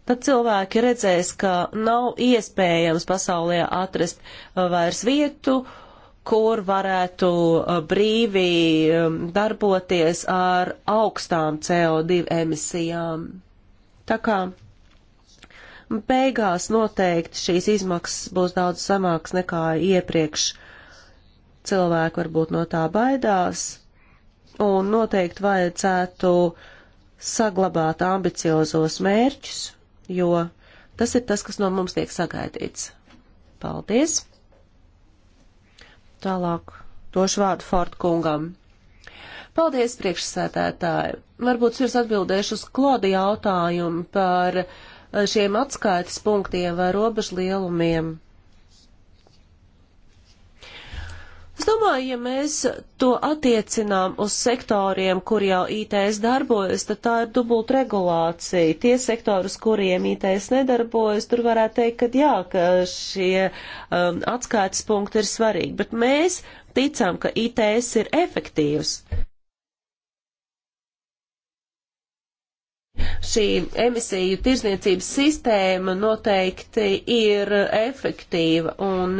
tad cilvēki redzēs, ka nav iespējams pasaulē atrast uh, vairs vietu, kur varētu brīvi um, darboties ar augstām CO2 emisijām. Tā kā beigās noteikti šīs izmaksas būs daudz samāks nekā iepriekš cilvēki varbūt no tā baidās, un noteikti vajadzētu saglabāt ambiciozos mērķus, jo tas ir tas, kas no mums tiek sagaidīts. Paldies! Tālāk došu vārdu Ford kungam. Paldies, priekšsētētāji. Varbūt es atbildēšu uz klodi jautājumu par eh, šiem atskaites punktiem vai robežu lielumiem. Es domāju, ja mēs to attiecinām uz sektoriem, kur jau ITS darbojas, tad tā ir dubult regulācija. Tie sektori, uz kuriem ITS nedarbojas, tur varētu teikt, ka jā, ka šie um, atskaites punkti ir svarīgi, bet mēs ticam, ka ITS ir efektīvs. Šī emisiju tirzniecības sistēma noteikti ir efektīva un,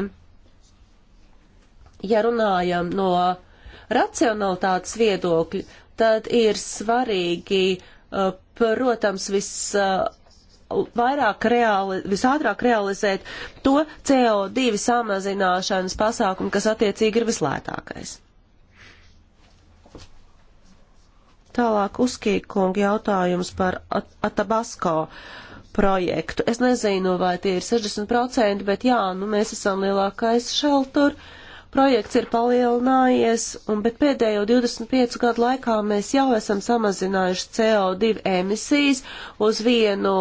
ja runājam no racionalitātes viedokļa, tad ir svarīgi, eh, protams, viss eh, vairāk reāli, visātrāk realizēt to CO2 samazināšanas pasākumu, kas attiecīgi ir vislētākais. Tālāk uzkīkunga jautājums par At Atabasko projektu. Es nezinu, vai tie ir 60%, bet jā, nu mēs esam lielākais šeltur. Projekts ir palielinājies, un, bet pēdējo 25 gadu laikā mēs jau esam samazinājuši CO2 emisijas uz vienu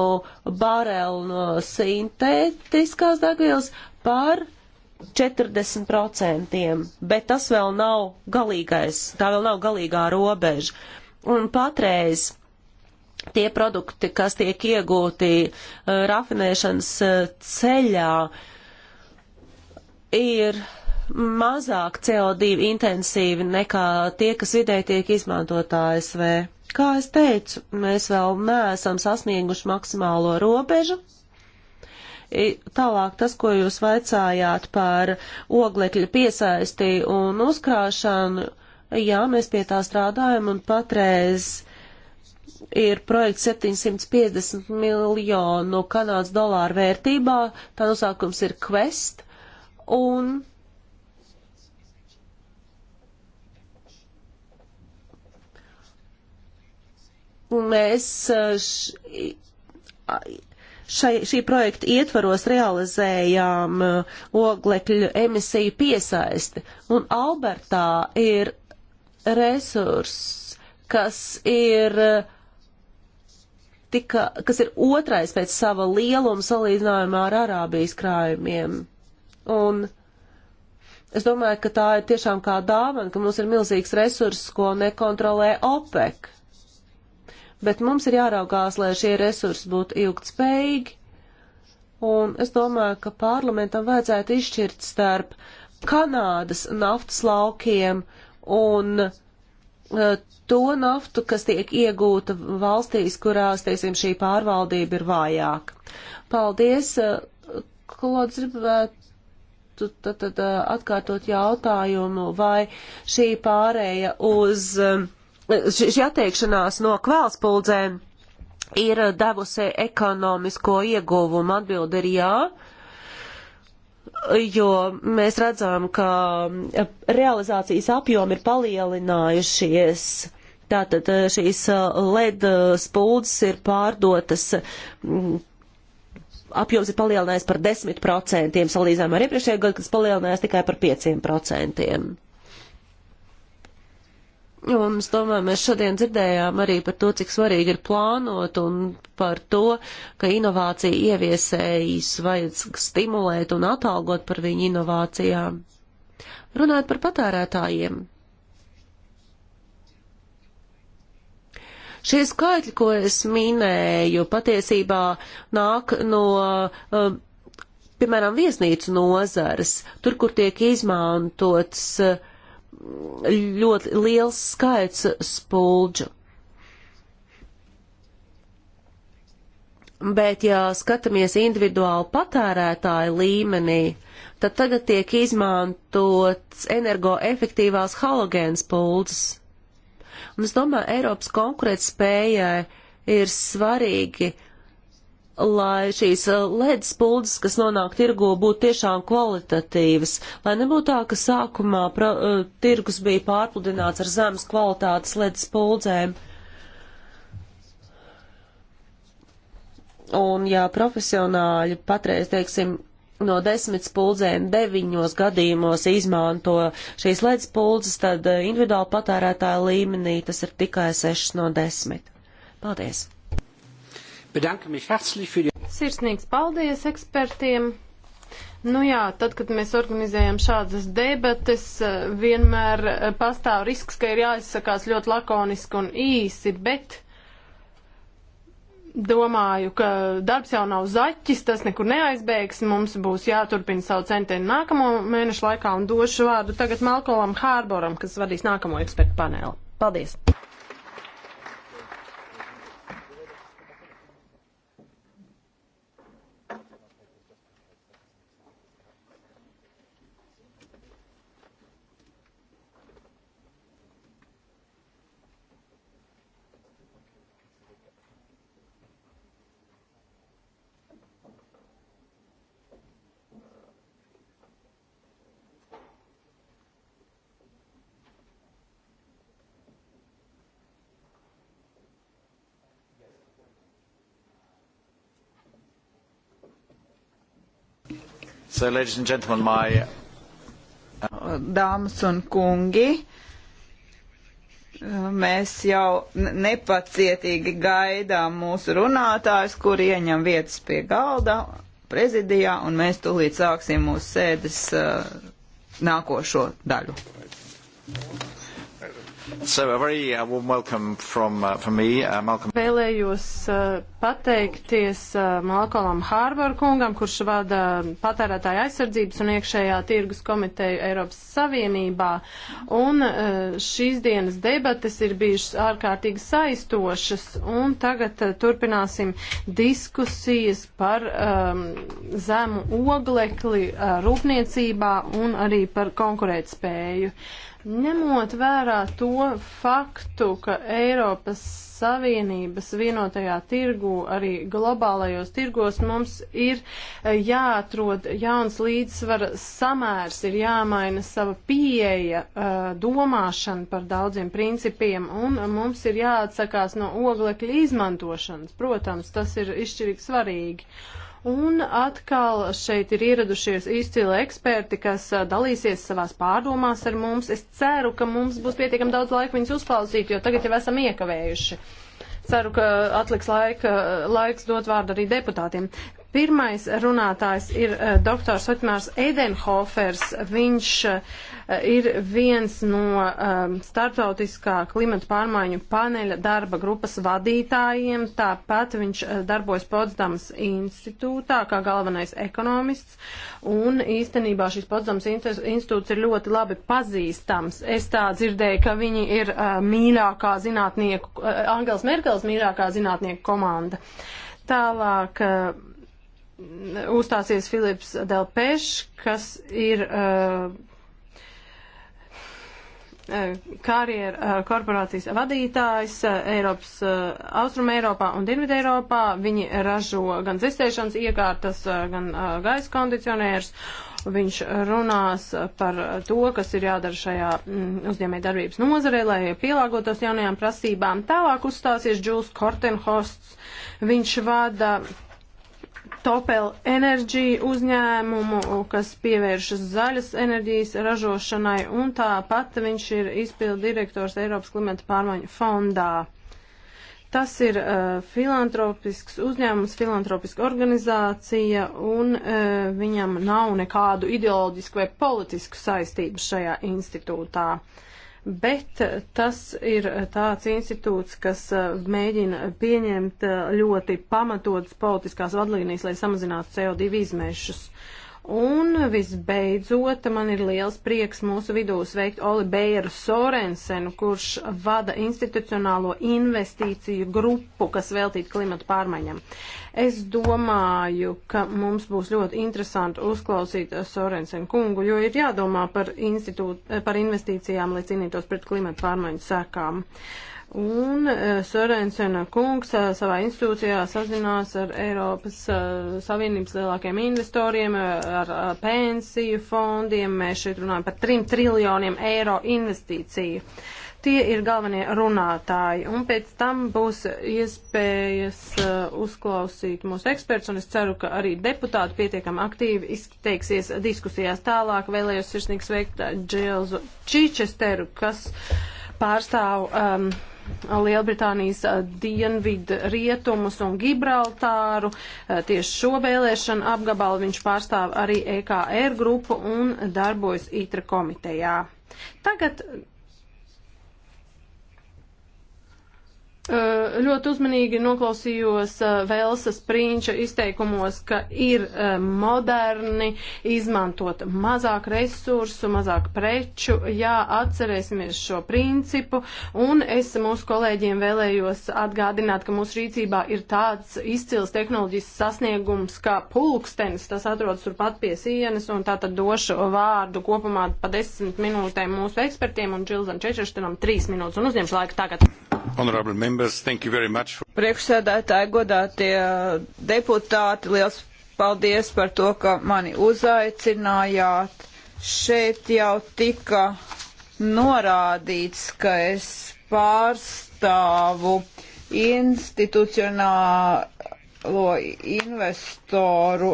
barelu no sintētiskās degvielas par 40%, bet tas vēl nav galīgais, tā vēl nav galīgā robeža. Un patreiz tie produkti, kas tiek iegūti uh, rafinēšanas eh, ceļā, ir mazāk CO2 intensīvi nekā tie, kas vidē tiek izmantot ASV. Kā es teicu, mēs vēl neesam sasnieguši maksimālo robežu. Tālāk tas, ko jūs vaicājāt par oglekļa piesaisti un uzkrāšanu, uh, Jā, mēs pie tā strādājam un patreiz ir projekts 750 miljonu kanādas dolāru vērtībā. Tā nosākums ir Quest. Un mēs eh, š, šai, šī projekta ietvaros realizējām eh, oglekļu emisiju piesaisti. Un Albertā ir resurss, kas ir tika, kas ir otrais pēc sava lieluma salīdzinājumā ar Arābijas krājumiem. Un es domāju, ka tā ir tiešām kā dāvana, ka mums ir milzīgs resurss, ko nekontrolē OPEC. Bet mums ir jāraugās, lai šie resursi būtu ilgtspējīgi. Un es domāju, ka parlamentam vajadzētu izšķirt starp Kanādas naftas laukiem, uh, un e, to naftu, kas tiek iegūta valstīs, kurās, teiksim, šī pārvaldība ir vājāka. Paldies, e, Klods, gribētu tad, tad atkārtot jautājumu, vai šī pārēja uz, e, šī attiekšanās no kvēlspuldzēm ir devusi ekonomisko ieguvumu. Atbildi ir jā. Ja jo mēs redzam, ka realizācijas apjomi ir palielinājušies. Tātad eh, šīs eh, LED eh, spuldzes ir pārdotas, mm, apjoms ir palielinājies par 10%, salīdzinājumā ar iepriekšējā gadu, kas palielinājās tikai par 5%. Un es domāju, mēs šodien dzirdējām arī par to, cik svarīgi ir plānot un par to, ka inovācija ieviesējis vajag stimulēt un atalgot par viņu inovācijām. Runājot par patērētājiem. Šie skaitļi, ko es minēju, patiesībā nāk no uh, piemēram, viesnīcu nozares, tur, kur tiek izmantots uh, ļoti liels skaits spuldžu. Bet, ja skatāmies individuāli patērētāju līmenī, tad tagad tiek izmantots energoefektīvās halogēnas puldzes. Un es domāju, Eiropas konkurētspējai ir svarīgi uh, lai šīs eh, led spuldzes, kas nonāk tirgu, būtu tiešām kvalitatīvas, lai nebūtu tā, ka sākumā pra, eh, tirgus bija pārpludināts ar zemes kvalitātes led spuldzēm. Un ja profesionāļi patreiz, teiksim, no desmit spuldzēm deviņos gadījumos izmanto šīs led spuldzes, tad eh, individuāli patērētāja līmenī tas ir tikai sešas no desmit. Paldies! bedanke mich herzlich für die. Sirsnīgs paldies ekspertiem! Nu jā, tad, kad mēs organizējam šādas debates, eh, vienmēr eh, pastāv risks, ka ir jāizsakās ļoti lakoniski un īsi, bet domāju, ka darbs jau nav zaķis, tas nekur neaizbēgs, mums būs jāturpina savu centienu nākamo mēnešu laikā un došu vārdu tagad Malkolam Hārboram, kas vadīs nākamo ekspertu paneli. Paldies! So, ladies and gentlemen, my... Uh, Dāmas un kungi, mēs jau nepacietīgi gaidām mūsu runātājs, kur ieņem vietas pie galda prezidijā, un mēs tūlīt sāksim mūsu sēdes uh, nākošo daļu. Right. So a very uh, warm welcome from, uh, from me, uh, Malcolm. Vēlējos uh, pateikties uh, Malkolam Hārvaru kungam, kurš vada patērētāja aizsardzības un iekšējā tirgus komiteju Eiropas Savienībā. Un uh, šīs dienas debates ir bijušas ārkārtīgi saistošas. Un tagad uh, turpināsim diskusijas par um, zemu oglekli uh, rūpniecībā un arī par konkurētspēju. Uh, Ņemot vērā to faktu, ka Eiropas Savienības vienotajā tirgu, arī globālajos tirgos mums ir eh, jāatrod jauns līdzsvara samērs, ir jāmaina sava pieeja, eh, domāšana par daudziem principiem, un mums ir jāatsakās no oglekļa izmantošanas. Protams, tas ir izšķirīgi svarīgi. Un atkal šeit ir ieradušies izcili eksperti, kas dalīsies savās pārdomās ar mums. Es ceru, ka mums būs pietiekami daudz laika viņus uzklausīt, jo tagad jau esam iekavējuši. Ceru, ka atliks laika, laiks dot vārdu arī deputātiem. Pirmais runātājs ir uh, doktors Otmārs Eidenhofers. Viņš uh, ir viens no um, eh, startautiskā klimata pārmaiņu paneļa darba grupas vadītājiem. Tāpat viņš uh, darbojas Potsdamas institūtā kā galvenais ekonomists. Un īstenībā šis Potsdamas institūts ir ļoti labi pazīstams. Es tā dzirdēju, ka viņi ir uh, mīļākā zinātnieku, uh, Angels Merkels mīļākā zinātnieku komanda. Tālāk. Uh, uzstāsies Filips Delpeš, kas ir uh, uh karjera uh, korporācijas vadītājs uh, Eiropas, Austrum Eiropā un Dienvidu Eiropā. Viņi ražo gan dzistēšanas iekārtas, gan gaisa kondicionierus. Viņš runās par to, kas ir jādara šajā mm, uzņēmē darbības nozarē, lai pielāgotos jaunajām prasībām. Tālāk uzstāsies Džūls Kortenhosts. Viņš vada uh, Topel Energy uzņēmumu, kas pievēršas zaļas enerģijas ražošanai, un tāpat viņš ir izpildu direktors Eiropas klimata pārmaiņu fondā. Tas ir uh, filantropisks uzņēmums, filantropiska organizācija, un uh, viņam nav nekādu ideoloģisku vai politisku saistību šajā institūtā. Uh, bet tas ir tāds institūts, kas uh, mēģina pieņemt uh, ļoti pamatotas politiskās vadlīnijas, lai samazinātu CO2 izmešus. Uh, Un visbeidzot, man ir liels prieks mūsu vidū sveikt Oli Beiru Sorensenu, kurš vada institucionālo investīciju grupu, kas veltīta klimatu pārmaiņam. Es domāju, ka mums būs ļoti interesanti uzklausīt Sorensenu kungu, jo ir jādomā par, par investīcijām, lai cīnītos pret klimatu pārmaiņu sekām. Uh, Un eh, Sorensena kungs eh, savā institūcijā sazinās ar Eiropas eh, Savienības lielākiem investoriem, ar pensiju fondiem. Mēs šeit runājam par 3 triljoniem eiro investīciju. Tie ir galvenie runātāji. Un pēc tam būs iespējas uzklausīt mūsu eksperts, un es ceru, ka arī deputāti pietiekam aktīvi izteiksies diskusijās tālāk. Vēlējos sirsnīgi sveikt Džēlzu Čičesteru, kas pārstāv. Um, Lielbritānijas eh, dienvidu rietumus un Gibraltāru. Eh, tieši šo vēlēšanu apgabalu viņš pārstāv arī EKR grupu un darbojas ITRA komitejā. Tagad Eh, ļoti uzmanīgi noklausījos eh, Velsas Prīņša izteikumos, ka ir eh, moderni izmantot mazāk resursu, mazāk preču. Jā, atcerēsimies šo principu. Un es mūsu kolēģiem vēlējos atgādināt, ka mūsu rīcībā ir tāds izcils tehnoloģijas sasniegums, kā pulkstenis. Tas atrodas turpat pie sienas. Un tā tad došu vārdu kopumā pa desmit minūtēm mūsu ekspertiem un Džilzam Čečerštenam trīs minūtes. Un uzņemšu laiku tagad. Honorable member. Priekšsēdētāji, godātie deputāti, liels paldies par to, ka mani uzaicinājāt. Šeit jau tika norādīts, ka es pārstāvu institucionālo investoru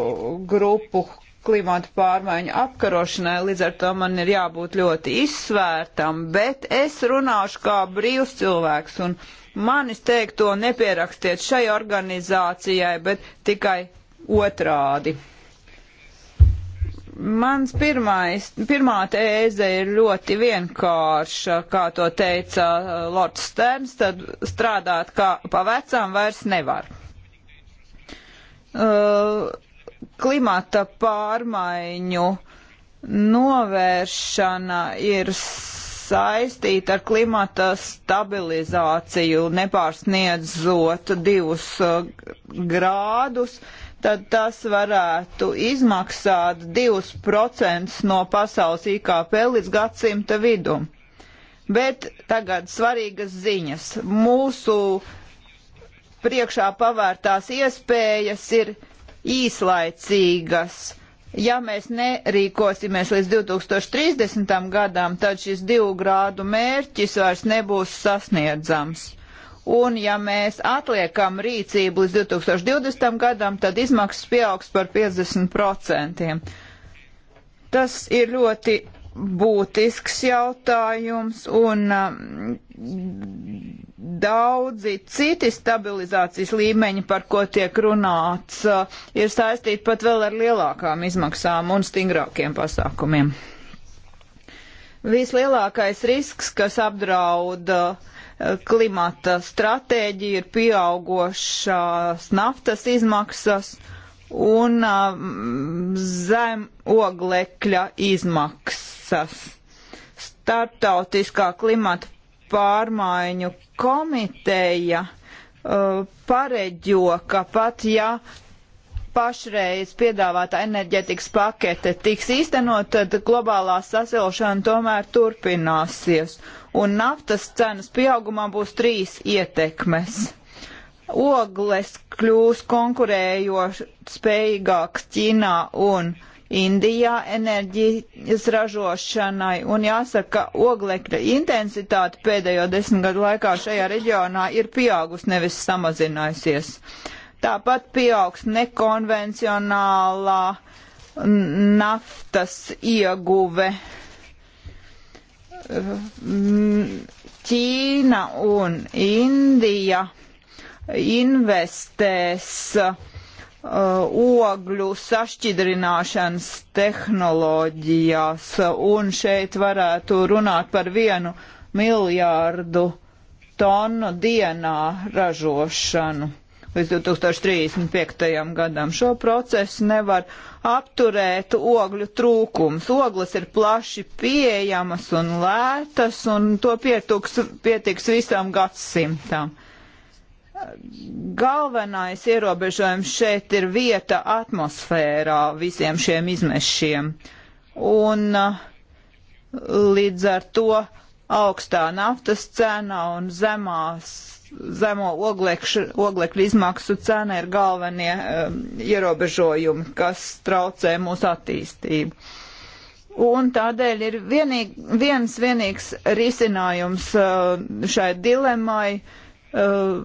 grupu klimata pārmaiņu apkarošanai, līdz ar to man ir jābūt ļoti izsvērtam, bet es runāšu kā brīvs cilvēks un cilvēks manis teikto nepierakstiet šai organizācijai, bet tikai otrādi. Mans pirmais, pirmā tēze ir ļoti vienkārša, kā to teica uh, Lords Sterns, tad strādāt kā pa vecām vairs nevar. Uh, klimata pārmaiņu novēršana ir saistīta ar klimata stabilizāciju, nepārsniedzot divus uh, grādus, tad tas varētu izmaksāt 2% no pasaules IKP līdz gadsimta vidum. Bet tagad svarīgas ziņas. Mūsu priekšā pavērtās iespējas ir īslaicīgas Ja mēs nerīkosimies līdz 2030. gadam, tad šis divu grādu mērķis vairs nebūs sasniedzams. Un ja mēs atliekam rīcību līdz 2020. gadam, tad izmaksas pieaugs par 50%. Tas ir ļoti būtisks jautājums un um, daudzi citi stabilizācijas līmeņi, par ko tiek runāts, uh, ir saistīti pat vēl ar lielākām izmaksām un stingrākiem pasākumiem. Vislielākais risks, kas apdraud uh, klimata stratēģiju, ir pieaugošās naftas izmaksas un uh, zem oglekļa izmaksas starptautiskā klimata pārmaiņu komiteja uh, pareģo, ka pat ja pašreiz piedāvātā enerģetikas pakete tiks īstenot, tad globālā sasilšana tomēr turpināsies. Un naftas cenas pieaugumā būs trīs ietekmes. Ogles kļūs konkurējoši spējīgāks Ķinā un Ķinā Indijā enerģijas ražošanai. Un jāsaka, ka oglekļa intensitāte pēdējo desmit gadu laikā šajā reģionā ir pieaugusi, nevis samazinājusies. Tāpat pieaugs nekonvencionālā naftas ieguve. Ķīna un Indija investēs uh, Uh, ogļu sašķidrināšanas tehnoloģijās, un šeit varētu runāt par vienu miljārdu tonu dienā ražošanu līdz 2035. gadam. Šo procesu nevar apturēt ogļu trūkums. Ogles ir plaši pieejamas un lētas, un to pietuks, pietiks visam gadsimtam galvenais ierobežojums šeit ir vieta atmosfērā visiem šiem izmešiem. Un uh, līdz ar to augstā naftas cena un zemās, zemo oglekšu, oglekļu izmaksu cena ir galvenie um, ierobežojumi, kas traucē mūsu attīstību. Un tādēļ ir vienīg, viens vienīgs risinājums uh, šai dilemai. Uh,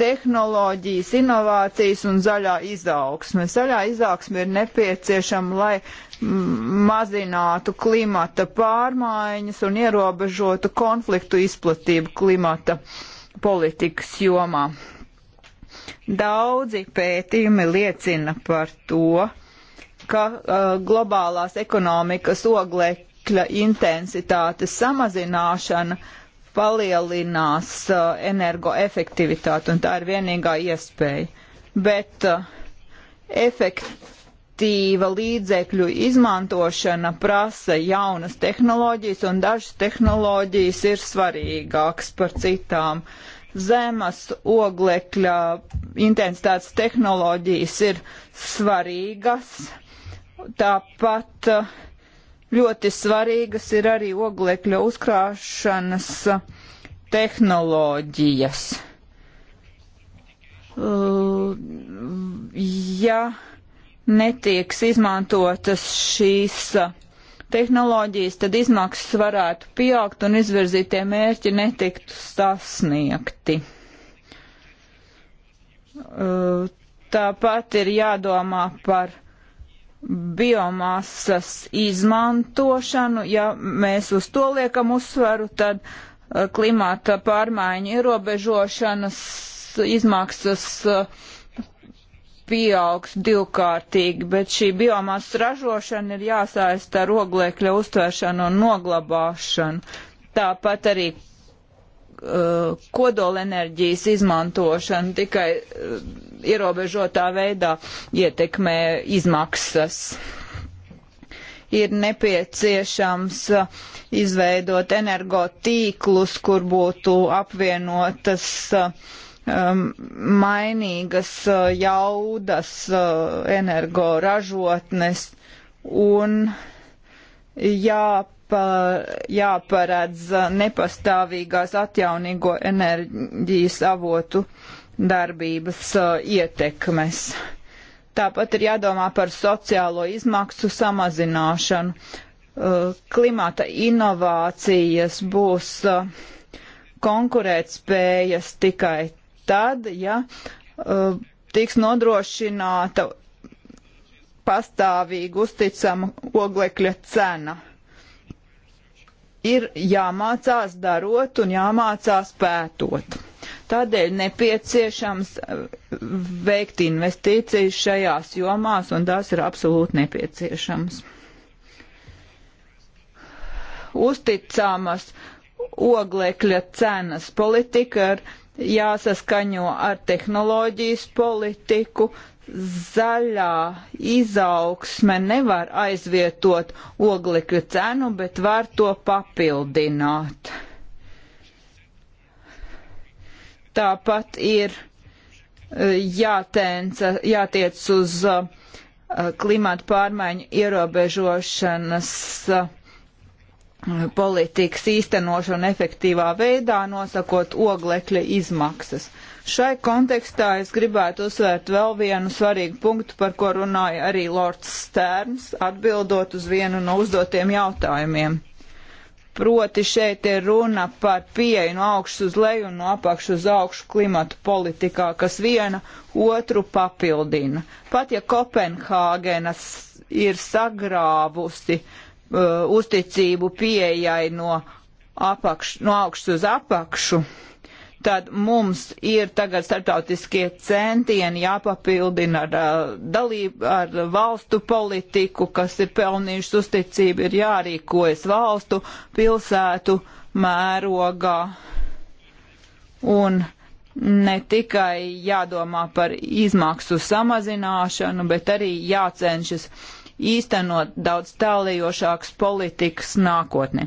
tehnoloģijas, inovācijas un zaļā izaugsme. Zaļā izaugsme ir nepieciešama, lai mazinātu klimata pārmaiņas un ierobežotu konfliktu izplatību klimata politikas jomā. Daudzi pētījumi liecina par to, ka uh, globālās ekonomikas oglekļa intensitātes samazināšana uh, palielinās uh, energoefektivitāti, un tā ir vienīgā iespēja. Bet uh, efektīva līdzekļu izmantošana prasa jaunas tehnoloģijas, un dažas tehnoloģijas ir svarīgākas par citām. Zemes oglekļa intensitātes tehnoloģijas ir svarīgas, tāpat uh, Ļoti svarīgas ir arī oglekļa uzkrāšanas tehnoloģijas. Ja netieks izmantotas šīs tehnoloģijas, tad izmaksas varētu pieaugt un izvirzītie mērķi netiktu sasniegti. Tāpat ir jādomā par biomasas izmantošanu. Ja mēs uz to liekam uzsvaru, tad uh, klimata pārmaiņu ierobežošanas izmaksas uh, pieaugs divkārtīgi, bet šī biomasas ražošana ir jāsaista ar oglekļa uztvēršanu un noglabāšanu. Tāpat arī Uh, kodolenerģijas izmantošana tikai uh, ierobežotā veidā ietekmē izmaksas. Ir nepieciešams uh, izveidot energotīklus, kur būtu apvienotas um, mainīgas jaudas energoražotnes un jāpārāk pa, jāparedz nepastāvīgās atjaunīgo enerģijas avotu darbības uh, ietekmes. Tāpat ir jādomā par sociālo izmaksu samazināšanu. Uh, klimata inovācijas būs uh, konkurētspējas tikai tad, ja uh, tiks nodrošināta pastāvīga uzticama oglekļa cena ir jāmācās darot un jāmācās pētot. Tādēļ nepieciešams eh, veikt investīcijas šajās jomās, un tās ir absolūti nepieciešams. Uzticamas oglekļa cenas politika ir jāsaskaņo ar tehnoloģijas politiku, zaļā izaugsme nevar aizvietot oglekļa cenu, bet var to papildināt. Tāpat ir e, jātenca, jātiec uz e, klimata pārmaiņu ierobežošanas e, politikas īstenošanu efektīvā veidā, nosakot oglekļa izmaksas. Šai kontekstā es gribētu uzsvērt vēl vienu svarīgu punktu, par ko runāja arī Lords Stērns, atbildot uz vienu no uzdotiem jautājumiem. Proti šeit ir runa par pieeju no augšas uz leju un no apakšas uz augšu klimatu politikā, kas viena otru papildina. Pat ja Kopenhāgenas ir sagrāvusi uh, uzticību pieejai no, apakš, no augšas uz apakšu, tad mums ir tagad starptautiskie centieni jāpapildina ar, dalību, ar valstu politiku, kas ir pelnījuši uzticību, ir jārīkojas valstu, pilsētu mērogā. Un ne tikai jādomā par izmaksu samazināšanu, bet arī jācenšas uh, īstenot daudz tālējošākas politikas nākotni.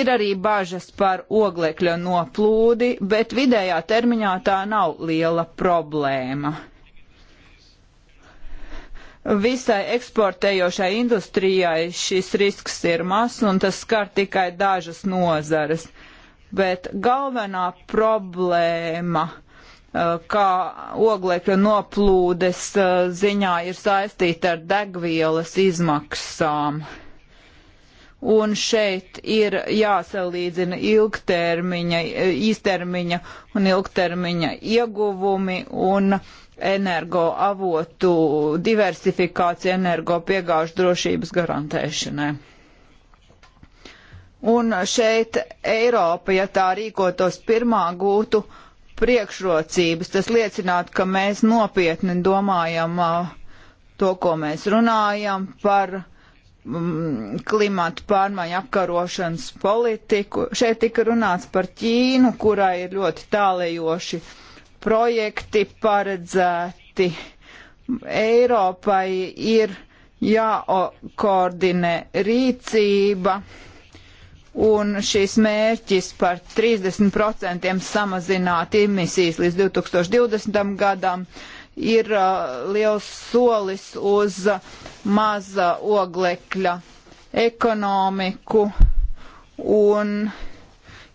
Ir arī bažas par oglekļa noplūdi, bet vidējā termiņā tā nav liela problēma. Visai eksportējošai industrijai šis risks ir mazs un tas skar tikai dažas nozares. Bet galvenā problēma uh, Eh, kā oglekļa noplūdes eh, ziņā ir saistīta ar degvielas izmaksām. Un šeit ir jāsalīdzina ilgtermiņa, eh, īstermiņa un ilgtermiņa ieguvumi un energoavotu diversifikācija energopiegāžu drošības garantēšanai. Un šeit Eiropa, ja tā rīkotos pirmā, gūtu uh, priekšrocības. Tas liecinātu, ka mēs nopietni domājam to, ko mēs runājam par mm, klimatu pārmaiņu apkarošanas politiku. Šeit tika runāts par Ķīnu, kurai ir ļoti tālējoši projekti paredzēti. Eiropai ir jākoordinē rīcība un šīs mērķis par 30% samazināt emisijas līdz 2020. gadam ir uh, liels solis uz maza oglekļa ekonomiku un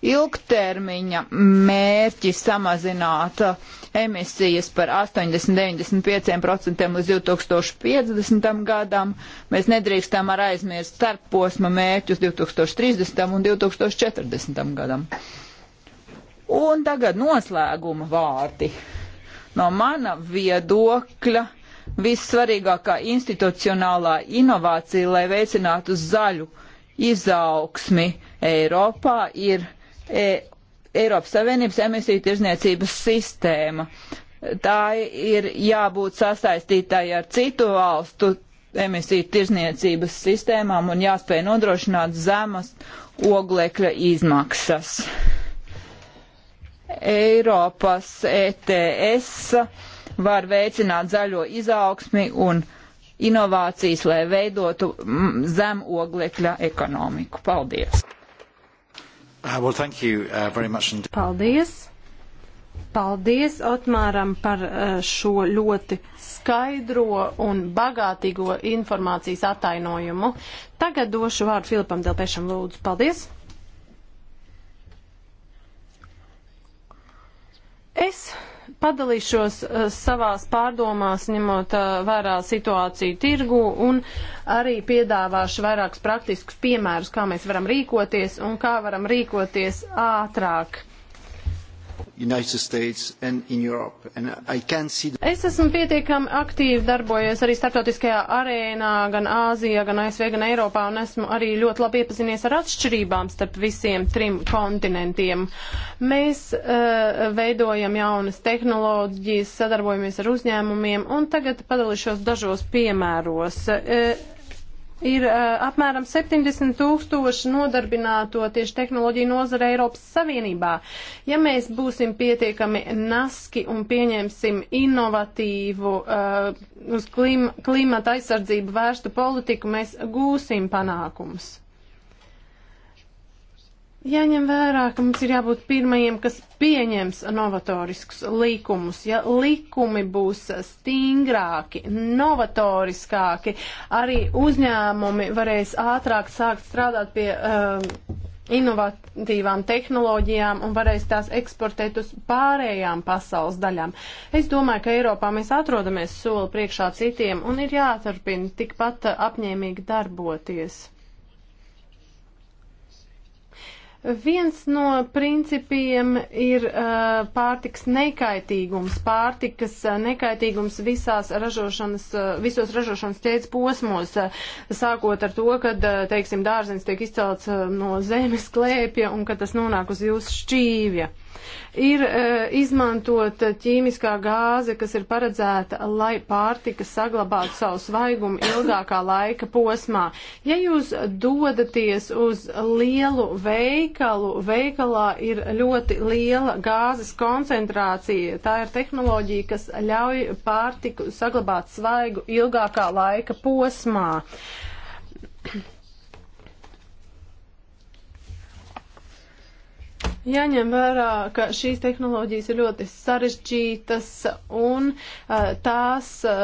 ilgtermiņa mērķi samazināt uh, emisijas par 80-95% līdz 2050. gadam. Mēs nedrīkstam ar aizmirst starpposma mērķus 2030. un 2040. gadam. Un tagad noslēguma vārdi. No mana viedokļa vissvarīgākā institucionālā inovācija, lai veicinātu zaļu izaugsmi Eiropā, ir e Eiropas Savienības emisiju tirzniecības sistēma. Tā ir jābūt sasaistītāji ar citu valstu emisiju tirzniecības sistēmām un jāspēj nodrošināt zemas oglekļa izmaksas. Eiropas ETS var veicināt zaļo izaugsmi un inovācijas, lai veidotu mm, zem oglekļa ekonomiku. Paldies! Uh, well, thank you, uh, very much. Paldies! Paldies Otmāram par uh, šo ļoti skaidro un bagātīgo informācijas atainojumu. Tagad došu vārdu Filipam Delpešam lūdzu. Paldies! Es padalīšos uh, savās pārdomās, ņemot uh, vērā situāciju tirgu un arī piedāvāšu vairākus praktiskus piemērus, kā mēs varam rīkoties un kā varam rīkoties ātrāk. Uh, United States and in Europe. And I can see that... Es esmu pietiekami aktīvi darbojies arī starptautiskajā arēnā, gan Āzijā, gan ASV, gan Eiropā, un esmu arī ļoti labi iepazinies ar atšķirībām starp visiem trim kontinentiem. Mēs uh, veidojam jaunas tehnoloģijas, sadarbojamies ar uzņēmumiem, un tagad padalīšos dažos piemēros. Uh, Ir uh, apmēram 70 tūkstoši nodarbināto tieši tehnoloģiju nozara Eiropas Savienībā. Ja mēs būsim pietiekami naski un pieņemsim inovatīvu uh, uz klim klimata aizsardzību vērstu politiku, mēs gūsim panākumus. Jāņem vērā, ka mums ir jābūt pirmajiem, kas pieņems novatoriskus likumus. Ja likumi būs stingrāki, novatoriskāki, arī uzņēmumi varēs ātrāk sākt strādāt pie um, inovatīvām tehnoloģijām un varēs tās eksportēt uz pārējām pasaules daļām. Es domāju, ka Eiropā mēs atrodamies soli priekšā citiem un ir jāturpina tikpat apņēmīgi darboties. Viens no principiem ir uh, pārtiks nekaitīgums, pārtikas uh, nekaitīgums visās ražošanas, uh, visos ražošanas ķēdes posmos, uh, sākot ar to, kad, teiksim, dārzens tiek izcelts no zemes klēpja un kad tas nonāk uz jūsu šķīvja. Uh, Ir e, izmantota ķīmiskā gāze, kas ir paredzēta, lai pārtika saglabātu savu svaigumu ilgākā laika posmā. Ja jūs dodaties uz lielu veikalu, veikalā ir ļoti liela gāzes koncentrācija. Tā ir tehnoloģija, kas ļauj pārtiku saglabāt svaigu ilgākā laika posmā. Thank you. Jāņem vērā, ka šīs tehnoloģijas ir ļoti sarežģītas un uh, tās uh,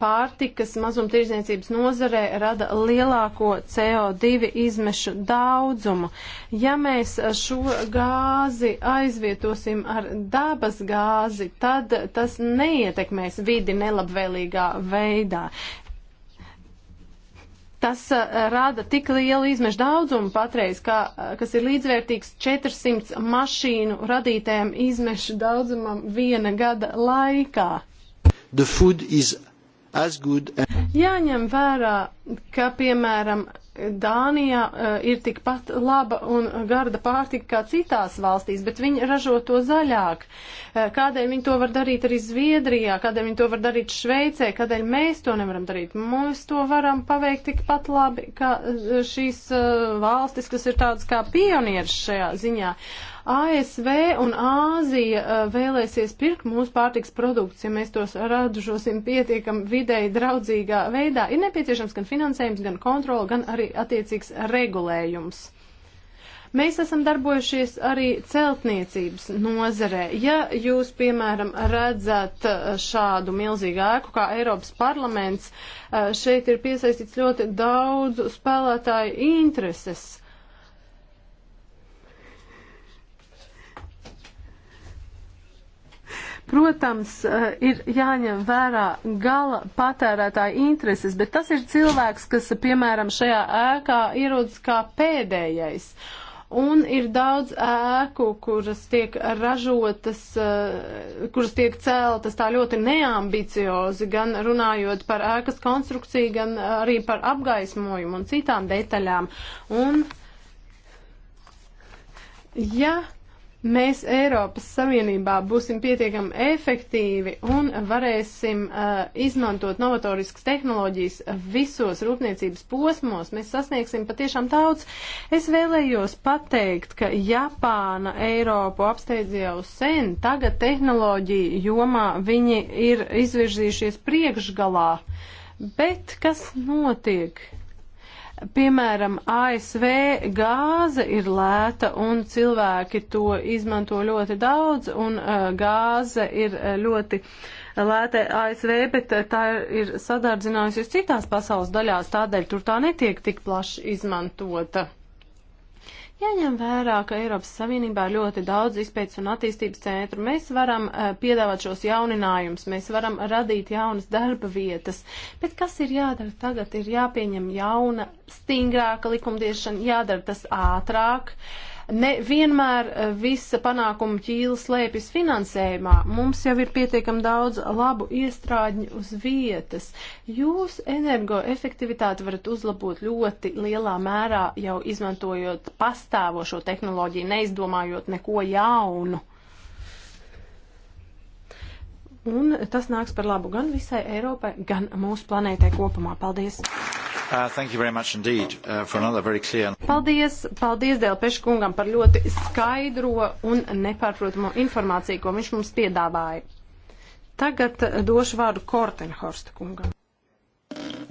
pārtikas mazumtirdzniecības nozarē rada lielāko CO2 izmešu daudzumu. Ja mēs šo gāzi aizvietosim ar dabas gāzi, tad tas neietekmēs vidi nelabvēlīgā veidā. Tas uh, rada tik lielu izmešu daudzumu patreiz, kā, uh, kas ir līdzvērtīgs 400 mašīnu radītajam izmešu daudzumam viena gada laikā. Jāņem vērā, ka, piemēram, Dānijā uh, ir tikpat laba un garda pārtika kā citās valstīs, bet viņi ražo to zaļāk. Uh, kādēļ viņi to var darīt arī Zviedrijā, kādēļ viņi to var darīt Šveicē, kādēļ mēs to nevaram darīt? Mēs to varam paveikt tikpat labi kā e, šīs uh, valstis, kas ir tādas kā pionieris šajā ziņā. Uh, ASV un Āzija uh, vēlēsies pirkt mūsu pārtiks produktus, ja mēs tos ražosim pietiekam videi draudzīgā veidā. Ir nepieciešams gan finansējums, gan kontrola, gan arī attiecīgs regulējums. Mēs esam darbojušies arī celtniecības nozarē. Ja jūs, piemēram, redzat uh, šādu milzīgu ēku kā Eiropas parlaments, uh, šeit ir piesaistīts ļoti daudz spēlētāju intereses. Protams, eh, ir jāņem vērā gala patērētāja intereses, bet tas ir cilvēks, kas, piemēram, šajā ēkā ierodas kā pēdējais. Un ir daudz ēku, kuras tiek ražotas, eh, kuras tiek celtas tā ļoti neambiciozi, gan runājot par ēkas konstrukciju, gan arī par apgaismojumu un citām detaļām. Un, ja mēs Eiropas Savienībā būsim pietiekami efektīvi un varēsim uh, izmantot novatoriskas tehnoloģijas visos rūpniecības posmos, mēs sasniegsim patiešām daudz. Es vēlējos pateikt, ka Japāna Eiropu apsteidz jau sen, tagad tehnoloģija jomā viņi ir izvirzījušies priekšgalā. Bet kas notiek? Piemēram, ASV gāze ir lēta un cilvēki to izmanto ļoti daudz un uh, gāze ir uh, ļoti lēta ASV, bet uh, tā ir sadardzinājusies citās pasaules daļās, tādēļ tur tā netiek tik plaši izmantota. Jaņem vērā, ka Eiropas Savienībā ir ļoti daudz izpētes un attīstības centru, mēs varam uh, piedāvāt šos jauninājumus, mēs varam radīt jaunas darba vietas, bet kas ir jādara tagad? Ir jāpieņem jauna, stingrāka likumdiešana, jādara tas ātrāk. Uh, Ne vienmēr eh, visa panākuma ķīla slēpjas finansējumā. Mums jau ir pietiekami daudz labu iestrādņu uz vietas. Jūs energoefektivitāti varat uzlabot ļoti lielā mērā jau izmantojot pastāvošo tehnoloģiju, neizdomājot neko jaunu. Un tas nāks par labu gan visai Eiropai, gan mūsu planētai kopumā. Paldies! Uh, indeed, uh, clear... Paldies, paldies Dēlpeša kungam par ļoti skaidro un nepārprotamo informāciju, ko viņš mums piedāvāja. Tagad uh, došu vārdu Kortenhorsta kungam.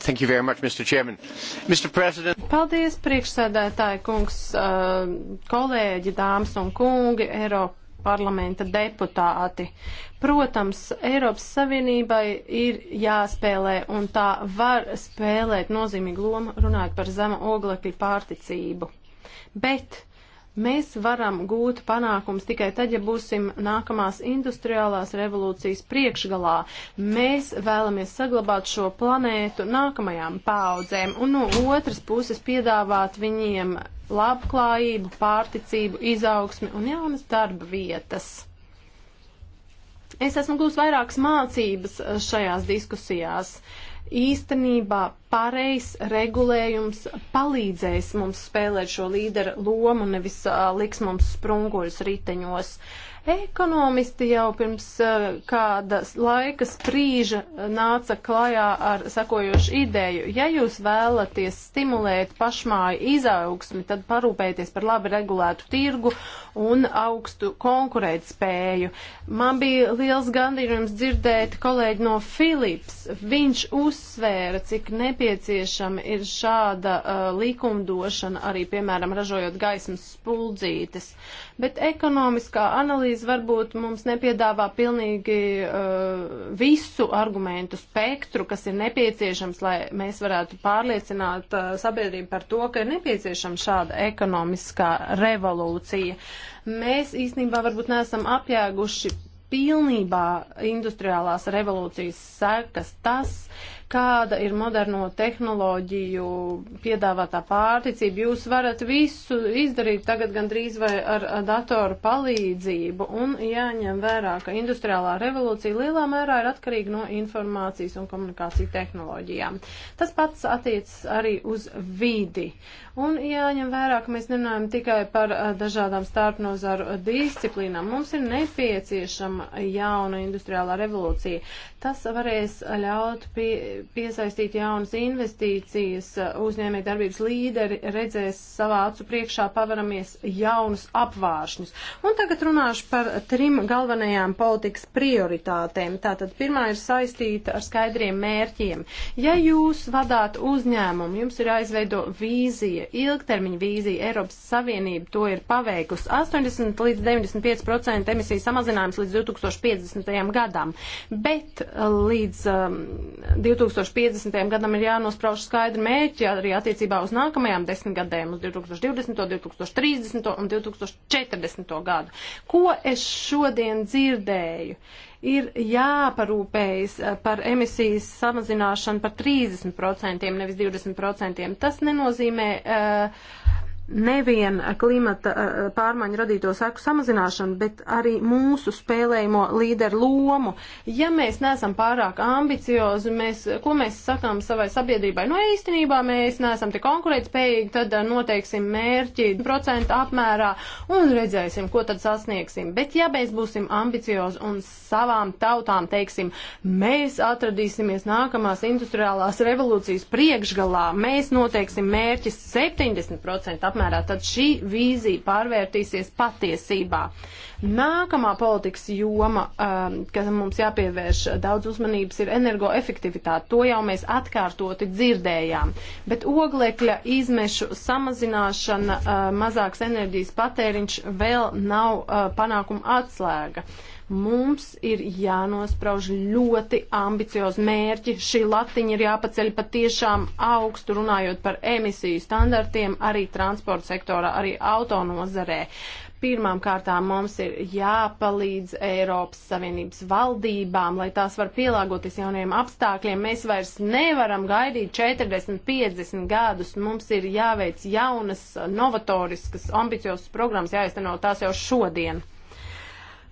Thank you very much, Mr. Chairman. Mr. President. Paldies, priekšsēdētāji kungs, uh, kolēģi, dāmas un kungi, Eiropa parlamenta deputāti. Protams, Eiropas Savienībai ir jāspēlē un tā var spēlēt nozīmīgu lomu runājot par zema oglekļa pārticību. Bet Mēs varam gūt panākums tikai tad, ja būsim nākamās industriālās revolūcijas priekšgalā. Mēs vēlamies saglabāt šo planētu nākamajām paudzēm un no otras puses piedāvāt viņiem labklājību, pārticību, izaugsmi un jaunas darba vietas. Es esmu gūst vairākas mācības šajās diskusijās. Uh, īstenībā pareizs regulējums palīdzēs mums spēlēt šo līderu lomu, nevis uh, liks mums sprunguļus riteņos. Uh, Ekonomisti jau pirms eh, kādas laika sprīža eh, nāca klajā ar sakojošu ideju. Ja jūs vēlaties stimulēt pašmāju izaugsmi, tad parūpēties par labi regulētu tirgu un augstu konkurētspēju. Man bija liels gandījums dzirdēt kolēģi no Philips. Viņš uzsvēra, cik nepieciešama ir šāda uh, likumdošana arī, piemēram, ražojot gaismas spuldzītes. Bet ekonomiskā analīze Polijas varbūt mums nepiedāvā pilnīgi uh, visu argumentu spektru, kas ir nepieciešams, lai mēs varētu pārliecināt uh, sabiedrību par to, ka ir nepieciešama šāda ekonomiskā revolūcija. Mēs īstenībā varbūt neesam apjēguši pilnībā industriālās revolūcijas sekas tas, kāda ir moderno tehnoloģiju piedāvātā pārticība. Jūs varat visu izdarīt tagad gandrīz vai ar datoru palīdzību un jāņem vērā, ka industriālā revolūcija lielā mērā ir atkarīga no informācijas un komunikāciju tehnoloģijām. Tas pats attiecas arī uz vidi. Un jāņem vērā, ka mēs nerunājam tikai par dažādām starpnozaru disciplīnām. Mums ir nepieciešama jauna industriālā revolūcija. Tas varēs ļaut pie, piesaistīt jaunas investīcijas, uh, uzņēmē darbības līderi redzēs savā acu priekšā pavaramies jaunus apvāršņus. Un tagad runāšu par trim galvenajām politikas prioritātēm. Tātad pirmā ir saistīta ar skaidriem mērķiem. Ja jūs vadāt uzņēmumu, jums ir aizveido vīzija, ilgtermiņa vīzija, Eiropas Savienība to ir paveikusi. 80 līdz 95% emisiju samazinājums līdz 2050. gadam, bet uh, līdz um, 2000 2050. gadam ir jānosprauž skaidri mērķi arī attiecībā uz nākamajām desmitgadēm, uz 2020., 2030. un 2040. gadu. Ko es šodien dzirdēju? Ir jāparūpējas eh, par emisijas samazināšanu par 30%, nevis 20%. Tas nenozīmē. Uh, nevien klimata eh, pārmaiņu radīto seku samazināšanu, bet arī mūsu spēlējumu līderu lomu. Ja mēs neesam pārāk ambiciozi, mēs, ko mēs sakām savai sabiedrībai? Nu, īstenībā mēs neesam tik konkurētspējīgi, tad eh, noteiksim mērķi procentu apmērā un redzēsim, ko tad sasniegsim. Bet ja mēs būsim ambiciozi un savām tautām teiksim, mēs atradīsimies nākamās industriālās revolūcijas priekšgalā, mēs noteiksim mērķis 70% apmērā apmērā, tad šī vīzija pārvērtīsies patiesībā. Nākamā politikas joma, um, kas mums jāpievērš daudz uzmanības, ir energoefektivitāte. To jau mēs atkārtoti dzirdējām. Bet oglekļa izmešu samazināšana, uh, mazāks enerģijas patēriņš vēl nav uh, panākuma atslēga. Uh, Mums ir jānosprauž ļoti ambiciozi mērķi. Šī latiņa ir jāpaceļ patiešām augstu, runājot par emisiju standartiem arī transporta sektorā, arī autonozarē. Pirmām kārtām mums ir jāpalīdz Eiropas Savienības valdībām, lai tās var pielāgoties jauniem apstākļiem. Mēs vairs nevaram gaidīt 40, 50 gadus. Mums ir jāveic jaunas, novatoriskas, ambiciozas programmas, jāizteno tās jau šodien.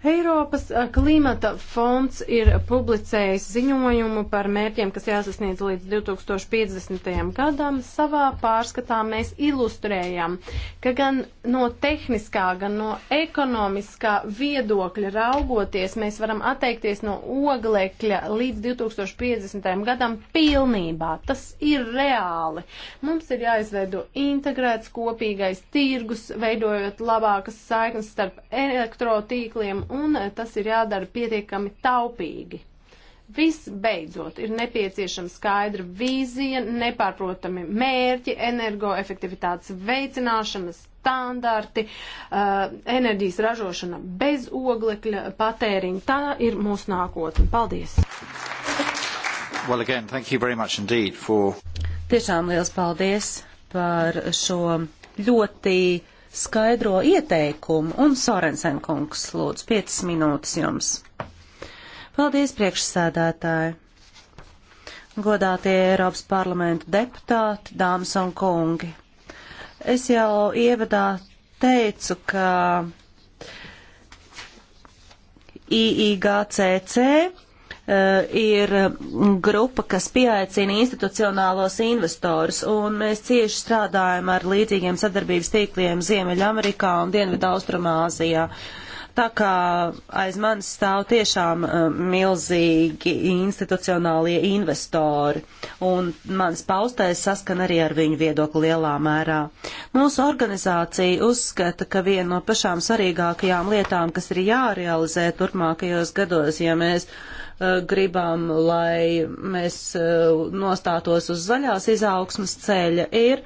Eiropas klimata fonds ir publicējis ziņojumu par mērķiem, kas jāsasniedz līdz 2050. gadam. Savā pārskatā mēs ilustrējam, ka gan no tehniskā, gan no ekonomiskā viedokļa raugoties, mēs varam atteikties no oglekļa līdz 2050. gadam pilnībā. Tas ir reāli. Mums ir jāizveido integrēts kopīgais tirgus, veidojot labākas saiknes starp e-, elektrotīkliem un eh, tas ir jādara pietiekami taupīgi. Visbeidzot, ir nepieciešama skaidra vīzija, nepārprotami mērķi, energoefektivitātes veicināšanas standarti, uh, enerģijas ražošana bez oglekļa patēriņa. Tā ir mūsu nākotne. Paldies! Well, again, thank you very much indeed for... Tiešām liels paldies par šo ļoti skaidro ieteikumu, un Sorensen kungs lūdzu 5 minūtes jums. Paldies, priekšsēdētāji! Godātie Eiropas parlamenta deputāti, dāmas un kungi! Es jau ievadā teicu, ka IIGCC Eh, ir grupa, kas pieaicina institucionālos investorus, un mēs cieši strādājam ar līdzīgiem sadarbības tīkliem Ziemeļamerikā un Dienvidu Austrumāzijā. Tā kā aiz manis stāv tiešām eh, milzīgi institucionālie investori, un mans paustais saskan arī ar viņu viedokli lielā mērā. Mūsu organizācija uzskata, ka viena no pašām svarīgākajām lietām, kas ir jārealizē turpmākajos gados, ja mēs Eh, gribam, lai mēs eh, nostātos uz zaļās izaugsmas ceļa, ir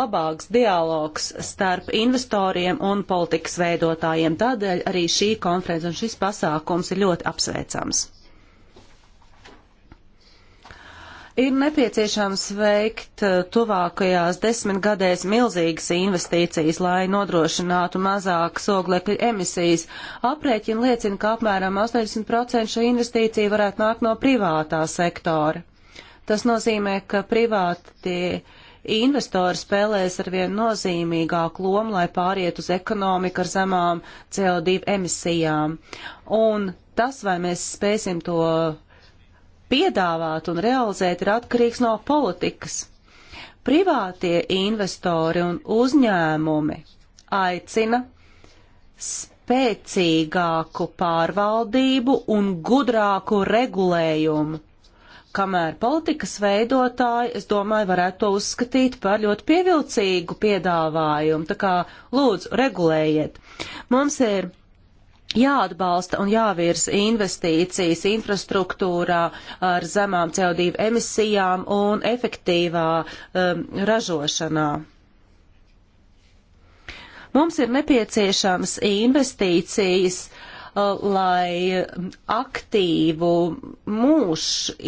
labāks dialogs starp investoriem un politikas veidotājiem. Tādēļ arī šī konference un šis pasākums ir ļoti apsveicams. Ir nepieciešams veikt eh, tuvākajās desmitgadēs milzīgas investīcijas, lai nodrošinātu mazākas oglekļa emisijas. Aprēķina liecina, ka apmēram 80% šo investīciju varētu nākt no privātā sektora. Tas nozīmē, ka privāti investori spēlēs arvien nozīmīgāku lomu, lai pāriet uz ekonomiku ar zemām CO2 emisijām. Un tas, vai mēs spēsim to piedāvāt un realizēt, ir atkarīgs no politikas. Privātie investori un uzņēmumi aicina spēcīgāku pārvaldību un gudrāku regulējumu, kamēr politikas veidotāji, es domāju, varētu to uzskatīt par ļoti pievilcīgu piedāvājumu. Tā kā lūdzu, regulējiet. Mums ir jāatbalsta un jāvirza investīcijas infrastruktūrā ar zemām CO2 emisijām un efektīvā um, ražošanā. Mums ir nepieciešams investīcijas uh, lai um, aktīvu mūž,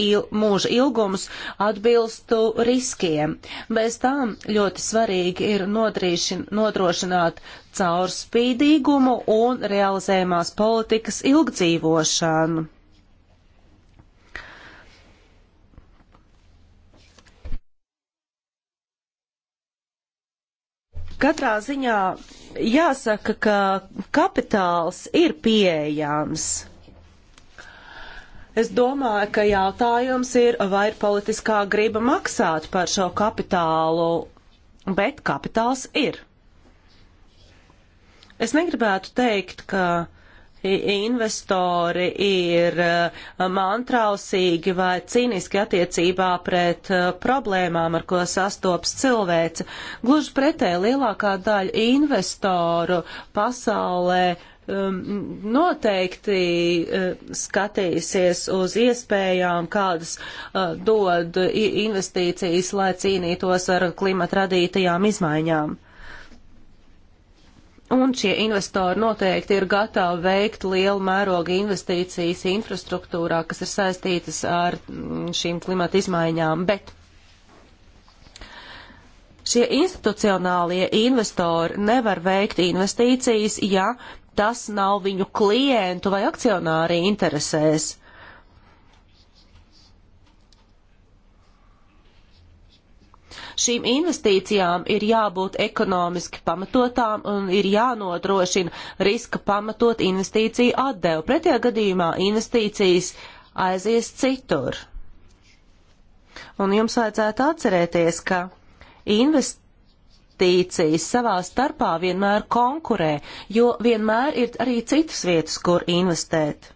il, mūža ilgums atbilstu riskiem. Bez tām ļoti svarīgi ir nodrošināt caurspīdīgumu un realizējumās politikas ilgdzīvošanu. Katrā ziņā jāsaka, ka kapitāls ir pieejams. Es domāju, ka jautājums ir, vai ir politiskā griba maksāt par šo kapitālu, bet kapitāls ir. Es negribētu teikt, ka investori ir eh, mantrausīgi vai cīniski attiecībā pret eh, problēmām, ar ko sastopas cilvēce. Gluži pretēji lielākā daļa investoru pasaulē um, noteikti eh, skatīsies uz iespējām, kādas dod investīcijas, lai cīnītos ar klimata radītajām izmaiņām. Un šie investori noteikti ir gatavi veikt lielu mērogu investīcijas infrastruktūrā, kas ir saistītas ar mm, šīm klimata izmaiņām, bet šie institucionālie investori nevar veikt investīcijas, ja tas nav viņu klientu vai akcionāri interesēs. Šīm investīcijām ir jābūt ekonomiski pamatotām un ir jānodrošina riska pamatot investīciju atdevu. Pretējā gadījumā investīcijas aizies citur. Un jums vajadzētu atcerēties, ka investīcijas investīcijas savā starpā vienmēr konkurē, jo vienmēr ir arī citas vietas, kur investēt.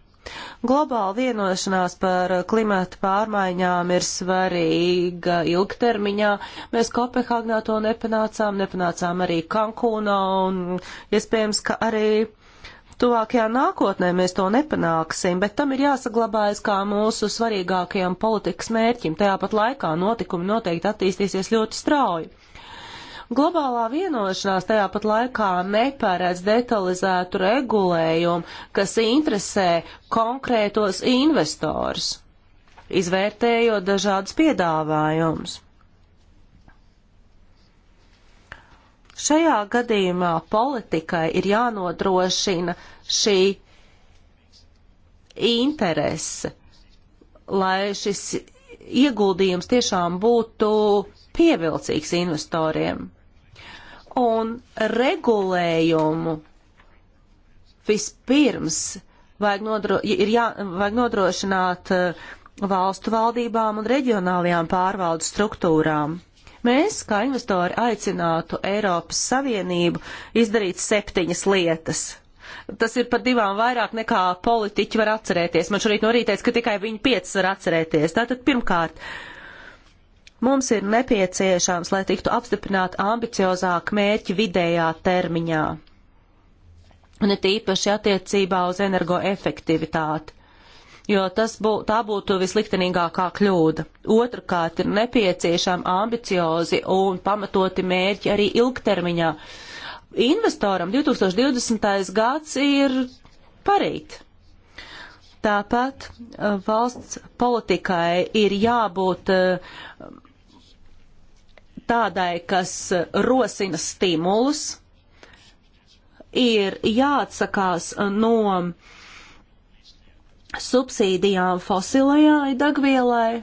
Globāla vienošanās par klimatu pārmaiņām ir svarīga ilgtermiņā. Mēs Kopenhāgnā to nepanācām, nepanācām arī Kankūnā un iespējams, ka arī Tuvākajā nākotnē mēs to nepanāksim, bet tam ir jāsaglabājas kā mūsu svarīgākajam politikas mērķim. Tajāpat laikā notikumi noteikti attīstīsies ļoti strauji. Globālā vienošanās tajā pat laikā neparedz detalizētu regulējumu, kas interesē konkrētos investors, izvērtējot dažādus piedāvājumus. Šajā gadījumā politikai ir jānodrošina šī interese, lai šis ieguldījums tiešām būtu pievilcīgs investoriem. Un regulējumu vispirms vajag, nodro, ir jā, vajag nodrošināt uh, valstu valdībām un reģionālajām pārvaldu struktūrām. Mēs, kā investori, aicinātu Eiropas Savienību izdarīt septiņas lietas. Tas ir par divām vairāk nekā politiķi var atcerēties. Man šorīt no rīta teica, ka tikai viņi piecas var atcerēties. Tātad pirmkārt, uh, Mums ir nepieciešams, lai tiktu apstiprināti ambiciozāk mērķi vidējā termiņā, un it īpaši attiecībā uz energoefektivitāti, jo tas bū, tā būtu visliktenīgākā kļūda. Otrakārt ir nepieciešami ambiciozi un pamatoti mērķi arī ilgtermiņā. Investoram 2020. gads ir parīt. Tāpat eh, valsts politikai ir jābūt uh, tādai, kas rosina stimulus, ir jāatsakās no subsīdijām fosilajai dagvielai,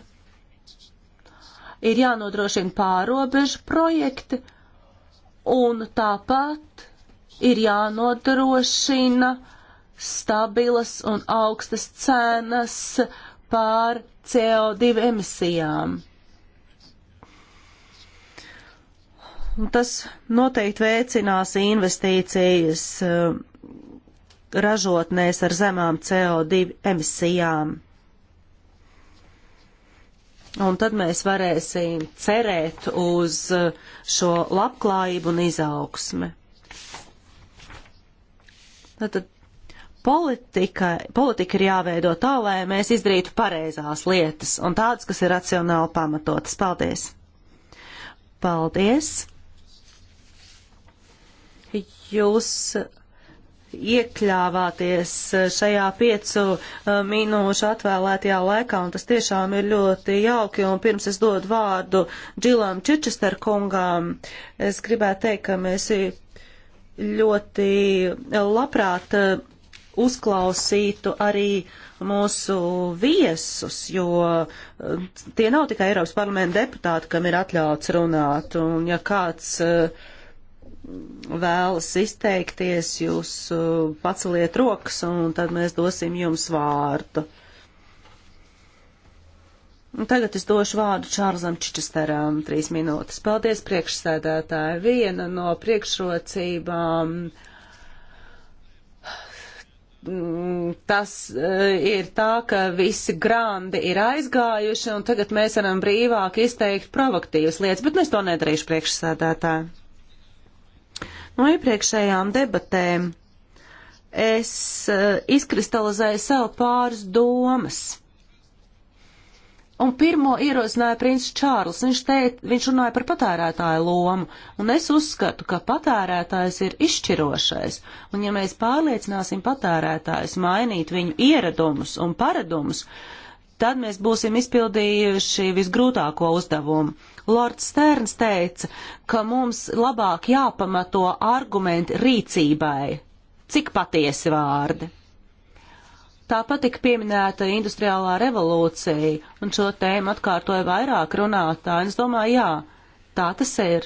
ir jānodrošina pārobežu projekti, un tāpat ir jānodrošina stabilas un augstas cenas pār CO2 emisijām. Tas noteikti veicinās investīcijas eh, ražotnēs ar zemām CO2 emisijām. Un tad mēs varēsim cerēt uz eh, šo labklājību un izaugsmi. Tātad politika, politika ir jāveido tā, lai mēs izdarītu pareizās lietas un tādas, kas ir racionāli pamatotas. Paldies! Paldies! jūs iekļāvāties šajā piecu uh, minūšu atvēlētajā laikā, un tas tiešām ir ļoti jauki, un pirms es dodu vārdu Džilam Čičester kungām, es gribētu teikt, ka mēs ļoti labprāt uh, uzklausītu arī mūsu viesus, jo uh, tie nav tikai Eiropas parlamenta deputāti, kam ir atļauts runāt, un ja kāds uh, vēlas izteikties, jūs uh, paceliet rokas un tad mēs dosim jums vārdu. Un tagad es došu vārdu Čārzam Čičesteram, trīs minūtes. Paldies priekšsēdētāji. Viena no priekšrocībām mm, tas eh, ir tā, ka visi grandi ir aizgājuši un tagad mēs varam brīvāk izteikt provokatīvas lietas, bet es to nedarīšu priekšsēdētāji. No iepriekšējām debatēm es eh, izkristalizēju sev pāris domas. Un pirmo ierosināja princis Čārlis. Viņš, teica, viņš runāja par patērētāju lomu, un es uzskatu, ka patērētājs ir izšķirošais. Un ja mēs pārliecināsim patērētājus mainīt viņu ieradumus un paradumus, tad mēs būsim izpildījuši visgrūtāko uzdevumu. Lords Sterns teica, ka mums labāk jāpamato argumenti rīcībai. Cik patiesi vārdi? Tāpat tika pieminēta industriālā revolūcija, un šo tēmu atkārtoja vairāk runātāji. Es domāju, jā, tā tas ir.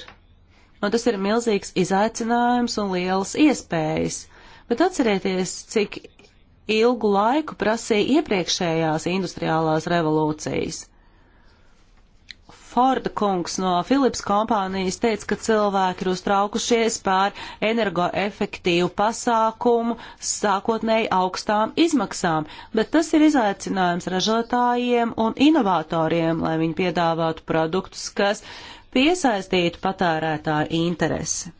Un tas ir milzīgs izaicinājums un lielas iespējas. Bet atcerieties, cik ilgu laiku prasīja iepriekšējās industriālās revolūcijas. Forda kungs no Philips kompānijas teica, ka cilvēki ir uztraukušies pār energoefektīvu pasākumu sākotnēji augstām izmaksām, bet tas ir izaicinājums ražotājiem un inovatoriem, lai viņi piedāvātu produktus, kas piesaistītu patērētāju interesi.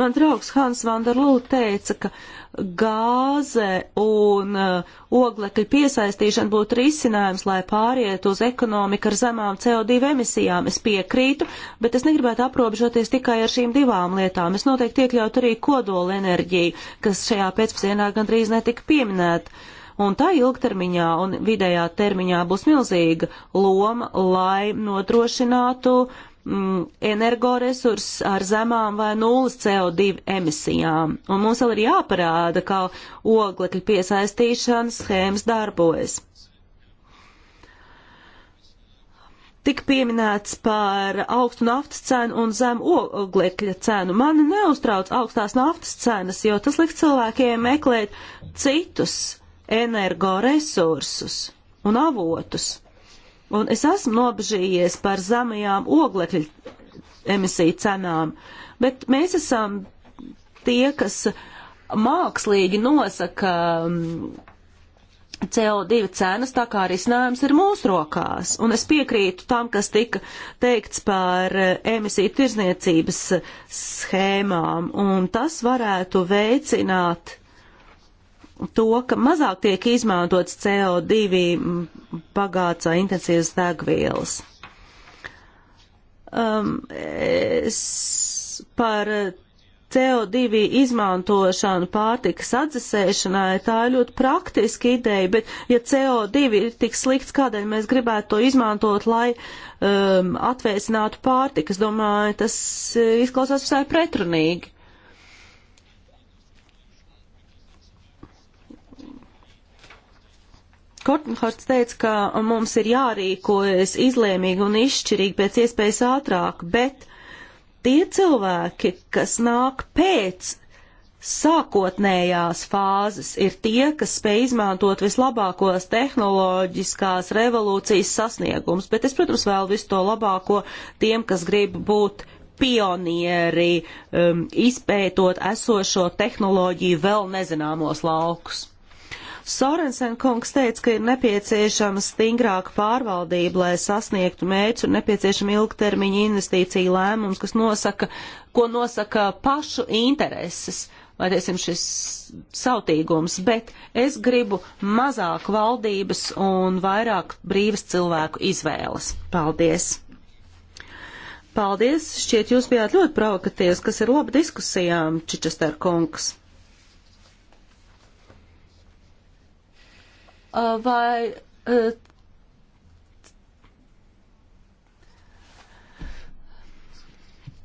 Man draugs Hans Vanderlū teica, ka gāze un uh, oglekļa piesaistīšana būtu risinājums, lai pāriet uz ekonomiku ar zemām CO2 emisijām. Es piekrītu, bet es negribētu aprobežoties tikai ar šīm divām lietām. Es noteikti iekļautu arī kodola enerģiju, kas šajā pēcpusdienā gandrīz netika pieminēta. Un tā ilgtermiņā un vidējā termiņā būs milzīga loma, lai nodrošinātu uh, mm, energoresurss ar zemām vai nulles CO2 emisijām. Un mums vēl ir jāparāda, kā oglekļa piesaistīšanas schēmas darbojas. Tik pieminēts par augstu naftas cenu un zemu oglekļa cenu. Mani neuztrauc augstās naftas cenas, jo tas liek cilvēkiem meklēt citus energoresursus un avotus. Un es esmu nobežījies par zemajām oglekļa emisiju cenām, bet mēs esam tie, kas mākslīgi nosaka um, CO2 cenas, tā kā risinājums ir mūsu rokās. Un es piekrītu tam, kas tika teikts par uh, emisiju tirzniecības schēmām, un tas varētu veicināt to, ka mazāk tiek izmantots CO2 bagāts vai intensīvas degvielas. Um, es par CO2 izmantošanu pārtikas atdzesēšanai, tā ir ļoti praktiska ideja, bet ja CO2 ir tik slikts, kādēļ mēs gribētu to izmantot, lai um, atvēsinātu pārtikas, domāju, tas eh, izklausās visai pretrunīgi. Kortenhorts teica, ka mums ir jārīkojas izlēmīgi un izšķirīgi pēc iespējas ātrāk, bet tie cilvēki, kas nāk pēc sākotnējās fāzes, ir tie, kas spēj izmantot vislabākos tehnoloģiskās revolūcijas sasniegums, bet es, protams, vēl visu to labāko tiem, kas grib būt pionieri, um, izpētot esošo tehnoloģiju vēl nezināmos laukus. Sorensen kungs teica, ka ir nepieciešama stingrāka pārvaldība, lai sasniegtu mērķus un nepieciešama ilgtermiņa investīcija lēmums, kas nosaka, ko nosaka pašu intereses vai, teiksim, šis sautīgums, bet es gribu mazāk valdības un vairāk brīvas cilvēku izvēles. Paldies! Paldies! Šķiet, jūs bijāt ļoti provokaties, kas ir laba diskusijām, Čičester kungs. Uh, vai uh,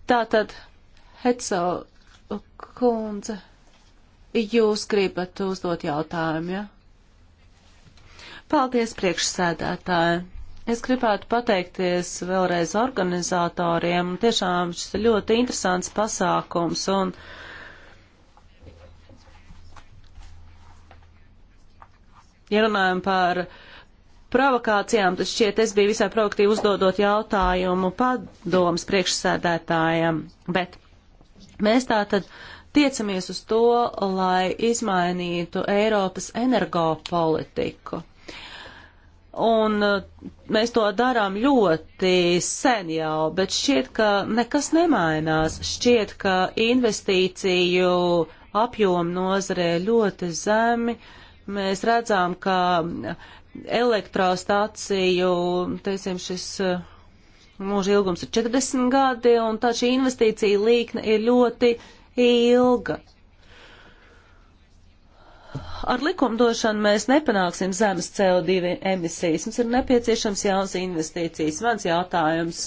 tātad Hetzel kundze, jūs gribat uzdot jautājumu, ja? Paldies priekšsēdētāji. Es gribētu pateikties vēlreiz organizatoriem. Tiešām šis ir ļoti interesants pasākums un uh, Ja runājam par provokācijām, tad šķiet es biju visai proaktīvi uzdodot jautājumu padomas priekšsēdētājiem, bet mēs tā tad tiecamies uz to, lai izmainītu Eiropas energopolitiku. Un uh, mēs to darām ļoti sen jau, bet šķiet, ka nekas nemainās. Šķiet, ka investīciju apjomi nozarē ļoti zemi. Uh, mēs redzam, ka elektrostaciju, teiksim, šis uh, mūža ilgums ir 40 gadi, un tā šī investīcija līkne ir ļoti ilga. Ar likumdošanu mēs nepanāksim zemes CO2 emisijas. Mums ir nepieciešams jauns investīcijas. Mans jautājums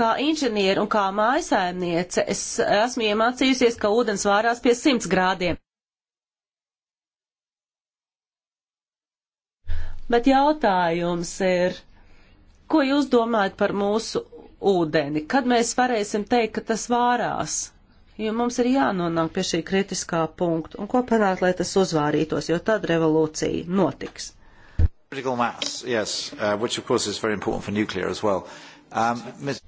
kā inženieri un kā mājasēmniece es esmu iemācījusies, ka ūdens vārās pie 100 grādiem. Bet jautājums ir, ko jūs domājat par mūsu ūdeni? Kad mēs varēsim teikt, ka tas vārās? Jo mums ir jānonāk pie šī kritiskā punkta un ko panākt, lai tas uzvārītos, jo tad revolūcija notiks. Critical mass, yes, uh, which of course is very important for nuclear as well. Um, Ms.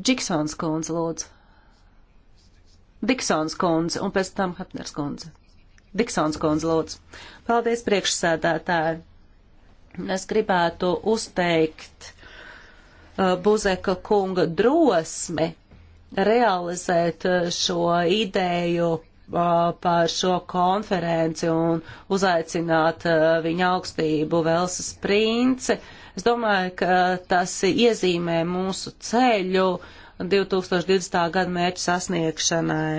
Džiksons kundze, lūdzu. Diksons kundze un pēc tam Hepners kundze. Diksons kundze lūdzu. Paldies priekšsēdētāji. Es gribētu uzteikt uh, Buzeka kunga drosmi realizēt uh, šo ideju uh, par šo konferenci un uzaicināt uh, viņa augstību Velsas princi. Es domāju, ka tas iezīmē mūsu ceļu 2020. gada mērķu sasniegšanai.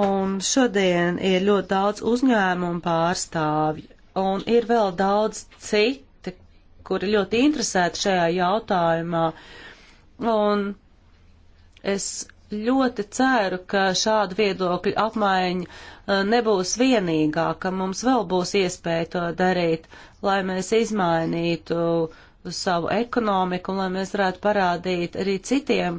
Un šodien ir ļoti daudz uzņēmumu pārstāvju, un ir vēl daudz citi, kuri ļoti interesēti šajā jautājumā. Un es ļoti ceru, ka šāda viedokļa apmaiņa uh, nebūs vienīgā, ka mums vēl būs iespēja to darīt, lai mēs izmainītu savu ekonomiku un lai mēs varētu parādīt arī citiem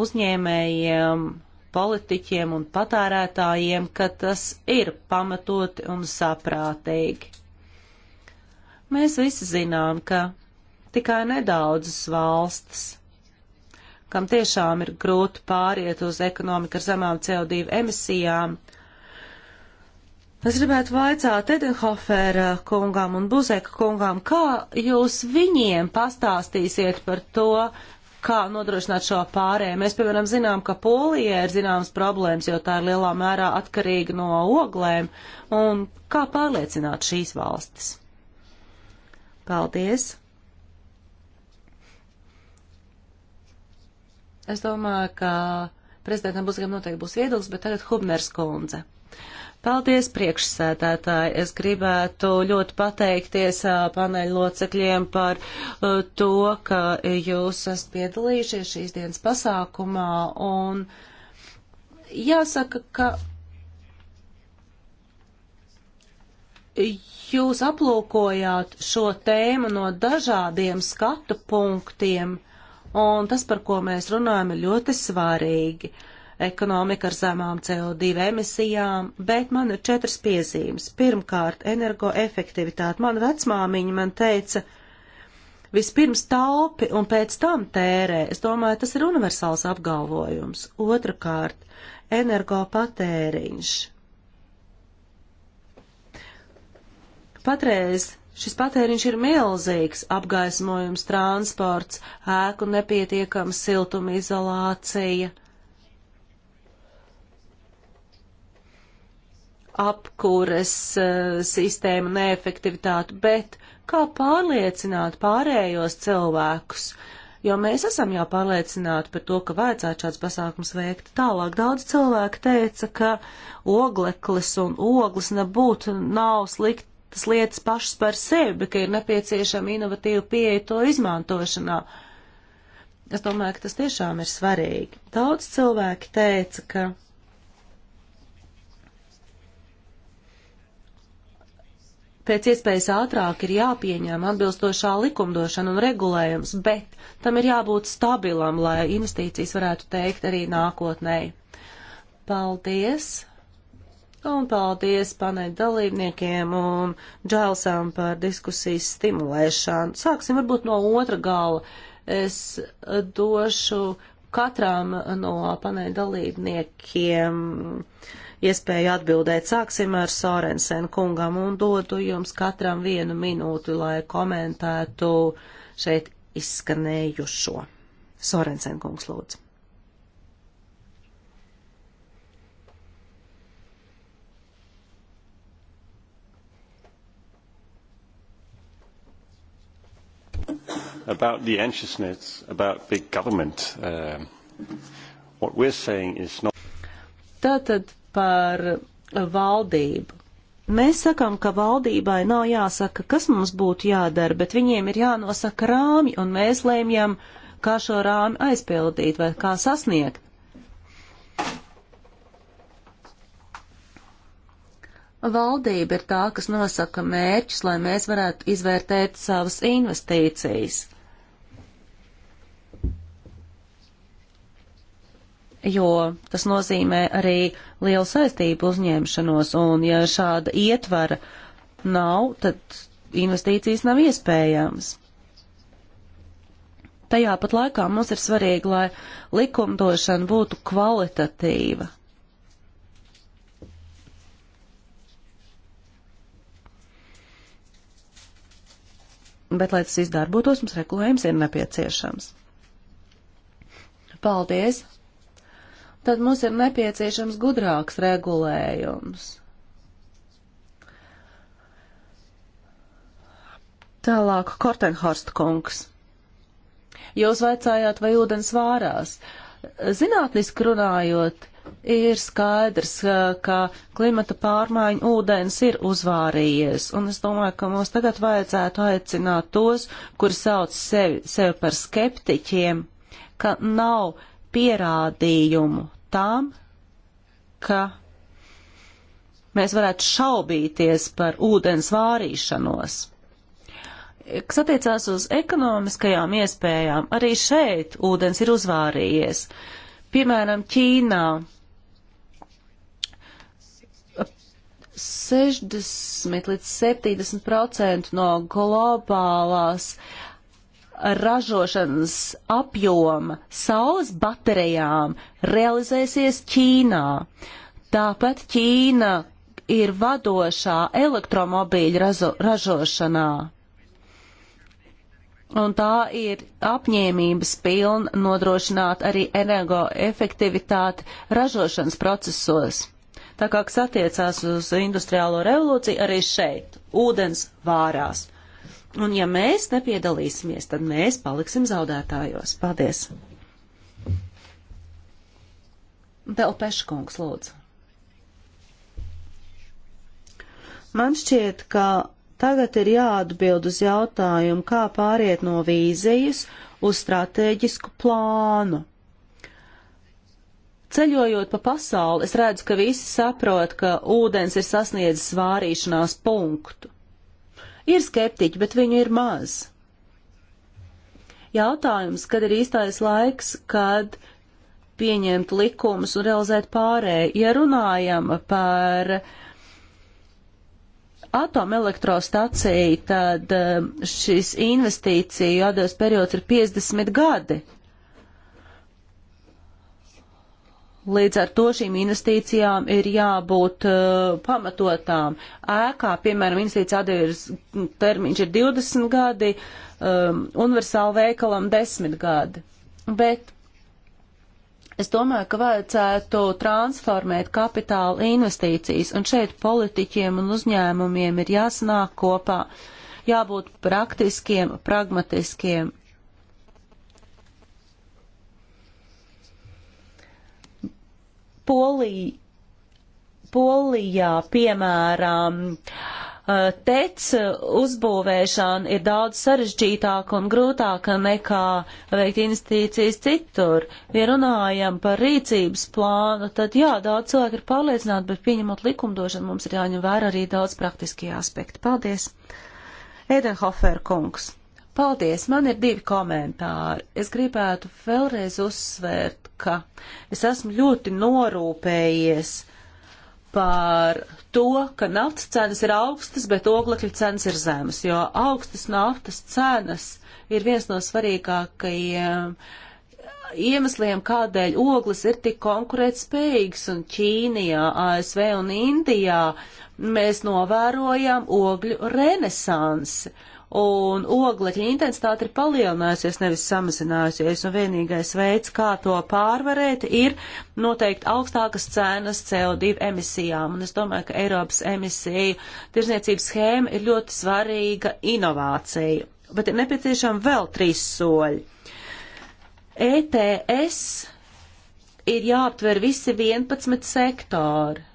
uzņēmējiem, politiķiem un patērētājiem, ka tas ir pamatoti un saprātīgi. Mēs visi zinām, ka tikai nedaudzas valstis, kam tiešām ir grūti pāriet uz ekonomiku ar zemām CO2 emisijām, Es gribētu vaicāt Edenhofera kungām un Buzeka kungām, kā jūs viņiem pastāstīsiet par to, kā nodrošināt šo pārēju. Mēs, piemēram, zinām, ka Polijai ir zināmas problēmas, jo tā ir lielā mērā atkarīga no oglēm, un kā pārliecināt šīs valstis. Paldies! Es domāju, ka prezidentam būs gan noteikti būs viedoklis, bet tagad Hubners kundze. Paldies, priekšsēdētāji. Es gribētu ļoti pateikties paneļlocekļiem par to, ka jūs esat piedalījušies šīs dienas pasākumā. Un jāsaka, ka jūs aplūkojāt šo tēmu no dažādiem skatu punktiem, un tas, par ko mēs runājam, ir ļoti svarīgi. Uh, ekonomika ar zemām CO2 emisijām, bet man ir četras piezīmes. Pirmkārt, energoefektivitāte. Man vecmāmiņa man teica, vispirms taupi un pēc tam tērē. Es domāju, tas ir universāls apgalvojums. Otrakārt, energo patēriņš. Patreiz šis patēriņš ir milzīgs - apgaismojums, transports, ēku nepietiekama siltumizolācija. apkūres eh, sistēmu neefektivitāti, bet kā pārliecināt pārējos cilvēkus, jo mēs esam jau pārliecināti par to, ka vajadzētu šāds pasākums veikt. Tālāk daudz cilvēku teica, ka ogleklis un oglis nebūtu nav sliktas lietas pašas par sevi, bet ka ir nepieciešama inovatīva pieeja to izmantošanā. Es domāju, ka tas tiešām ir svarīgi. Daudz cilvēki teica, ka pēc iespējas ātrāk ir jāpieņem atbilstošā likumdošana un regulējums, bet tam ir jābūt stabilam, lai investīcijas varētu teikt arī nākotnē. Paldies! Un paldies paneļu dalībniekiem un Džēlsam par diskusijas stimulēšanu. Sāksim varbūt no otra gala. Es došu katram no paneļa dalībniekiem iespēju atbildēt. Sāksim ar Sorensen kungam un dodu jums katram vienu minūti, lai komentētu šeit izskanējušo. Sorensen kungs lūdzu. about the anxiousness about big government. Um, what we're saying is not. Tātad par valdību. Mēs sakam, ka valdībai nav jāsaka, kas mums būtu jādara, bet viņiem ir jānosaka rāmi, un mēs lēmjam, kā šo rāmi aizpildīt vai kā sasniegt. Valdība ir tā, kas nosaka mērķus, lai mēs varētu izvērtēt savas investīcijas. jo tas nozīmē arī lielu saistību uzņemšanos, un ja šāda ietvara nav, tad investīcijas nav iespējams. Tajā pat laikā mums ir svarīgi, lai likumdošana būtu kvalitatīva. Bet, lai tas izdarbotos, mums regulējums ir nepieciešams. Paldies! tad mums ir nepieciešams gudrāks regulējums. Tālāk, Kortenhorst kungs. Jūs vaicājāt, vai ūdens vārās. Zinātniski runājot, ir skaidrs, ka klimata pārmaiņu ūdens ir uzvārījies, un es domāju, ka mums tagad vajadzētu aicināt tos, kuri sauc sevi, sevi par skeptiķiem, ka nav pierādījumu tām, ka mēs varētu šaubīties par ūdens vārīšanos. Kas attiecās uz ekonomiskajām iespējām, arī šeit ūdens ir uzvārījies. Piemēram, Ķīnā 60 līdz 70 procenti no globālās uh, ražošanas apjoma saules baterijām realizēsies Ķīnā. Tāpat Ķīna ir vadošā elektromobīļu razo, ražošanā. Un tā ir apņēmības pilna nodrošināt arī energoefektivitāti ražošanas procesos. Tā kā kas attiecās uz industriālo revolūciju, arī šeit ūdens vārās. Un ja mēs nepiedalīsimies, tad mēs paliksim zaudētājos. Paldies! Vēl Peškungs, lūdzu. Man šķiet, ka tagad ir jāatbild uz jautājumu, kā pāriet no vīzijas uz strateģisku plānu. Ceļojot pa pasauli, es redzu, ka visi saprot, ka ūdens ir sasniedzis vārīšanās punktu. Ir skeptiķi, bet viņu ir maz. Jautājums, kad ir īstais laiks, kad pieņemt likumus un realizēt pārēju. Ja runājam par atomelektrostaciju, tad eh, šis investīciju atdeves periods ir 50 gadi. Līdz ar to šīm investīcijām ir jābūt uh, pamatotām. Ēkā, piemēram, investīcija atdevis termiņš ir 20 gadi, um, universāla veikalam 10 gadi. Bet es domāju, ka vajadzētu transformēt kapitāla investīcijas, un šeit politiķiem un uzņēmumiem ir jāsanāk kopā, jābūt praktiskiem, pragmatiskiem Polija, Polijā, piemēram, tec uzbūvēšana ir daudz sarežģītāka un grūtāka nekā veikt investīcijas citur. Ja runājam par rīcības plānu, tad jā, daudz cilvēku ir pārliecināti, bet pieņemot likumdošanu mums ir jāņem vērā arī daudz praktiskie aspekti. Paldies! Edenhofer kungs! Paldies, man ir divi komentāri. Es gribētu vēlreiz uzsvērt, ka es esmu ļoti norūpējies par to, ka naftas cenas ir augstas, bet oglekļa cenas ir zemas, jo augstas naftas cenas ir viens no svarīgākajiem iemesliem, kādēļ oglis ir tik konkurētspējīgs un Ķīnijā, ASV un Indijā mēs novērojam ogļu renesansi. Uh, un oglekļa intensitāte ir palielinājusies, nevis samazinājusies, un vienīgais veids, kā to pārvarēt, ir noteikti augstākas cenas CO2 emisijām, un es domāju, ka Eiropas emisiju tirzniecības schēma ir ļoti svarīga inovācija, bet ir nepieciešama vēl trīs soļi. ETS ir jāaptver visi 11 sektori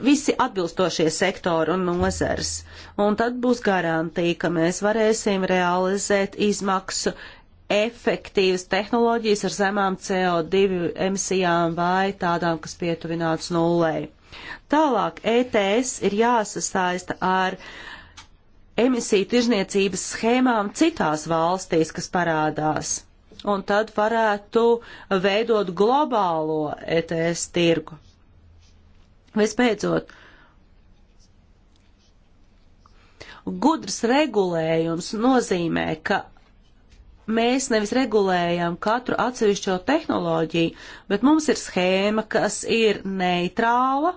visi atbilstošie sektori un nozars. Un tad būs garantija, ka mēs varēsim realizēt izmaksu efektīvas tehnoloģijas ar zemām CO2 emisijām vai tādām, kas pietuvināts nulē. Tālāk ETS ir jāsasaista ar emisiju tirzniecības schēmām citās valstīs, kas parādās. Un tad varētu veidot globālo ETS tirgu. Vispēcot, gudrs regulējums nozīmē, ka mēs nevis regulējam katru atsevišķo tehnoloģiju, bet mums ir schēma, kas ir neitrāla,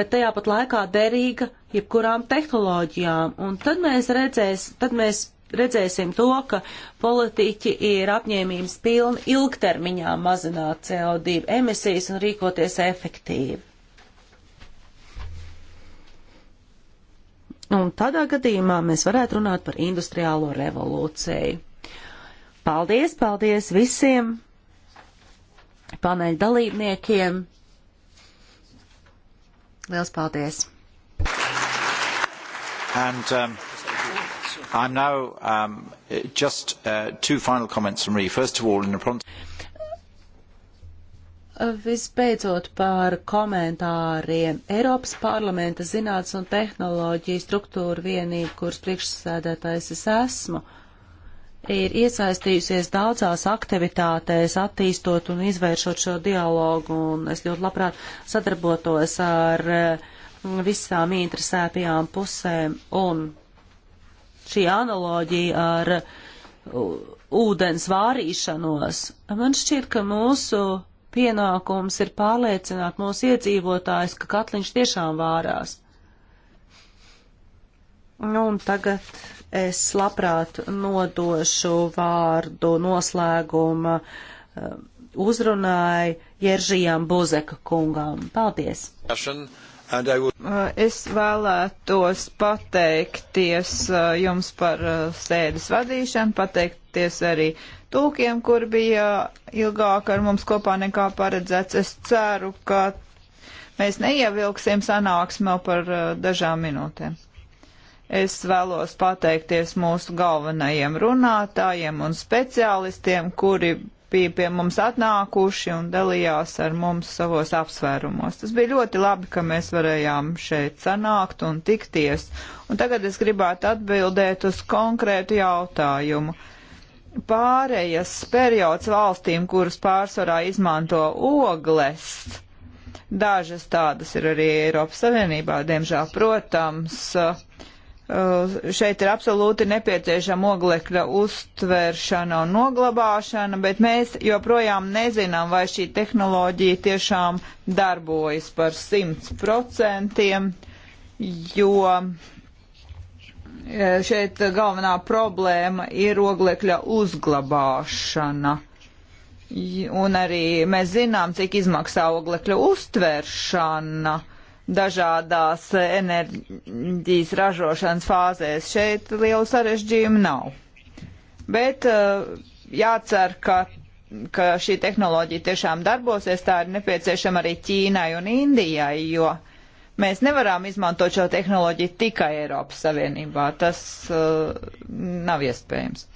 bet tajā pat laikā derīga jebkurām tehnoloģijām. Un tad mēs, redzēs, tad mēs redzēsim to, ka politiķi ir apņēmības pilni ilgtermiņā mazināt CO2 emisijas un rīkoties efektīvi. Un tādā gadījumā mēs varētu runāt par industriālo revolūciju. Paldies, paldies visiem paneļa dalībniekiem. Liels paldies! And, um... I'm now um, just uh, two final comments from me. First of all, in the prompt. Visbeidzot par komentāriem. Eiropas parlamenta zinātnes un tehnoloģija struktūra vienība, kuras priekšsēdētājs es esmu, ir iesaistījusies daudzās aktivitātēs, attīstot un izvēršot šo dialogu, un es ļoti labprāt sadarbotos ar eh, visām interesētajām pusēm, un šī analoģija ar ūdens vārīšanos. Man šķiet, ka mūsu pienākums ir pārliecināt mūsu iedzīvotājus, ka katliņš tiešām vārās. Nu, un tagad es labprāt nodošu vārdu noslēguma eh, uzrunāju Jeržijam Buzeka kungam. Paldies! Eh, es vēlētos pateikties eh, jums par sēdes vadīšanu, pateikties arī tūkiem, kur bija ilgāk ar mums kopā nekā paredzēts. Es ceru, ka mēs neievilksim sanāksmē par uh, dažām minūtēm. Es vēlos pateikties mūsu galvenajiem runātājiem un speciālistiem, kuri bija pie mums atnākuši un dalījās ar mums savos apsvērumos. Tas bija ļoti labi, ka mēs varējām šeit sanākt un tikties. Un tagad es gribētu atbildēt uz konkrētu jautājumu pārējas periods valstīm, kuras pārsvarā izmanto ogles. Dažas tādas ir arī Eiropas Savienībā, diemžēl, protams. Uh, šeit ir absolūti nepieciešama oglekļa uztveršana un noglabāšana, bet mēs joprojām nezinām, vai šī tehnoloģija tiešām darbojas par simts procentiem, jo E, šeit galvenā problēma ir oglekļa uzglabāšana. Un arī mēs zinām, cik izmaksā oglekļa uztveršana dažādās enerģijas ražošanas fāzēs. Šeit lielu sarežģījumu nav. Bet e, jācer, ka, ka šī tehnoloģija tiešām darbosies, tā ir nepieciešama arī Ķīnai un Indijai, jo uh, Mēs nevaram izmantot šo tehnoloģiju tikai Eiropas Savienībā. Tas uh, nav iespējams.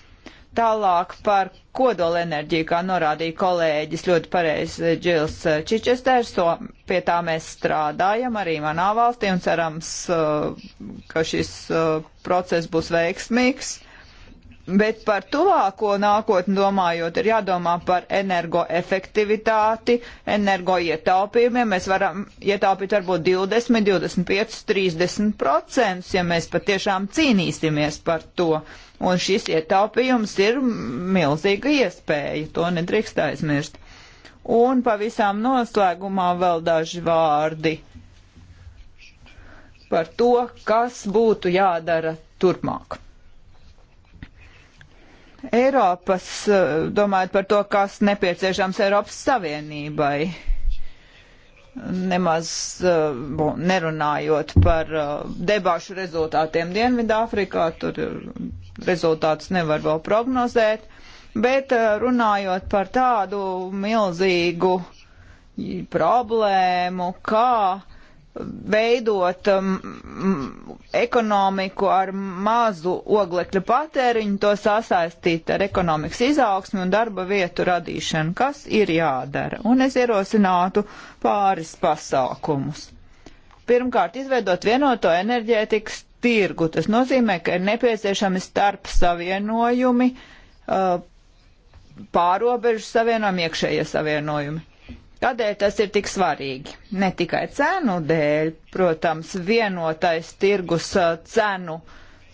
Tālāk par kodolenerģiju, kā norādīja kolēģis ļoti pareizi Džils Čičesters, to pie tā mēs strādājam arī manā valstī un cerams, uh, ka šis uh, process būs veiksmīgs. Bet par tuvāko nākotni domājot, ir jādomā par energoefektivitāti, energoietaupījumiem. Mēs varam ietaupīt varbūt 20, 25, 30 procentus, ja mēs patiešām cīnīsimies par to. Un šis ietaupījums ir milzīga iespēja, to nedrīkst aizmirst. Un pavisam noslēgumā vēl daži vārdi par to, kas būtu jādara turpmāk. Eiropas, eh, domājot par to, kas nepieciešams Eiropas Savienībai, nemaz eh, nerunājot par eh, debāšu rezultātiem Dienvidāfrikā, tur rezultātus nevar vēl prognozēt, bet runājot par tādu milzīgu problēmu, kā veidot um, ekonomiku ar mazu oglekļa patēriņu, to sasaistīt ar ekonomikas izaugsmi un darba vietu radīšanu, kas ir jādara. Un es ierosinātu pāris pasākumus. Pirmkārt, izveidot vienoto enerģētikas tirgu. Tas nozīmē, ka ir nepieciešami starp savienojumi, uh, pārobežu savienojumi, iekšējie savienojumi Kādēļ tas ir tik svarīgi? Ne tikai cenu dēļ, protams, vienotais tirgus uh, cenu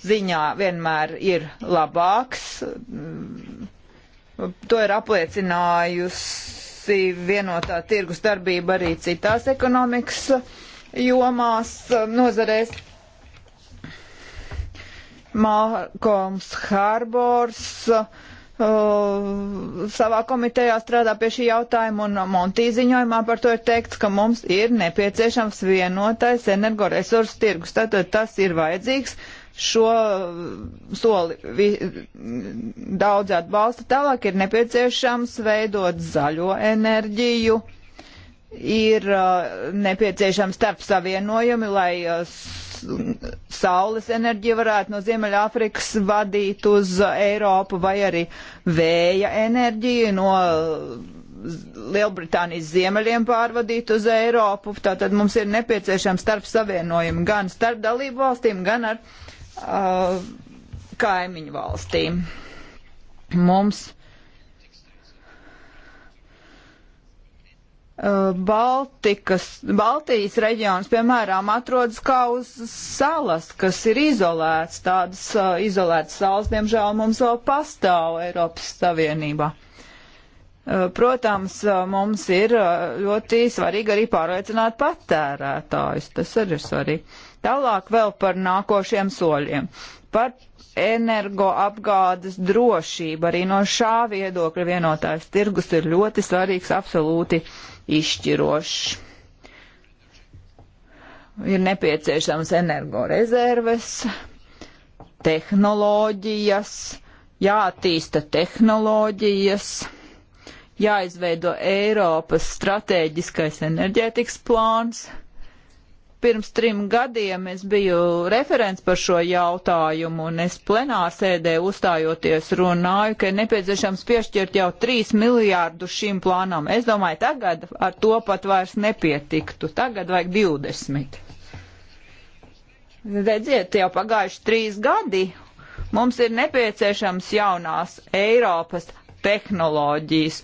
ziņā vienmēr ir labāks. Mm, to ir apliecinājusi vienotā tirgus darbība arī citās ekonomikas jomās, uh, nozarēs. Malkoms Harbors uh, Uh, savā komitejā strādā pie šī jautājuma un Montī ziņojumā par to ir teikts, ka mums ir nepieciešams vienotais energoresursu tirgus. Tātad tas ir vajadzīgs. Šo uh, soli vi, daudz atbalsta. Tālāk ir nepieciešams veidot zaļo enerģiju. Ir uh, nepieciešams starp savienojumi, lai uh, saules enerģija varētu no Ziemeļāfrikas vadīt uz Eiropu vai arī vēja enerģija no Lielbritānijas ziemeļiem pārvadīt uz Eiropu. Tātad mums ir nepieciešams starp savienojumi gan starp dalību valstīm, gan ar uh, kaimiņu valstīm. Mums Uh, Baltikas, Baltijas reģions, piemēram, atrodas kā uz salas, kas ir izolēts. Tādas uh, izolētas salas, diemžēl, mums vēl pastāv Eiropas Savienībā. Uh, protams, uh, mums ir uh, ļoti svarīgi arī pārliecināt patērētājus. Tas arī ir svarīgi. Tālāk vēl par nākošiem soļiem. Par energoapgādes drošību arī no šā viedokļa vienotājs tirgus ir ļoti svarīgs absolūti izšķirošs. Ir nepieciešams energorezerves, tehnoloģijas, jātīsta tehnoloģijas, jāizveido Eiropas strateģiskais enerģētikas plāns Pirms trim gadiem es biju referents par šo jautājumu, un es plenārsēdē uzstājoties runāju, ka ir nepieciešams piešķirt jau 3 miljārdu šim plānam. Es domāju, tagad ar to pat vairs nepietiktu. Tagad vajag 20. Redziet, jau pagājuši trīs gadi. Mums ir nepieciešams jaunās Eiropas tehnoloģijas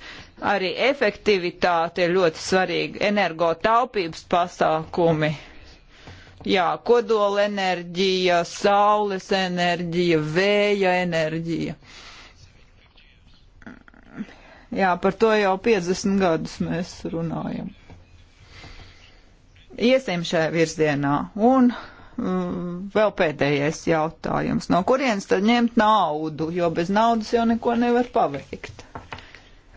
arī efektivitāte ir ļoti svarīga, energotaupības pasākumi. Jā, kodolenerģija, saules enerģija, vēja enerģija. Jā, par to jau 50 gadus mēs runājam. Iesim šajā virzienā. Un mm, vēl pēdējais jautājums. No kurienes tad ņemt naudu? Jo bez naudas jau neko nevar paveikt.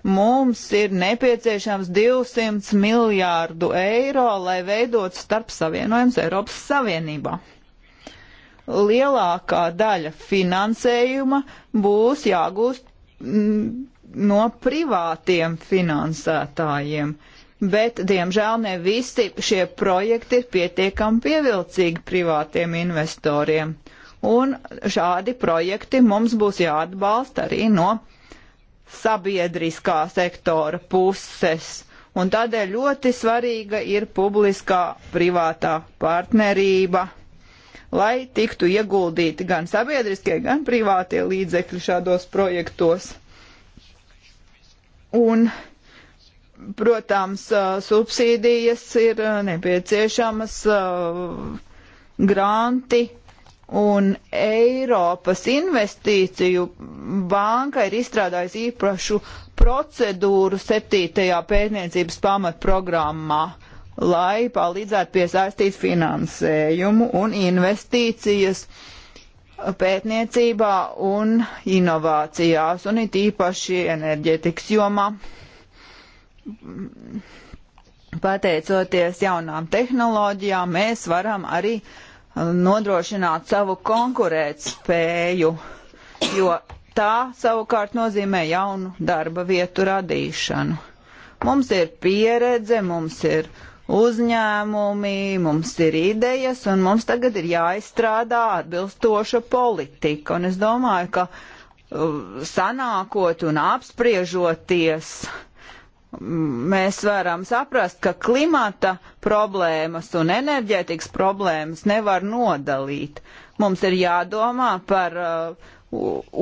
Mums ir nepieciešams 200 miljārdu eiro, lai veidot starp savienojums Eiropas Savienībā. Lielākā daļa finansējuma būs jāgūst mm, no privātiem finansētājiem, bet, diemžēl, ne visi šie projekti ir pietiekami pievilcīgi privātiem investoriem. Un šādi projekti mums būs jāatbalsta arī no privātiem sabiedriskā sektora puses. Un tādēļ ļoti svarīga ir publiskā privātā partnerība, lai tiktu ieguldīti gan sabiedriskie, gan privātie līdzekļi šādos projektos. Un protams, subsīdijas ir nepieciešamas, granti Un Eiropas investīciju banka ir izstrādājusi īpašu procedūru septītajā pētniecības pamatprogrammā, lai palīdzētu piesaistīt finansējumu un investīcijas pētniecībā un inovācijās, un it īpaši enerģetikas jomā. Pateicoties jaunām tehnoloģijām, mēs varam arī uh, nodrošināt savu konkurētspēju, jo tā savukārt nozīmē jaunu darba vietu radīšanu. Mums ir pieredze, mums ir uzņēmumi, mums ir idejas, un mums tagad ir jāizstrādā atbilstoša politika. Un es domāju, ka uh, sanākot un apspriežoties uh, mēs varam saprast, ka klimata problēmas un enerģētikas problēmas nevar nodalīt. Mums ir jādomā par uh,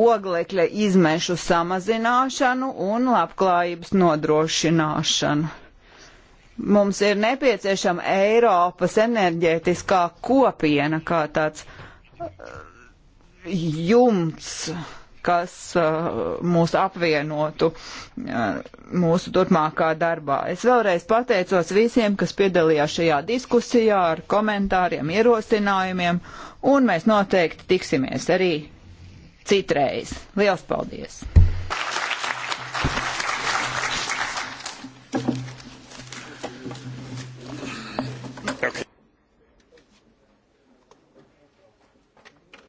oglekļa izmešu samazināšanu un labklājības nodrošināšanu. Mums ir nepieciešama Eiropas enerģētiskā kopiena kā tāds uh, jumts. Uh, kas uh, mūs apvienotu uh, mūsu turpmākā darbā. Es vēlreiz pateicos visiem, kas piedalījās šajā diskusijā ar komentāriem, ierosinājumiem, un mēs noteikti tiksimies arī citreiz. Liels paldies!